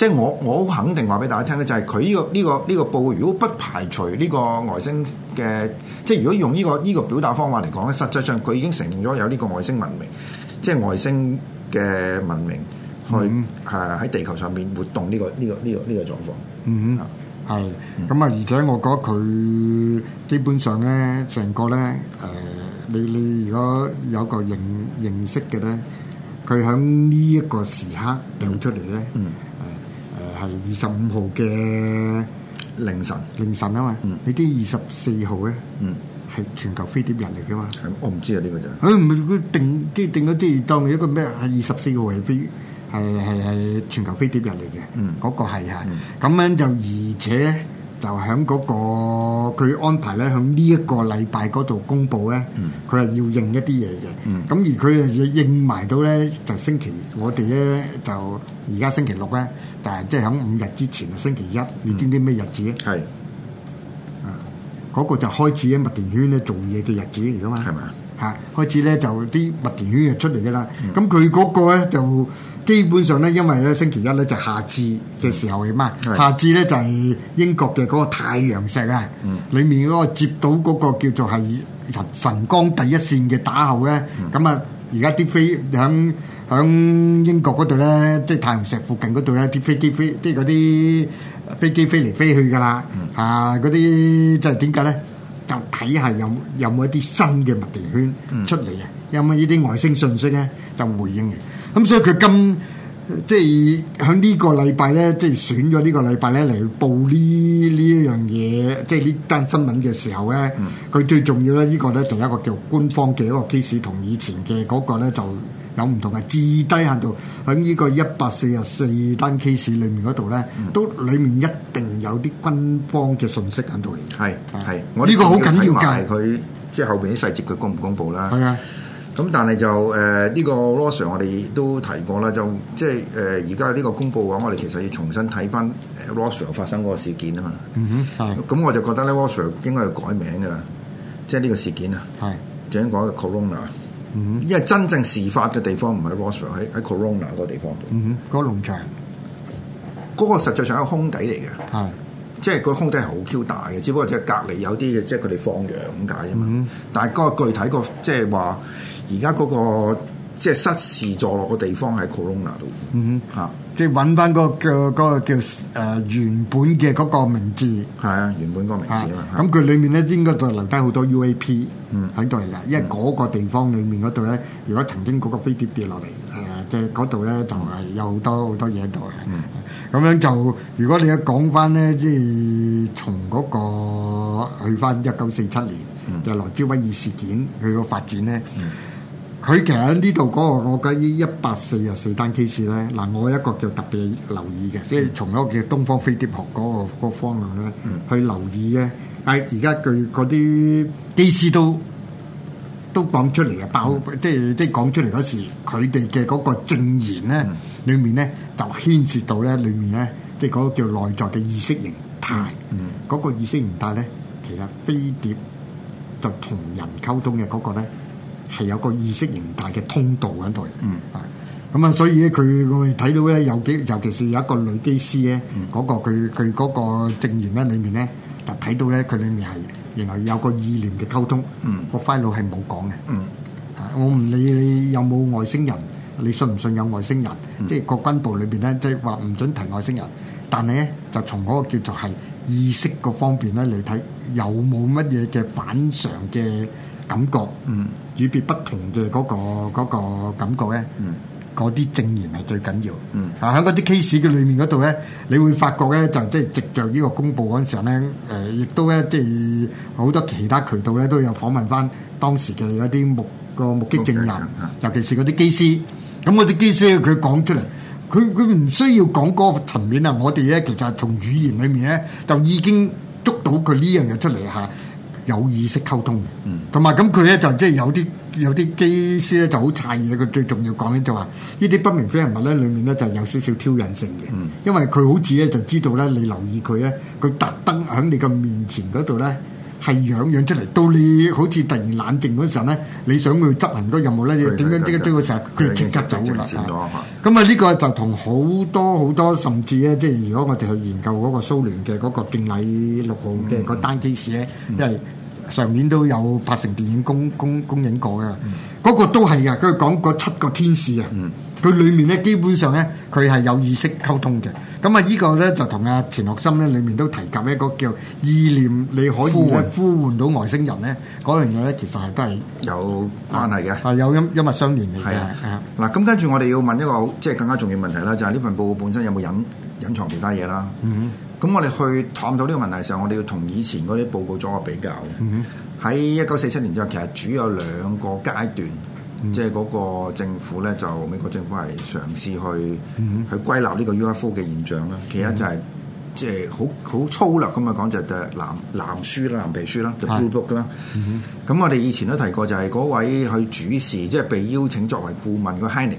A: 即係我我好肯定話俾大家聽咧，就係佢呢個呢、這個呢、這個報，如果不排除呢個外星嘅，即係如果用呢、這個呢、這個表達方法嚟講咧，實際上佢已經承認咗有呢個外星文明，即係外星嘅文明去誒喺地球上面活動呢、這個呢、這個呢、這個呢、這個
B: 狀況。嗯哼，係咁啊！嗯、而且我覺得佢基本上咧，成個咧誒，呃、你你如果有個認認識嘅咧，佢喺呢一個時刻亮出嚟咧。嗯嗯係二十五號嘅凌晨，凌晨啊嘛。嗯，你呢啲二十四號咧，嗯，係全球飛碟人嚟噶嘛。係、啊，我唔知啊呢個就。誒唔係佢定，即係定咗啲當你一個咩？係二十四號係飛，係係係全球飛碟人嚟嘅。嗯，嗰個係啊。咁樣、嗯、就而且。就喺嗰個佢安排咧，喺呢一個禮拜嗰度公佈咧，佢係要應一啲嘢嘅。咁而佢誒應埋到咧，就星期我哋咧就而家星期六咧，就係即係喺五日之前啊，星期一，你知唔知咩日子咧？係，嗰個就開始喺麥田圈咧做嘢嘅日子嚟噶嘛？係咪啊？嚇！開始咧就啲麥田圈就出嚟噶啦。咁佢嗰個咧就。基本上咧，因為咧星期一咧就夏至嘅時候嚟嘛，夏至咧就係英國嘅嗰個太陽石啊，裏面嗰個接到嗰個叫做係神光第一線嘅打後咧，咁啊、嗯，而家啲飛響響英國嗰度咧，即、就、係、是、太陽石附近嗰度咧，啲飛機飛即係嗰啲飛機飛嚟飛去噶啦，嗯、啊嗰啲即係點解咧？就睇下有有冇一啲新嘅物體圈出嚟啊？有冇呢啲外星訊息咧？就回應嚟。咁、嗯、所以佢今即係響呢個禮拜咧，即係選咗呢個禮拜咧，嚟報呢呢一樣嘢，即係呢單新聞嘅時候咧，佢、嗯、最重要咧，呢個咧就有一個叫官方嘅一個 case，同以前嘅嗰個咧就有唔同嘅，至低限度響呢個一百四十四單 case 裏面嗰度咧，嗯、都裏面一定有啲軍方嘅信息喺度嘅。
A: 係係，嗯，呢個好緊要。埋佢即係後邊啲細節，佢公唔公布啦？係啊，嗯。咁、嗯、但係就誒呢、呃這個 Roswell 我哋都提過啦，就即係誒而家呢個公佈嘅話，我哋其實要重新睇翻 Roswell 發生嗰個事件啊嘛。咁、嗯嗯、我就覺得咧，Roswell 應該要改名㗎喇，即係呢個事件啊。係是。最緊講嘅 Corona。因為真正事發嘅地方唔係 Roswell，喺喺 Corona 嗰個地方度。嗯哼。嗰、那個農場。嗰個實際上係個空地嚟嘅。係是。即係個空地係好 Q 大嘅，只不過即係隔離有啲嘅，即係佢哋放羊咁解啫嘛。嗯、哼但係嗰個具體個即係話。就是而家嗰個即係失事坐落個地方喺科隆那度，嗯
B: 哼，嚇，即係揾翻嗰個嗰個叫誒、嗰個呃、原本嘅嗰個名字，係啊，原本嗰個名字是是啊，咁佢裏面咧應該就留低好多 UAP 喺度嚟噶，因為嗰個地方裏面嗰度咧，如果曾經嗰個飛碟跌落嚟，誒、嗯啊，即係嗰度咧就係有好多好多嘢喺度嘅，咁、嗯、樣就如果你要講翻咧，即係從嗰、嗰個去翻一九四七年，就羅、是、斯威爾事件佢個發展咧。嗯。佢其實喺呢度嗰個我覺得一百四十四單 case 咧，嗱我一個就特別留意嘅，即係從一個叫東方飛碟學嗰個嗰方向咧去留意咧，誒而家佢嗰啲機師都都講出嚟嘅包，即係即係講出嚟嗰時佢哋嘅嗰個證言咧，裏面咧就牽涉到咧裏面咧，即係嗰個叫內在嘅意識形態，嗰個意識形態咧其實飛碟就同人溝通嘅嗰個咧。係有個意識形態嘅通道喺度，係咁啊！所以咧，佢我哋睇到咧，有幾尤其是有一個女機師咧，嗰、嗯、個佢佢嗰個證言咧，裏面咧就睇到咧，佢裏面係原來有個意念嘅溝通，嗯、個 file 係冇講嘅。
C: 嗯、
B: 我唔理你有冇外星人，你信唔信有外星人？即係個軍部裏邊咧，即係話唔准提外星人，但係咧就從嗰個叫做係意識嗰方面咧嚟睇，有冇乜嘢嘅反常嘅感覺？嗯與別不同嘅嗰、嗰個嗰個感覺咧，嗰啲、嗯、證言係最緊要。嗯、啊，喺嗰啲 case 嘅裏面嗰度咧，你會發覺咧，就即係藉着呢個公佈嗰陣時咧，誒、呃，亦都咧，即係好多其他渠道咧都有訪問翻當時嘅一啲目個目，目擊證人，嗯嗯、尤其是嗰啲機師。咁嗰啲機師佢講出嚟，佢佢唔需要講嗰個層面啊！我哋咧其實從語言裏面咧，就已經捉到佢呢樣嘢出嚟嚇。啊啊有意識溝通嘅，同埋咁佢咧就即係有啲有啲機師咧就好詫異。佢最重要講咧就話：呢啲不明飛人物咧，裡面咧就有少少挑釁性嘅。因為佢好似咧就知道咧，你留意佢咧，佢特登喺你嘅面前嗰度咧。係樣樣出嚟，到你好似突然冷靜嗰陣咧，你想去執行嗰個任務咧，點樣點點嗰時候，佢哋即刻走噶啦咁啊，呢個就同好多好多甚至咧，即係如果我哋去研究嗰個蘇聯嘅嗰個敬禮六號嘅個單 case 咧，即係、嗯嗯、上年都有八成電影公公公映過嘅。嗰、嗯、個都係噶，佢講嗰七個天使啊，佢、嗯嗯、裡面咧基本上咧，佢係有意識溝通嘅。咁啊，個呢個咧就同阿錢學森咧裏面都提及一個叫意念，你可以呼呼喚到外星人咧，嗰樣嘢咧其實係都係有關係嘅，係、啊、有音密切相連嘅。係啊的，啊的。嗱，咁
A: 跟住我哋要問一個即係、就是、更加重要問題啦，就係、是、呢份報告本身有冇隱隱藏其他嘢啦？咁、嗯、哼我哋去探討呢個問題嘅時候，我哋要同以前嗰啲報告作個比較。喺一九四七年之後，其實主要有兩個階段。即係嗰個政府咧，就美國政府係嘗試去、嗯、去歸納呢個 UFO 嘅現象啦。其實就係即係好好粗略咁啊講，就係藍藍書啦，藍皮書啦就 The Blue Book 啦、嗯。咁、嗯、我哋以前都提過，就係嗰位去主事，即、就、係、是、被邀請作為顧問嘅 Hannik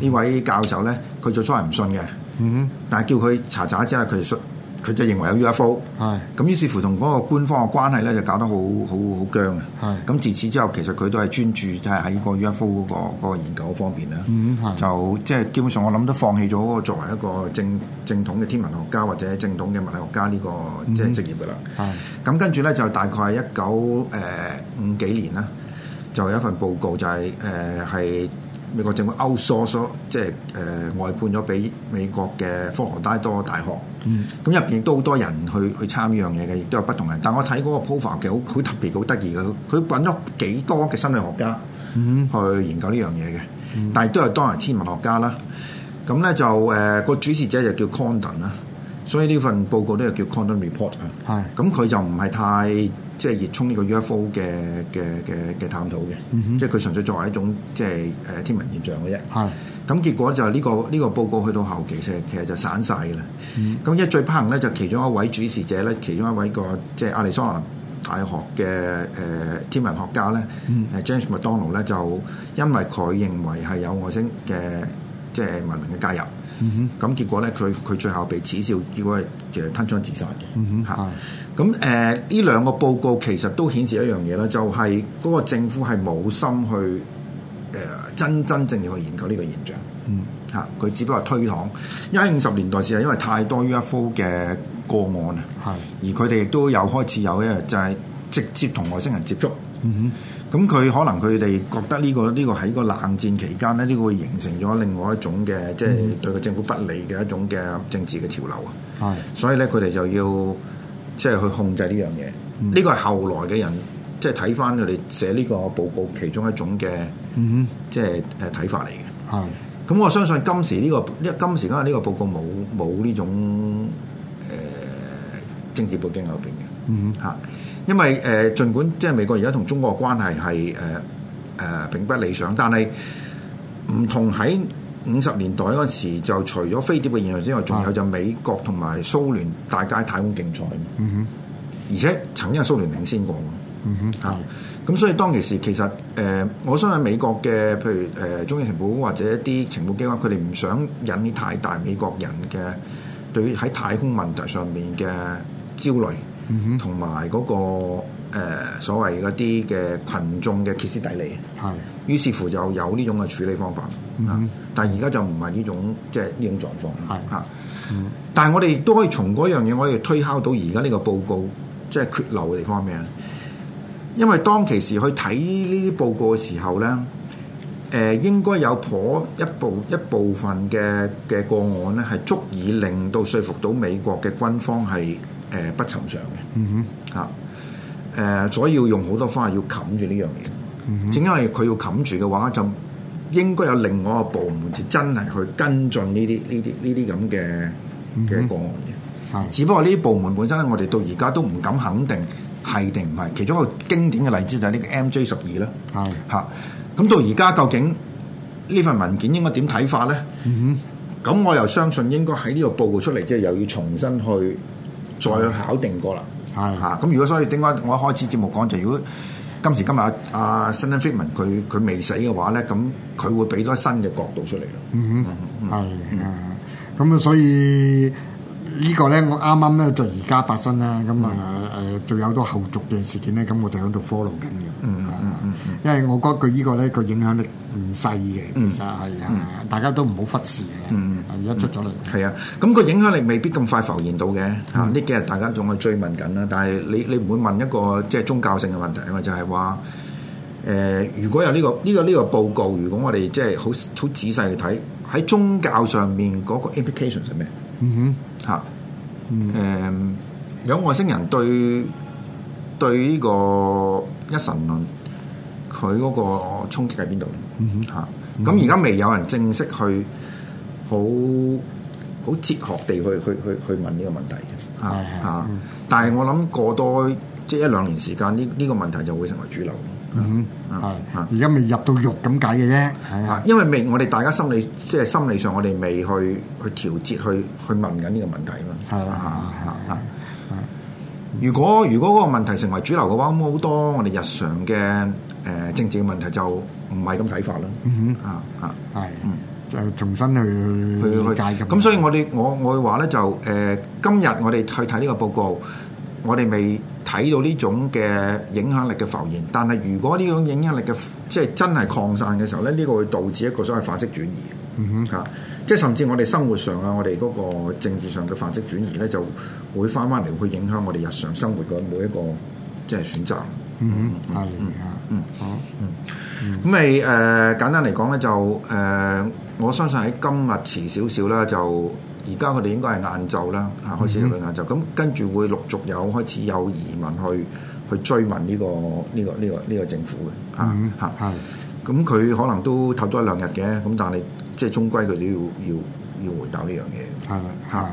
A: 呢位教授咧，佢最初係唔信嘅，嗯嗯、但係叫佢查查之後，佢就信。佢就認為有 UFO，係咁，於是乎同嗰個官方嘅關係咧就搞得好好好僵嘅，係咁的自此之後其實佢都係專注即係喺個 UFO 個、嗰個研究方面咧，嗯就即係、就係、基本上我諗都放棄咗、嗰個、作為一個正正統嘅天文學家或者正統嘅物理學家呢、呢個即係、嗯、職業噶啦，係咁的跟住咧就大概係一九誒五幾年啦，就有一份報告就係誒係。呃美國政府 outsource 咗，即係誒外判咗俾美國嘅科羅拉多大學。嗯，咁入邊都好多人去去參呢樣嘢嘅，亦都有不同人。但係我睇嗰個 profile 嘅好好特別，好得意嘅。佢揾咗幾多嘅心理學家去研究呢樣嘢嘅，嗯、但係都有多人天文學家啦。咁咧就誒個、呃、主持者就叫 Condon 啦，所以呢份報告咧 on 是就叫 Condon Report 啊。係，咁佢就唔係太。即係熱衷呢個 UFO 嘅嘅嘅嘅探討嘅，嗯、哼即係佢純粹作為一種即係誒天文現象嘅啫。係咁是結果就呢、呢個呢、呢個報告去到後期，其實其實就散曬嘅啦。咁一、嗯、最不幸咧，就其中一位主持者咧，其中一位個即係亞利桑那大學嘅誒、呃、天文學家咧，誒、嗯啊、James 麥當勞咧，就因為佢認為係有外星嘅即係文明嘅介入，咁結果咧，佢佢最後被恥笑，結果係誒吞槍自殺嘅嚇。咁誒，呢兩、呃、個報告其實都顯示一樣嘢啦，就係、是、嗰個政府係冇心去誒、呃、真真正正去研究呢個現象。嗯，嚇佢只不過推搪。因為五十年代時啊，因為太多 UFO 嘅個案啊，係是而佢哋亦都有開始有一就係、是、直接同外星人接觸。嗯咁哼佢可能佢哋覺得呢、這個呢、這個喺個冷戰期間咧，呢、這個會形成咗另外一種嘅即係對個政府不利嘅一種嘅政治嘅潮流啊。係、
C: 嗯，
A: 是所以咧佢哋就要。即係去控制呢樣嘢，呢個係後來嘅人即係睇翻佢哋寫呢個報告其中一種嘅，mm hmm. 即係誒睇法嚟嘅。係、mm，咁、hmm. 嗯、我相信今時呢、這個，因為今時而家呢個報告冇冇呢種誒、呃、政治背景喺度邊嘅。吓、mm，hmm. 因為誒盡、呃、管即係美國而家同中國嘅關係係誒誒並不理想，但係唔同喺。五十年代嗰時就除咗飛碟嘅現象之外，仲有就美國同埋蘇聯大搞太空競賽，嗯、哼而且曾經蘇聯領先過，嚇咁、嗯哼啊，所以當其時其實誒、呃、我相信美國嘅譬如誒、呃、中情部或者一啲情報機關，佢哋唔想引起太大美國人嘅對於喺太空問題上面嘅焦慮，同埋嗰個。誒、呃、所謂嗰啲嘅群眾嘅歇斯底里，係的，於是乎就有呢種嘅處理方法。Mm
C: hmm.
D: 啊、
A: 但係而家就唔係呢種，即係呢種狀況。係嚇，但係我哋亦都可以從嗰樣嘢，我可以推敲到而家呢個報告，即係缺漏嘅地方咩咧？因為當其時去睇呢啲報告嘅時候咧，誒、呃、應該有頗一部一部分嘅嘅個案咧，係足以令到說服到美國嘅軍方係誒、呃呃、不尋常嘅。嗯、
C: 啊、哼，
A: 嚇、mm。誒、呃，所以要用好多方法要冚住呢樣嘢。嗯、哼正因為佢要冚住嘅話，就應該有另外一個部門就真係去跟進呢啲呢啲呢啲咁嘅嘅個案嘅。這這嗯、哼只不過呢啲部門本身咧，我哋到而家都唔敢肯定係定唔係。其中一個經典嘅例子就係呢個 M J 十二啦。係嚇、嗯哼，咁到而家究竟呢份文件應該點睇法咧？咁、嗯、哼我又相信應該喺呢個報告出嚟之後，又要重新去再考定過啦。嗯係，嚇！咁、啊、如果所以，點解我一開始節目講就，如果今時今日阿 Stephen Friedman 佢佢未死嘅話咧，咁佢會俾咗新嘅角
B: 度出嚟咯。嗯哼嗯，係、這個就是、啊，咁啊、嗯，所以呢個咧，我啱啱咧就而家發生啦，咁啊誒，仲有好多後續嘅事件咧，咁我就喺度 follow 緊嘅、嗯。嗯。因為我覺得佢呢個咧，佢影響力唔細嘅，嗯、其實係啊，嗯、大家都唔好忽視嘅。嗯而家出咗嚟、嗯。係啊，咁、個影響力未必咁快浮現到
A: 嘅嚇。呢、嗯啊、幾日大家仲係追問緊啦。但係你你唔會問一個即係宗教性嘅問題啊嘛？就係話誒，如果有呢、個呢、個呢、個報告，如果我哋即係好好仔細去睇喺宗教上面嗰個 implications 係咩？嗯、哼嚇誒，有、嗯嗯、外星人對對呢個一神論。佢嗰個衝擊喺邊度？嚇、嗯哼！咁而家未有人正式去好好哲學地去去去去問呢個問題嘅。係係、嗯哼。但係我諗過多即係一兩年時間，呢、呢、呢個問題就會成為主流。嗯哼，而家未入到肉咁解嘅啫。係啊，因為未我哋大家心理即係心理上我，我哋未去去調節去去問緊呢個問題嘛。係啊，係啊，係啊。如果如果個問題成為主流嘅話，咁好多我哋日常嘅。誒、呃、政治嘅問題就唔係咁睇法咯。嗯哼，啊啊，係是，嗯，就重新去去去解讀。咁所以我，我哋我我會話咧，就誒、呃、今日我哋去睇呢個報告，我哋未睇到呢種嘅影響力嘅浮現。但係如果呢種影響力嘅即係真係擴散嘅時候咧，呢、這個會導致一個所謂範式轉移。嗯、哼，嚇、啊，即係甚至我哋生活上啊，我哋嗰個政治上嘅範式轉移咧，就會翻翻嚟去影響我哋日常生活嘅每一個即係選擇。嗯嗯，嗯好、mm，嗯、hmm. 嗯、啊，咁咪誒簡單嚟講咧，就誒、啊、我相信喺今日遲少少啦，就而家佢哋應該係晏晝啦，嚇開始去晏晝。咁跟住會陸續有開始有移民去去追問呢個呢個呢個呢個政府嘅嚇嚇，咁佢可能都唞多一兩日嘅，咁但係即係終歸佢都要要要回答呢樣嘢，係
B: 係、啊。啊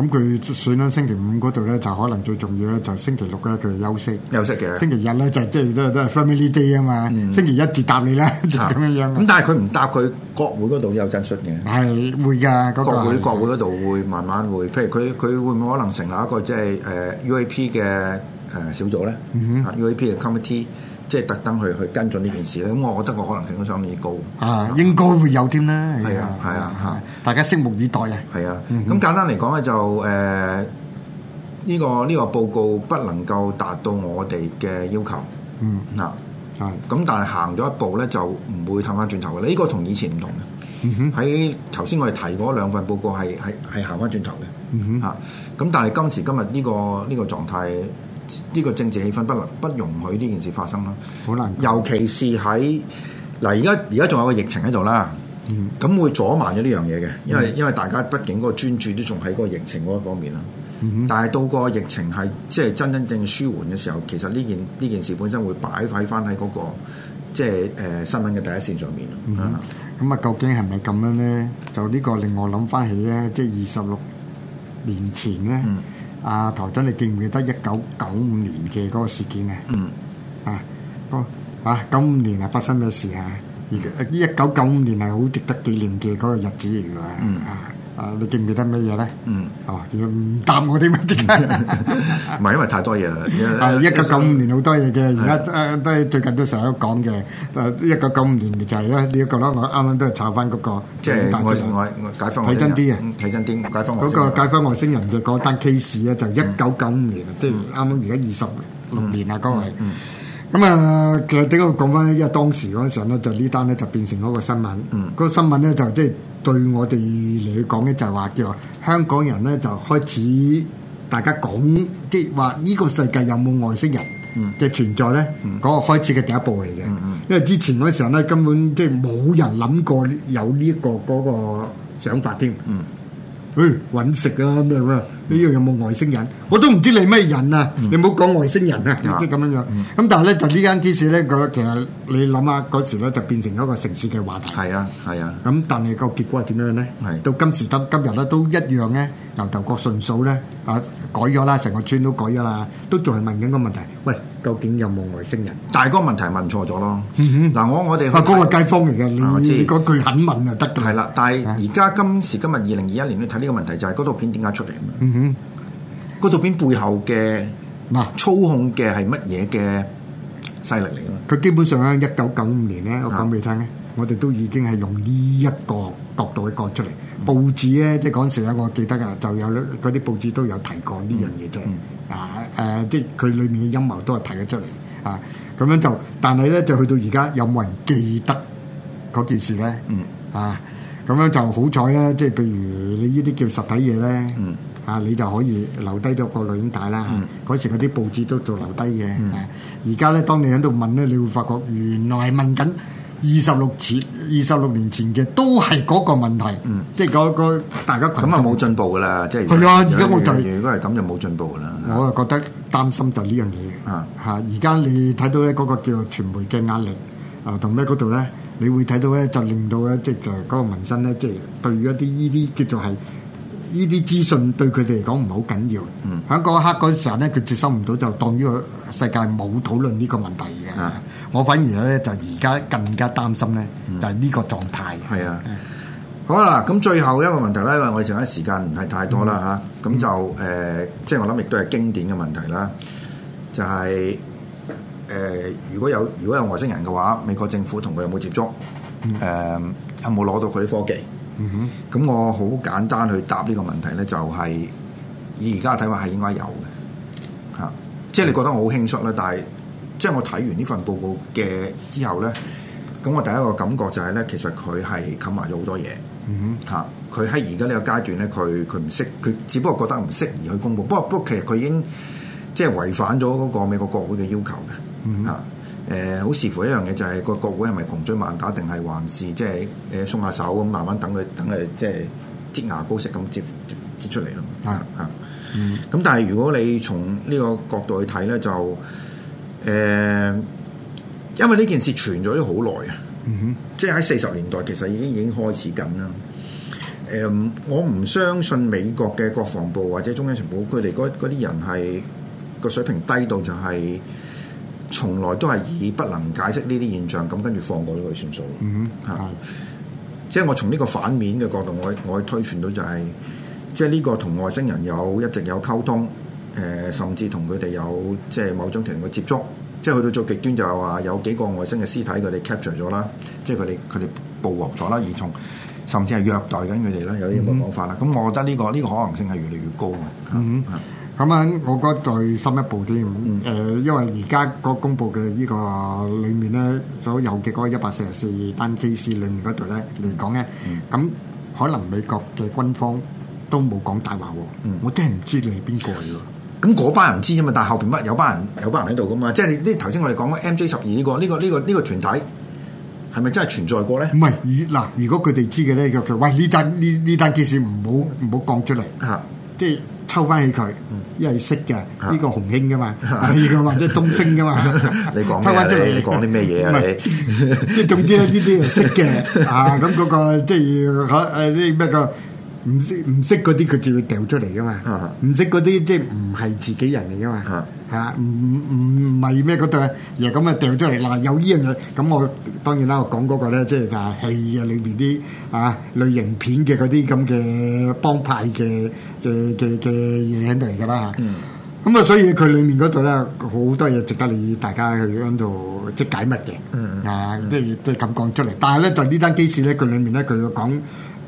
B: 咁佢算啦，星期五嗰度咧，就可能最重要咧，就星期六咧佢休息。休息嘅星期日咧就即係都係都係 family day 啊嘛。嗯、星期一接答你啦，嗯、 就咁樣樣。咁、嗯、但係佢唔答，佢國會嗰度
A: 有進出嘅。
B: 係、啊、會㗎、嗰個，國會國
A: 會嗰度會慢慢會。譬如佢佢會唔會可能成立一個即係誒 UAP 嘅誒小組咧、嗯哼 uh？UAP 嘅 committee。即係特登去去跟進呢件事咧，咁我覺得個可能性都相當之高
B: 啊，應該會有添啦。係啊，係啊，
A: 嚇！大家拭目以待啊。係啊，咁簡單嚟講咧，就誒呢個呢個報告不能夠達到我哋嘅要求。嗯。嗱。係。咁但係行咗一步咧，就唔會褪翻轉頭嘅。呢個同以前唔同嘅。哼。喺頭先我哋提過兩份報告係係係行翻轉頭嘅。嗯。咁但係今時今日呢個呢個狀態。呢個政治氣氛不能不容許呢件事發生啦，好難尤其是喺嗱而家而家仲有個疫情喺度啦，咁、嗯、會阻慢咗呢樣嘢嘅，因為因為大家畢竟嗰個專注都仲喺嗰個疫情嗰一方面啦。嗯嗯、但係到個疫情係即係真真正正舒緩嘅時候，其實呢件呢件事本身會擺喺翻喺嗰個即係誒新聞嘅第一線上面啦。
B: 咁啊、嗯，嗯、究竟係咪咁樣咧？就呢個令我諗翻起咧，即係二十六年前咧。嗯啊，台長，你記唔記得一九九五年嘅嗰個事件、嗯、啊？嗯。啊，個啊九五年啊發生咩事啊？而家一九九五年係好值得紀念嘅嗰個日子嚟㗎。啊、嗯。啊！你記唔記得乜嘢咧？嗯，哦，原來唔談嗰啲乜嘅，唔係因為太多嘢啦。一九九五年好多嘢嘅，而家都係最近都成日都講嘅。一九九五年嘅就係咧你覺得我啱啱都係炒翻嗰個，即係解放睇真啲啊，
A: 睇真啲解放嗰個解
B: 放外星人嘅嗰單 case 咧，就一九九五年，即係啱啱而家二十六年啦，各位。咁啊，其實點解我講翻咧？因為當時嗰陣咧，就呢單咧就變成嗰個新聞。嗯，個新聞咧就即係。對我哋嚟講咧，就係話叫香港人咧，就開始大家講，即係話呢個世界有冇外星人嘅存在咧？嗰、嗯、個開始嘅第一步嚟嘅，嗯嗯、因為之前嗰時候咧，根本即係冇人諗過有呢、這個嗰、那個想法添。嗯揾食啊咩咩呢度有冇外星人？我都唔知你係咩人啊！你唔好講外星人啊，即係咁樣樣。咁但係咧，就呢間超市咧，佢其實你諗下嗰時咧，就變成咗一個城市嘅話題。係啊，係啊。咁但係個結果係點樣咧？到今時今今日咧都一樣咧，由頭角順數咧啊改咗啦，成個村都改咗啦，都仲係問緊個問題。喂！究竟有冇外星人？但係嗰個問題問錯咗咯。嗱、嗯哼，我我哋嗰、啊那個街坊嚟嘅，嗱、啊、我知嗰句肯問就得嘅。
A: 係啦，但係而家今時今日二零二一年咧，睇呢個問題就係嗰套片點解出嚟？嗯
B: 哼，嗰套片背後嘅嗱操控嘅係乜嘢嘅勢力嚟？佢、啊、基本上咧，一九九五年咧，我講俾你聽咧。啊我哋都已經係用呢一個角度去講出嚟，嗯、報紙咧，即係嗰時啊，我記得啊，就有嗰啲報紙都有提過呢樣嘢啫。啊，誒，即係佢裡面嘅陰謀都係提咗出嚟。啊，咁樣就，但係咧，就去到而家有冇人記得嗰件事咧？嗯。啊，咁樣就好彩啦！即係譬如你呢啲叫實體嘢咧，嗯。啊，你就可以留低咗個影帶啦。嗯。嗰時嗰啲報紙都做留低嘅。而家咧，當你喺度問咧，你會發覺原來問緊。二十六前、二十六年前嘅都係嗰個問題，嗯、即係嗰個
A: 大家群。咁啊冇進步噶啦，即係。係啊，而家我就係，如果係咁就冇進步噶啦。
B: 我啊覺得擔心就呢樣嘢啊嚇！而家你睇到咧嗰個叫傳媒嘅壓力啊同咩嗰度咧，你會睇到咧就令到咧，即係嗰個民生咧，即係對於一啲呢啲叫做係。呢啲資訊對佢哋嚟講唔係好緊要，喺嗰、嗯、一刻嗰陣時咧，佢接收唔到就當於世界冇討論呢個問題嘅。啊、我反而咧就而家更加擔心咧，嗯、就係呢個狀態。係啊，嗯、
A: 好啦，咁最後一個問題咧，因為我哋剩係時間唔係太多啦嚇，咁、嗯、就誒、呃，即係我諗亦都係經典嘅問題啦，就係、是、誒、呃，如果有如果有外星人嘅話，美國政府同佢有冇接觸？誒、嗯嗯，有冇攞到佢啲科技？嗯哼，咁、mm hmm. 我好簡單去答呢個問題咧，就係、是、以而家嘅睇法係應該有嘅，吓、啊，即係你覺得我好輕率咧，但係即係我睇完呢份報告嘅之後咧，咁我第一個感覺就係咧，其實佢係冚埋咗好多嘢，嗯哼、mm，吓、hmm. 啊，佢喺而家呢個階段咧，佢佢唔識，佢只不過覺得唔適宜去公布，不過不過其實佢已經即係違反咗嗰個美國國會嘅要求嘅，嗯、mm hmm. 啊誒、呃、好視乎一樣嘢，就係、是、個國會係咪窮追猛打，定係還是即係誒鬆下手咁，慢慢等佢等佢即係擠牙膏式咁擠擠出嚟咯。啊啊、嗯，咁、嗯、但係如果你從呢個角度去睇咧，就誒、呃，因為呢件事傳咗好耐啊。嗯、哼，即係喺四十年代，其實已經已經開始緊啦。誒、呃，我唔相信美國嘅國防部或者中央情報，佢哋嗰啲人係、那個水平低到就係、是。從來都係以不能解釋呢啲現象，咁跟住放過咗佢算數。嗯、mm，嚇、hmm.，即係我從呢個反面嘅角度我，我我推算到就係、是，即係呢個同外星人有一直有溝通，誒、呃，甚至同佢哋有即係某種程度嘅接觸。即係去到最極端就係話，有幾個外星嘅屍體佢哋 capture 咗啦，即係佢哋佢哋捕獲咗啦，而從甚至係虐待緊佢哋
B: 啦，有啲咁嘅講
A: 法啦。咁、mm hmm. 我覺得呢、這個呢、這個可能性係越嚟越高嘅。嗯。Mm hmm.
B: 咁啊，我覺得再深一步添。誒、呃，因為而家嗰公佈嘅呢個裏面咧，所有嘅嗰一百四十四單 case 裏面嗰度咧嚟講咧，咁、嗯、可能美國嘅軍方都冇講大話喎。嗯、我真係唔知你係邊
A: 個嚟。咁嗰、嗯、班人唔知啊嘛，但係後邊乜有班人有班人喺度噶嘛。即係呢頭先我哋講嘅 M J 十二呢個呢、呢個呢、呢個呢、呢個團體係咪真係存在過咧？
B: 唔係，嗱，如果佢哋知嘅咧，佢就喂，呢單呢呢單 case 唔好唔好講出嚟。啊、嗯，即係。抽翻起佢，因為識嘅呢、啊、個洪興噶嘛，呢個 或者東星噶嘛。 你講咩啊？你講啲咩嘢啊？你總之呢啲係識嘅，啊咁嗰個即係要誒啲咩個？唔識唔識嗰啲，佢就會掉出嚟噶嘛。唔識嗰啲即係唔係自己人嚟噶嘛。嚇、嗯，唔唔唔係咩嗰度，然後咁啊掉出嚟嗱，有呢樣嘢，咁我當然啦，我講嗰個咧，即係就係戲啊裏邊啲啊類型片嘅嗰啲咁嘅幫派嘅嘅嘅嘅嘢喺度嚟㗎啦嚇。
C: 咁
B: 啊，嗯嗯、所以佢裏面嗰度咧好多嘢值得你大家去喺度即係解密嘅。啊，即係即係咁講出嚟。但係咧，就是、士呢單機事咧，佢裏面咧，佢要講。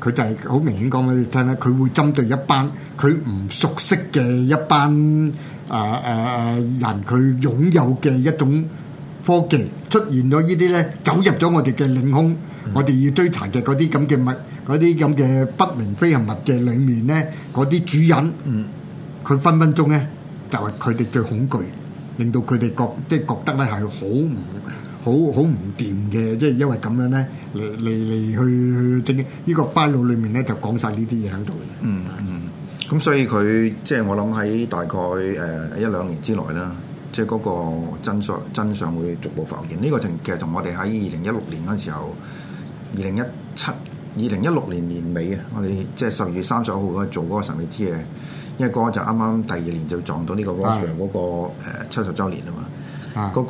B: 佢就係好明顯講俾你聽咧，佢會針對一班佢唔熟悉嘅一班誒誒人，佢擁有嘅一種科技出現咗呢啲咧，走入咗我哋嘅領空，嗯、我哋要追查嘅嗰啲咁嘅物，嗰啲咁嘅不明飛行物嘅裏面咧，嗰啲主人，佢、嗯、分分鐘咧就係佢哋最恐懼，令到佢哋覺即係覺得咧係好唔～、就是好好唔掂嘅，即係因為咁樣咧嚟嚟嚟去去、這個、裡呢個 file 裏面咧，就講晒呢啲嘢喺度嘅。嗯嗯。
A: 咁所以佢即係我諗喺大概誒、呃、一兩年之內啦，即係嗰個真相真相會逐步浮現。呢、這個正其實同我哋喺二零一六年嗰陣時候，二零一七二零一六年年尾啊，我哋即係十月三十一號嗰日做嗰個神秘之夜，因為嗰陣啱啱第二年就撞到呢個羅斯嗰個七十、啊呃、周年啊嘛，嗰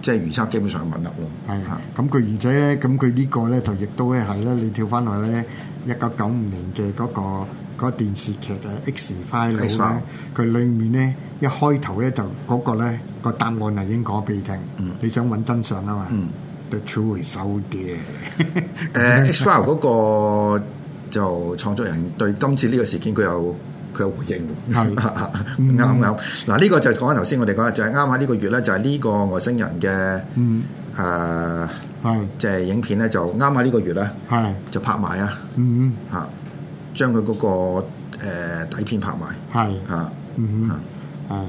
A: 即係預測基本上揾得喎。
B: 係啊的，咁佢的而且咧，咁佢呢個咧就亦都係咧。你跳翻來咧，一九九五年嘅嗰個嗰電視劇嘅 X Files 咧，佢裡面咧一開頭咧就嗰個咧個答案係已經講俾你聽。嗯，你想揾真相啊嘛？嗯，The truth is out there。誒，X Files 嗰
A: 個就創作人對今次呢個事件佢有。佢有回應，啱啱嗱，呢個就講翻頭先我哋講就係啱啱呢個月咧，就係呢個外星人嘅誒，即係、嗯呃、影片咧就啱啱呢個月咧，就拍賣啊，嚇將佢嗰個、呃、底片拍賣，嚇、啊、
B: 嗯哼，誒、啊嗯、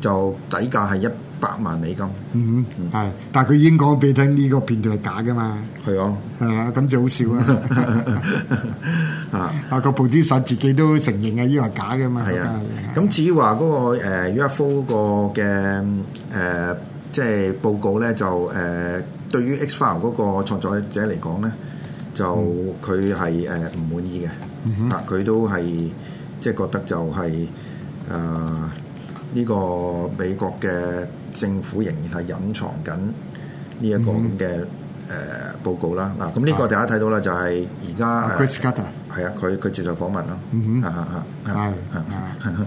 A: 就底價係一百萬美金，嗯
B: 嗯，係，但係佢已經講俾你聽呢個片段係假嘅嘛，係啊，係啊，咁就好笑啊！啊，個報紙社自己都承認嘅，呢個係假嘅嘛，係啊，咁
A: 至於話嗰個誒 UFO 嗰個嘅誒，即係報告咧，就誒對於 X-File 嗰個創作者嚟講咧，就佢係誒唔滿意嘅，啊，佢都係即係覺得就係啊呢個美國嘅。政府仍然係隱藏緊呢一個咁嘅誒報告啦。嗱、mm，咁、hmm. 呢、啊、個大家睇到啦，Yeah. 就係而家 Chris Carter 係啊，佢佢接受訪問咯。嗯哼、mm，係係係。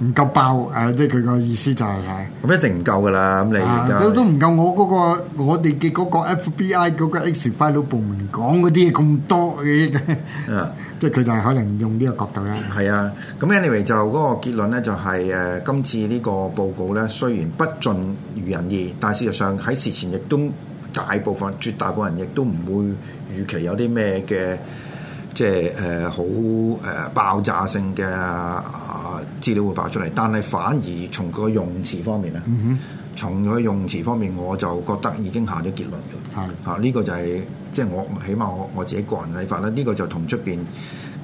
B: 唔夠爆，誒，即係佢個意思就係，
A: 咁一定唔夠噶啦。咁你都都
B: 唔夠我嗰個，我哋嘅嗰個 FBI 嗰個 X File 部門講嗰啲嘢咁多嘅。啊，即係佢就係可能用呢個角度啦。係啊，咁、啊、anyway 就
A: 嗰、那個結論咧，就係、是、誒、啊、今次呢個報告咧，雖然不盡如人意，但事實上喺事前亦都大部分絕大部分人亦都唔會預期有啲咩嘅。即係誒、呃、好誒、呃、爆炸性嘅、呃、資料會爆出嚟，但係反而從個用詞方面咧，嗯、哼從佢用詞方面我就覺得已經下咗結論嘅。係、嗯、哼啊，呢、這個就係、是、即係我起碼我我自己個人睇法啦，呢、這個就同出邊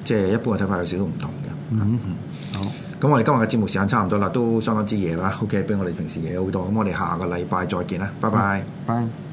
A: 即係一般嘅睇法有少少唔同
C: 嘅、嗯。
A: 好。咁我哋今日嘅節目時間差唔多啦，都相當之夜啦。OK，比我哋平時夜好多。咁我哋下個禮拜再見啦，拜拜。嗯、拜，拜。